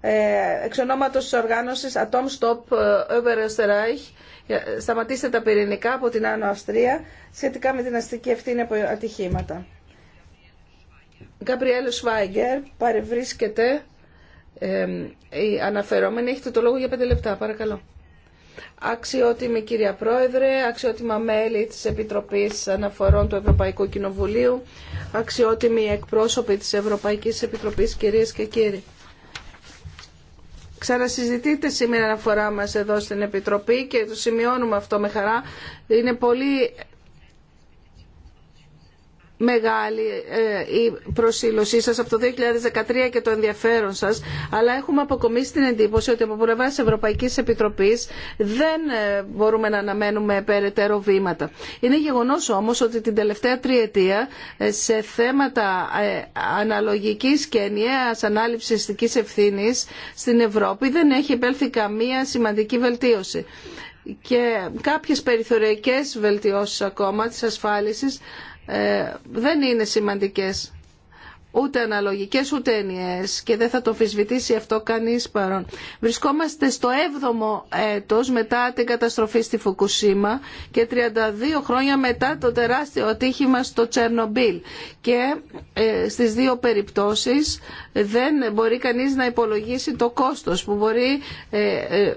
ε, εξ ονόματος της οργάνωσης Atom Stop Oberösterreich, ε, σταματήστε τα πυρηνικά από την Άνω Αυστρία, σχετικά με την αστική ευθύνη από ατυχήματα. Γκαμπριέλ Σβάιγκερ παρευρίσκεται η αναφερόμενη έχετε το λόγο για πέντε λεπτά. Παρακαλώ. Αξιότιμη κυρία Πρόεδρε, αξιότιμα μέλη της Επιτροπής Αναφορών του Ευρωπαϊκού Κοινοβουλίου, αξιότιμοι εκπρόσωποι της Ευρωπαϊκής Επιτροπής, κυρίες και κύριοι. Ξανασυζητείτε σήμερα αναφορά μας εδώ στην Επιτροπή και το σημειώνουμε αυτό με χαρά. Είναι πολύ μεγάλη ε, η προσήλωσή σας από το 2013 και το ενδιαφέρον σας, αλλά έχουμε αποκομίσει την εντύπωση ότι από πλευρά της Ευρωπαϊκής Επιτροπής δεν ε, μπορούμε να αναμένουμε περαιτέρω βήματα. Είναι γεγονός όμως ότι την τελευταία τριετία ε, σε θέματα αναλογικής και ενιαίας ανάληψης ειστικής ευθύνης στην Ευρώπη δεν έχει επέλθει καμία σημαντική βελτίωση και κάποιες περιθωριακές βελτιώσεις ακόμα της ασφάλισης ε, δεν είναι σημαντικές ούτε αναλογικές ούτε ενιαίες και δεν θα το φυσβητήσει αυτό κανείς παρόν. Βρισκόμαστε στο 7ο έτος μετά την καταστροφή στη Φουκουσίμα και 32 χρόνια μετά το τεράστιο ατύχημα στο Τσερνομπίλ και ε, στις δύο περιπτώσεις δεν μπορεί κανείς να υπολογίσει το κόστος που μπορεί ε,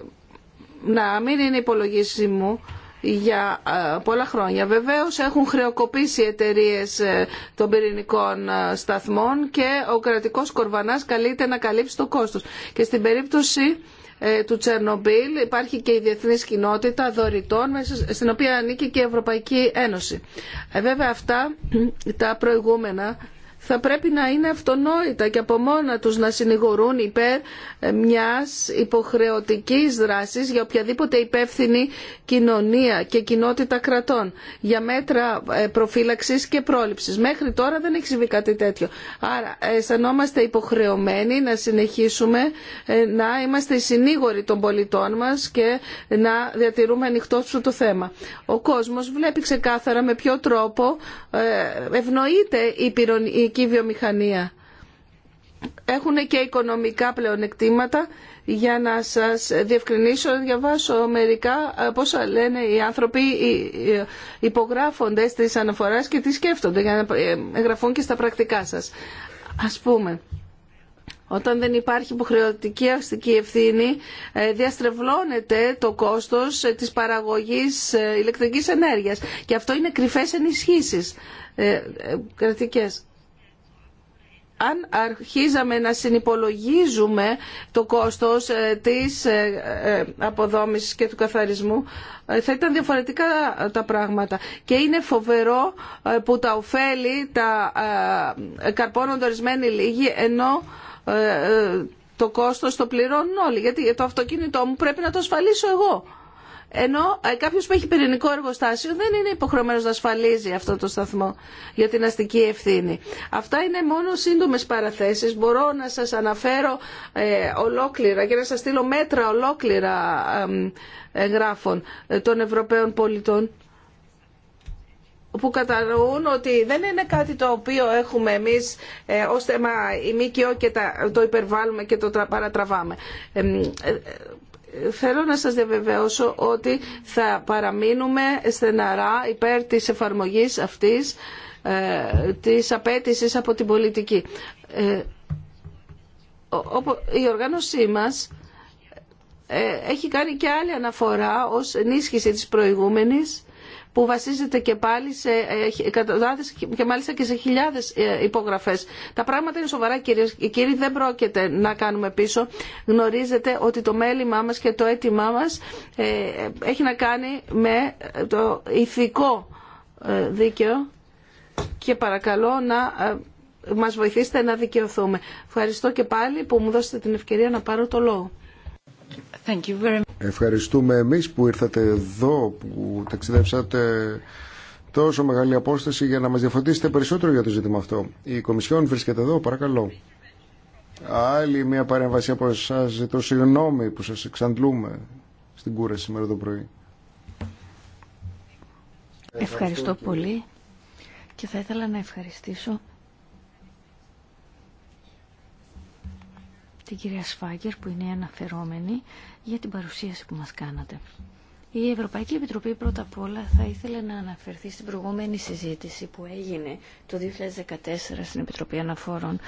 να μην είναι υπολογίσιμο για ε, πολλά χρόνια. Βεβαίως έχουν χρεοκοπήσει εταιρείε ε, των πυρηνικών ε, σταθμών και ο κρατικός κορβανάς καλείται να καλύψει το κόστος. Και στην περίπτωση του Τσερνομπίλ υπάρχει και η διεθνής κοινότητα δωρητών στην οποία ανήκει και η Ευρωπαϊκή Ένωση. Βέβαια αυτά τα προηγούμενα θα πρέπει να είναι αυτονόητα και από μόνα τους να συνηγορούν υπέρ μιας υποχρεωτικής δράσης για οποιαδήποτε υπεύθυνη κοινωνία και κοινότητα κρατών για μέτρα ε, προφύλαξης και πρόληψης. Μέχρι τώρα δεν έχει συμβεί κάτι τέτοιο. Άρα αισθανόμαστε υποχρεωμένοι να συνεχίσουμε ε, να είμαστε συνήγοροι των πολιτών μας και να διατηρούμε ανοιχτό σου το θέμα. Ο κόσμος βλέπει ξεκάθαρα με ποιο τρόπο ε, ευνοείται η αμυντική βιομηχανία. Έχουν και οικονομικά πλεονεκτήματα. Για να σας διευκρινίσω, διαβάσω μερικά ε, πόσα λένε οι άνθρωποι υπογράφονται στις αναφορές και τι σκέφτονται για να ε, εγγραφούν και στα πρακτικά σας. Ας πούμε, όταν δεν υπάρχει υποχρεωτική αστική ευθύνη, ε, διαστρεβλώνεται το κόστος της παραγωγής ηλεκτρικής ενέργειας. Και αυτό είναι κρυφές ενισχύσεις κρατικές αν αρχίζαμε να συνυπολογίζουμε το κόστος ε, της ε, ε, αποδόμησης και του καθαρισμού θα ήταν διαφορετικά τα πράγματα. Και είναι φοβερό που τα ωφέλη τα καρπώνονται ορισμένοι λίγοι ενώ το κόστος το πληρώνουν όλοι. Γιατί το αυτοκίνητό μου πρέπει να το ασφαλίσω εγώ ενώ ε, κάποιο που έχει πυρηνικό εργοστάσιο δεν είναι υποχρεωμένο να ασφαλίζει αυτό το σταθμό για την αστική ευθύνη. Αυτά είναι μόνο σύντομε παραθέσει. Μπορώ να σα αναφέρω ε, ολόκληρα και να σα στείλω μέτρα ολόκληρα ε, γράφων των Ευρωπαίων πολιτών που κατανοούν ότι δεν είναι κάτι το οποίο έχουμε εμείς ε, ως θέμα η ΜΚΟ και το υπερβάλλουμε και το παρατραβάμε. Ε, Θέλω να σας διαβεβαιώσω ότι θα παραμείνουμε στεναρά υπέρ της εφαρμογής αυτής ε, της απέτησης από την πολιτική. Ε, η οργάνωσή μας ε, έχει κάνει και άλλη αναφορά ως ενίσχυση της προηγούμενης που βασίζεται και πάλι σε ε, εκατοντάδες και μάλιστα και σε χιλιάδες ε, υπογραφές. Τα πράγματα είναι σοβαρά κύριε και κύριοι, δεν πρόκειται να κάνουμε πίσω. Γνωρίζετε ότι το μέλημά μας και το αίτημά μας ε, έχει να κάνει με το ηθικό δίκαιο και παρακαλώ να μας βοηθήσετε να δικαιωθούμε. Ευχαριστώ και πάλι που μου δώσετε την ευκαιρία να πάρω το λόγο. Thank you very Ευχαριστούμε εμείς που ήρθατε εδώ, που ταξιδέψατε τόσο μεγάλη απόσταση για να μας διαφωτίσετε περισσότερο για το ζήτημα αυτό. Η Κομισιόν βρίσκεται εδώ, παρακαλώ. Άλλη μια παρέμβαση από εσά ζητώ συγγνώμη που σας εξαντλούμε στην κούραση σήμερα το πρωί. Ευχαριστώ πολύ και θα ήθελα να ευχαριστήσω την κυρία Σφάγκερ που είναι αναφερόμενη για την παρουσίαση που μας κάνατε. Η Ευρωπαϊκή Επιτροπή πρώτα απ' όλα θα ήθελε να αναφερθεί στην προηγούμενη συζήτηση που έγινε το 2014 στην Επιτροπή Αναφόρων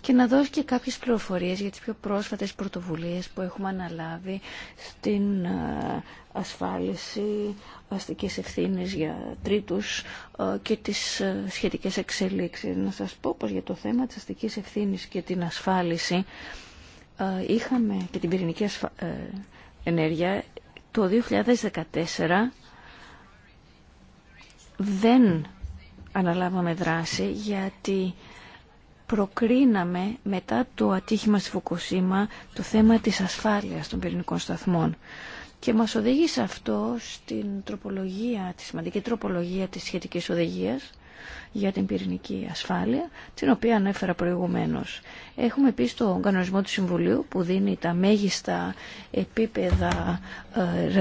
και να δώσει και κάποιες πληροφορίες για τις πιο πρόσφατες πρωτοβουλίες που έχουμε αναλάβει στην ε, ασφάλιση αστικές ευθύνες για τρίτους ε, και τις ε, σχετικές εξελίξεις. Να σας πω πως για το θέμα της αστικής ευθύνης και την ασφάλιση ε, είχαμε και την πυρηνική ε, ενέργεια το 2014 δεν αναλάβαμε δράση γιατί προκρίναμε μετά το ατύχημα στη Φουκουσίμα το θέμα της ασφάλειας των πυρηνικών σταθμών. Και μας οδήγησε αυτό στην τροπολογία, τη σημαντική τροπολογία της σχετικής οδηγίας για την πυρηνική ασφάλεια, την οποία ανέφερα προηγουμένως. Έχουμε επίσης τον κανονισμό του Συμβουλίου που δίνει τα μέγιστα επίπεδα ε,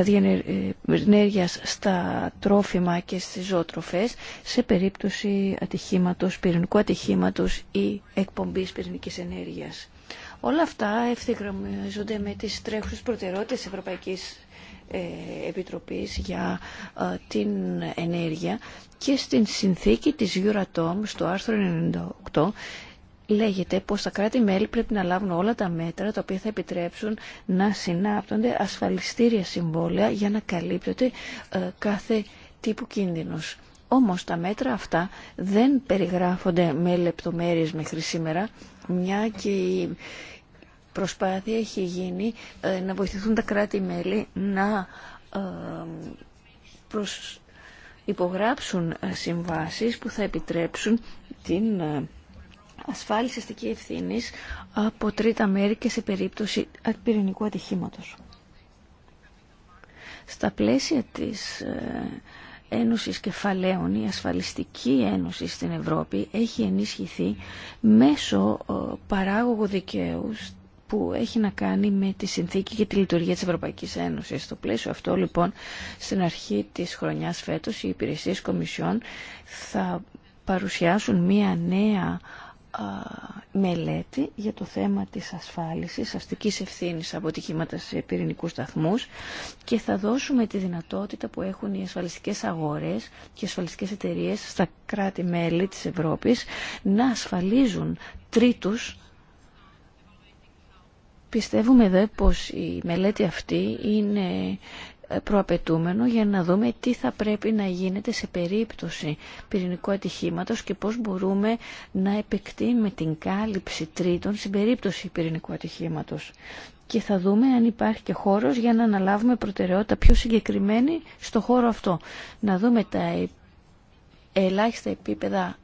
ραδιενέργειας στα τρόφιμα και στις ζωοτροφές σε περίπτωση ατυχήματος, πυρηνικού ατυχήματος ή εκπομπής πυρηνικής ενέργειας. Όλα αυτά ευθυγραμμίζονται με τις τρέχουσες προτεραιότητες Ευρωπαϊκή. Ε, Επιτροπής για ε, την Ενέργεια και στην συνθήκη της Euratom στο άρθρο 98 λέγεται πως τα κράτη-μέλη πρέπει να λάβουν όλα τα μέτρα τα οποία θα επιτρέψουν να συνάπτονται ασφαλιστήρια συμβόλαια για να καλύπτεται ε, κάθε τύπου κίνδυνος. Όμως τα μέτρα αυτά δεν περιγράφονται με λεπτομέρειες μέχρι σήμερα, μια και προσπάθεια έχει γίνει ε, να βοηθηθούν τα κράτη-μέλη να ε, προς υπογράψουν ε, συμβάσεις που θα επιτρέψουν την ασφάλιση αστική ευθύνη από τρίτα μέρη και σε περίπτωση πυρηνικού ατυχήματος. Στα πλαίσια της Ένωσης Κεφαλαίων, η Ασφαλιστική Ένωση στην Ευρώπη έχει ενισχυθεί μέσω παράγωγου δικαίου που έχει να κάνει με τη συνθήκη και τη λειτουργία της Ευρωπαϊκής Ένωσης. Στο πλαίσιο αυτό λοιπόν στην αρχή της χρονιάς φέτος οι υπηρεσίες κομισιών θα παρουσιάσουν μία νέα μελέτη για το θέμα της ασφάλισης, αστικής ευθύνης από σε πυρηνικούς σταθμούς και θα δώσουμε τη δυνατότητα που έχουν οι ασφαλιστικές αγορές και οι ασφαλιστικές εταιρείες στα κράτη-μέλη της Ευρώπης να ασφαλίζουν τρίτους Πιστεύουμε δε πως η μελέτη αυτή είναι ε, προαπαιτούμενο για να δούμε τι θα πρέπει να γίνεται σε περίπτωση πυρηνικού ατυχήματος και πώς μπορούμε να επεκτείνουμε την κάλυψη τρίτων στην περίπτωση πυρηνικού ατυχήματος. Και θα δούμε αν υπάρχει και χώρος για να αναλάβουμε προτεραιότητα πιο συγκεκριμένη στο χώρο αυτό. Να δούμε τα ε, ελάχιστα επίπεδα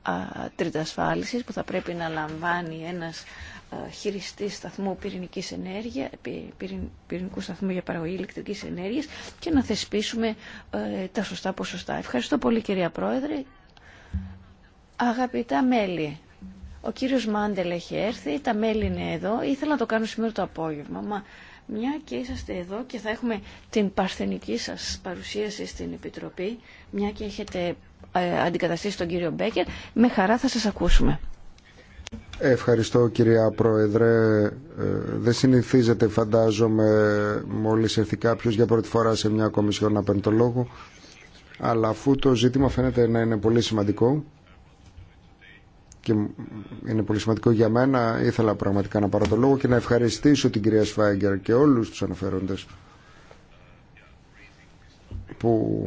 τριτασφάλισης που θα πρέπει να λαμβάνει ένας ε, χειριστή σταθμού πυρηνικής ενέργεια, πυρηνικού σταθμού για παραγωγή ηλεκτρικής ενέργειας και να θεσπίσουμε ε, τα σωστά ποσοστά. Ευχαριστώ πολύ κυρία Πρόεδρε. Αγαπητά μέλη, ο κύριος Μάντελ έχει έρθει, τα μέλη είναι εδώ. Ήθελα να το κάνω σήμερα το απόγευμα, μα μια και είσαστε εδώ και θα έχουμε την παρθενική σας παρουσίαση στην Επιτροπή, μια και έχετε ε, αντικαταστήσει τον κύριο Μπέκερ, με χαρά θα σας ακούσουμε. Ευχαριστώ κυρία Πρόεδρε. Ε, δεν συνηθίζεται φαντάζομαι μόλις έρθει κάποιο για πρώτη φορά σε μια κομισιόν να παίρνει το λόγο. Αλλά αφού το ζήτημα φαίνεται να είναι πολύ σημαντικό και είναι πολύ σημαντικό για μένα, ήθελα πραγματικά να πάρω το λόγο και να ευχαριστήσω την κυρία Σφάγκερ και όλους τους αναφέροντες που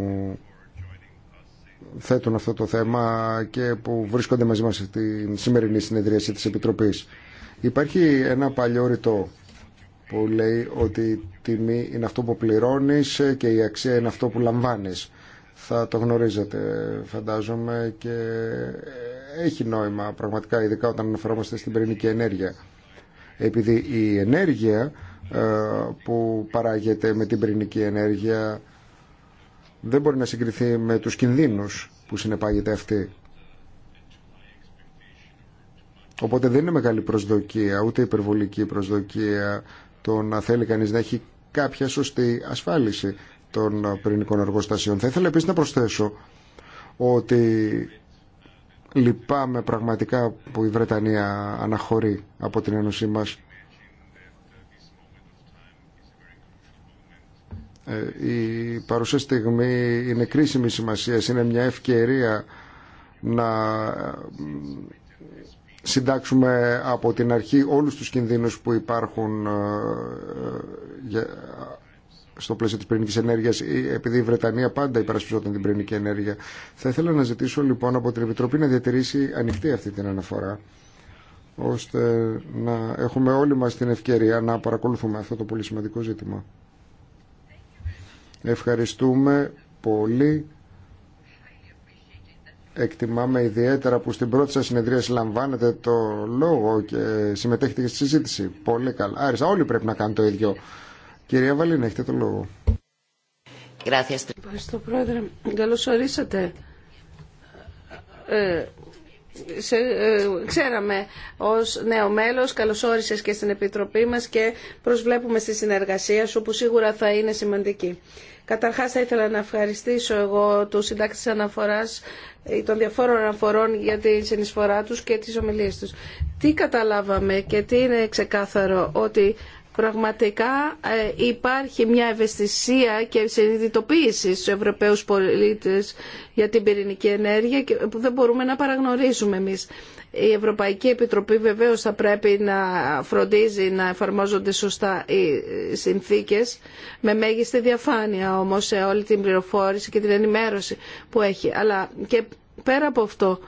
θέτουν αυτό το θέμα και που βρίσκονται μαζί μας στη σημερινή συνεδρίαση της Επιτροπής. Υπάρχει ένα παλιό ρητό που λέει ότι η τιμή είναι αυτό που πληρώνεις και η αξία είναι αυτό που λαμβάνεις. Θα το γνωρίζετε φαντάζομαι και έχει νόημα πραγματικά ειδικά όταν αναφερόμαστε στην πυρηνική ενέργεια. Επειδή η ενέργεια ε, που παράγεται με την πυρηνική ενέργεια δεν μπορεί να συγκριθεί με τους κινδύνους που συνεπάγεται αυτή. Οπότε δεν είναι μεγάλη προσδοκία, ούτε υπερβολική προσδοκία το να θέλει κανείς να έχει κάποια σωστή ασφάλιση των πυρηνικών εργοστασίων. Θα ήθελα επίσης να προσθέσω ότι λυπάμαι πραγματικά που η Βρετανία αναχωρεί από την Ένωσή μας Ε, η παρουσία στιγμή είναι κρίσιμη σημασία, είναι μια ευκαιρία να ε, συντάξουμε από την αρχή όλους τους κινδύνους που υπάρχουν ε, στο πλαίσιο της πυρηνικής ενέργειας επειδή η Βρετανία πάντα υπερασπιζόταν την πυρηνική ενέργεια. Θα ήθελα να ζητήσω λοιπόν από την Επιτροπή να διατηρήσει ανοιχτή αυτή την αναφορά ώστε να έχουμε όλοι μας την ευκαιρία να παρακολουθούμε αυτό το πολύ σημαντικό ζήτημα. Ευχαριστούμε πολύ. Εκτιμάμε ιδιαίτερα που στην πρώτη σας συνεδρία συλλαμβάνετε το λόγο και συμμετέχετε και στη συζήτηση. Πολύ καλά. Άριστα, όλοι πρέπει να κάνουν το ίδιο. Κυρία Βαλίνα, έχετε το λόγο. Ευχαριστώ, Πρόεδρε. Καλώς ορίσατε. Ε, ε, ξέραμε ως νέο μέλος, καλωσόρισες και στην Επιτροπή μας και προσβλέπουμε στη συνεργασία σου που σίγουρα θα είναι σημαντική. Καταρχάς θα ήθελα να ευχαριστήσω εγώ του συντάκτη αναφοράς ε, των διαφόρων αναφορών για τη συνεισφορά τους και τις ομιλίες τους. Τι καταλάβαμε και τι είναι ξεκάθαρο ότι πραγματικά ε, υπάρχει μια ευαισθησία και συνειδητοποίηση στους Ευρωπαίους πολίτες για την πυρηνική ενέργεια που δεν μπορούμε να παραγνωρίζουμε εμείς. Η Ευρωπαϊκή Επιτροπή βεβαίως θα πρέπει να φροντίζει να εφαρμόζονται σωστά οι συνθήκες με μέγιστη διαφάνεια όμως σε όλη την πληροφόρηση και την ενημέρωση που έχει. Αλλά και πέρα από αυτό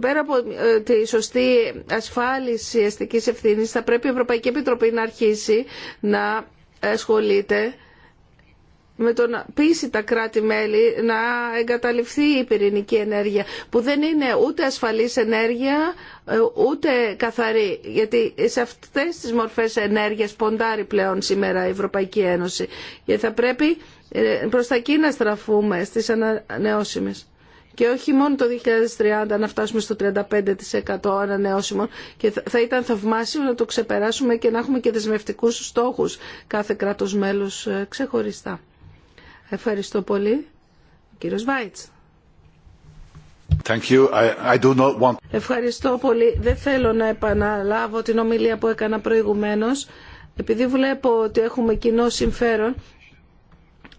πέρα από ε, τη σωστή ασφάλιση αστικής ευθύνη, θα πρέπει η Ευρωπαϊκή Επιτροπή να αρχίσει να ασχολείται με το να πείσει τα κράτη-μέλη να εγκαταλειφθεί η πυρηνική ενέργεια που δεν είναι ούτε ασφαλής ενέργεια ε, ούτε καθαρή γιατί σε αυτές τις μορφές ενέργειας ποντάρει πλέον σήμερα η Ευρωπαϊκή Ένωση και θα πρέπει ε, προς τα εκεί να στραφούμε στις ανανεώσιμες και όχι μόνο το 2030 να φτάσουμε στο 35% ανανεώσιμων και θα ήταν θαυμάσιο να το ξεπεράσουμε και να έχουμε και δεσμευτικούς στόχους κάθε κράτος μέλος ε, ξεχωριστά. Ευχαριστώ πολύ. κύριος Βάιτς. Thank you. I, do not want... Ευχαριστώ πολύ. Δεν θέλω να επαναλάβω την ομιλία που έκανα προηγουμένως. Επειδή βλέπω ότι έχουμε κοινό συμφέρον,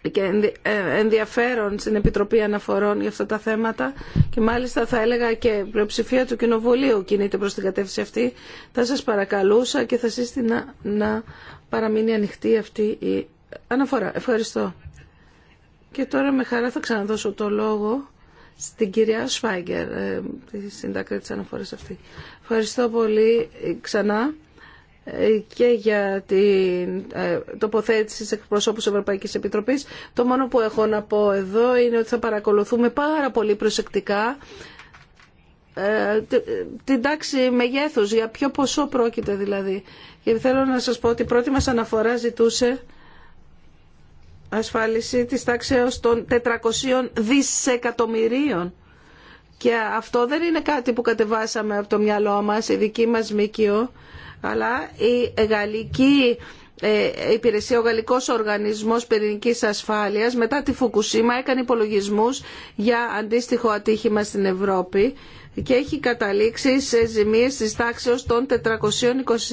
και ε, ενδιαφέρον στην Επιτροπή Αναφορών για αυτά τα θέματα και μάλιστα θα έλεγα και η πλειοψηφία του Κοινοβουλίου κινείται προς την κατεύθυνση αυτή. Θα σας παρακαλούσα και θα σύστηνα να παραμείνει ανοιχτή αυτή η αναφορά. Ευχαριστώ. Και τώρα με χαρά θα ξαναδώσω το λόγο στην κυρία Σφάγκερ, ε, τη συντάκτρια της αναφοράς αυτή. Ευχαριστώ πολύ ε, ξανά και για την ε, τοποθέτηση σε εκπροσώπου της Ευρωπαϊκής Επιτροπής. Το μόνο που έχω να πω εδώ είναι ότι θα παρακολουθούμε πάρα πολύ προσεκτικά ε, την τάξη μεγέθους, για ποιο ποσό πρόκειται δηλαδή. Και θέλω να σας πω ότι η πρώτη μας αναφορά ζητούσε ασφάλιση της τάξεως των 400 δισεκατομμυρίων. Και αυτό δεν είναι κάτι που κατεβάσαμε από το μυαλό μας, η δική μας ΜΚΟ αλλά η γαλλική ε, υπηρεσία, ο Γαλλικός Οργανισμός Πυρηνικής Ασφάλειας μετά τη Φουκουσίμα έκανε υπολογισμούς για αντίστοιχο ατύχημα στην Ευρώπη και έχει καταλήξει σε ζημίες της τάξεως των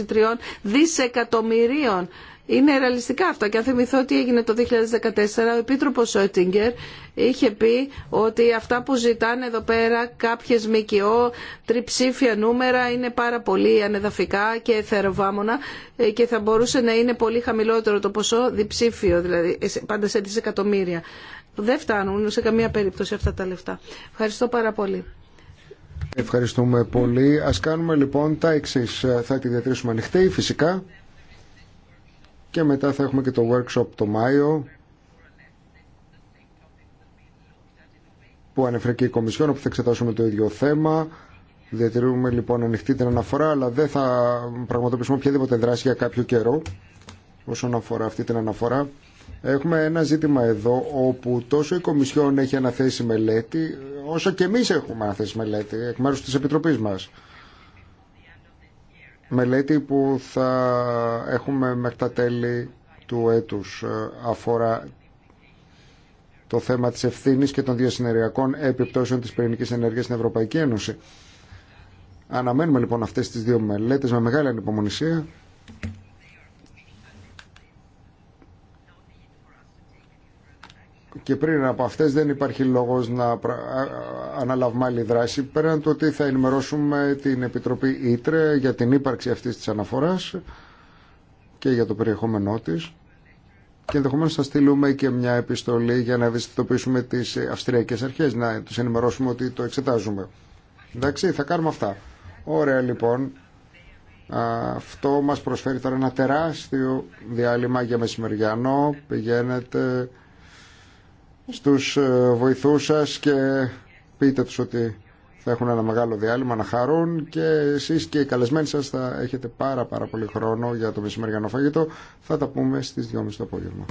423 δισεκατομμυρίων είναι ρεαλιστικά αυτά και αν θυμηθώ τι έγινε το 2014, ο Επίτροπος Σόιτιγκερ είχε πει ότι αυτά που ζητάνε εδώ πέρα κάποιες ΜΚΟ, τριψήφια νούμερα, είναι πάρα πολύ ανεδαφικά και θεροβάμωνα ε, και θα μπορούσε να είναι πολύ χαμηλότερο το ποσό, διψήφιο δηλαδή, ε, πάντα σε δισεκατομμύρια. Δεν φτάνουν σε καμία περίπτωση αυτά τα λεφτά. Ευχαριστώ πάρα πολύ. Ευχαριστούμε πολύ. Ας κάνουμε λοιπόν τα εξής. Ε, θα τη διατηρήσουμε ανοιχτή φυσικά και μετά θα έχουμε και το workshop το Μάιο που ανέφερε και η Κομισιόν όπου θα εξετάσουμε το ίδιο θέμα. Διατηρούμε λοιπόν ανοιχτή την αναφορά αλλά δεν θα πραγματοποιήσουμε οποιαδήποτε δράση για κάποιο καιρό όσον αφορά αυτή την αναφορά. Έχουμε ένα ζήτημα εδώ όπου τόσο η Κομισιόν έχει αναθέσει μελέτη όσο και εμείς έχουμε αναθέσει μελέτη εκ μέρους της Επιτροπής μας μελέτη που θα έχουμε μέχρι τα τέλη του έτους ε, αφορά το θέμα της ευθύνης και των διασυνεριακών επιπτώσεων της πυρηνικής ενέργειας στην Ευρωπαϊκή Ένωση. Αναμένουμε λοιπόν αυτές τις δύο μελέτες με μεγάλη ανυπομονησία και πριν από αυτές δεν υπάρχει λόγος να αναλαβούμε άλλη δράση πέραν του ότι θα ενημερώσουμε την Επιτροπή Ήτρε για την ύπαρξη αυτής της αναφοράς και για το περιεχόμενό της και ενδεχομένω θα στείλουμε και μια επιστολή για να ευαισθητοποιήσουμε τις αυστριακές αρχές να τους ενημερώσουμε ότι το εξετάζουμε εντάξει θα κάνουμε αυτά ωραία λοιπόν αυτό μας προσφέρει τώρα ένα τεράστιο διάλειμμα για μεσημεριανό πηγαίνετε στους ε, βοηθούς σας και πείτε τους ότι θα έχουν ένα μεγάλο διάλειμμα να χαρούν και εσείς και οι καλεσμένοι σας θα έχετε πάρα πάρα πολύ χρόνο για το μεσημεριανό φαγητό. Θα τα πούμε στις 2.30 το απόγευμα.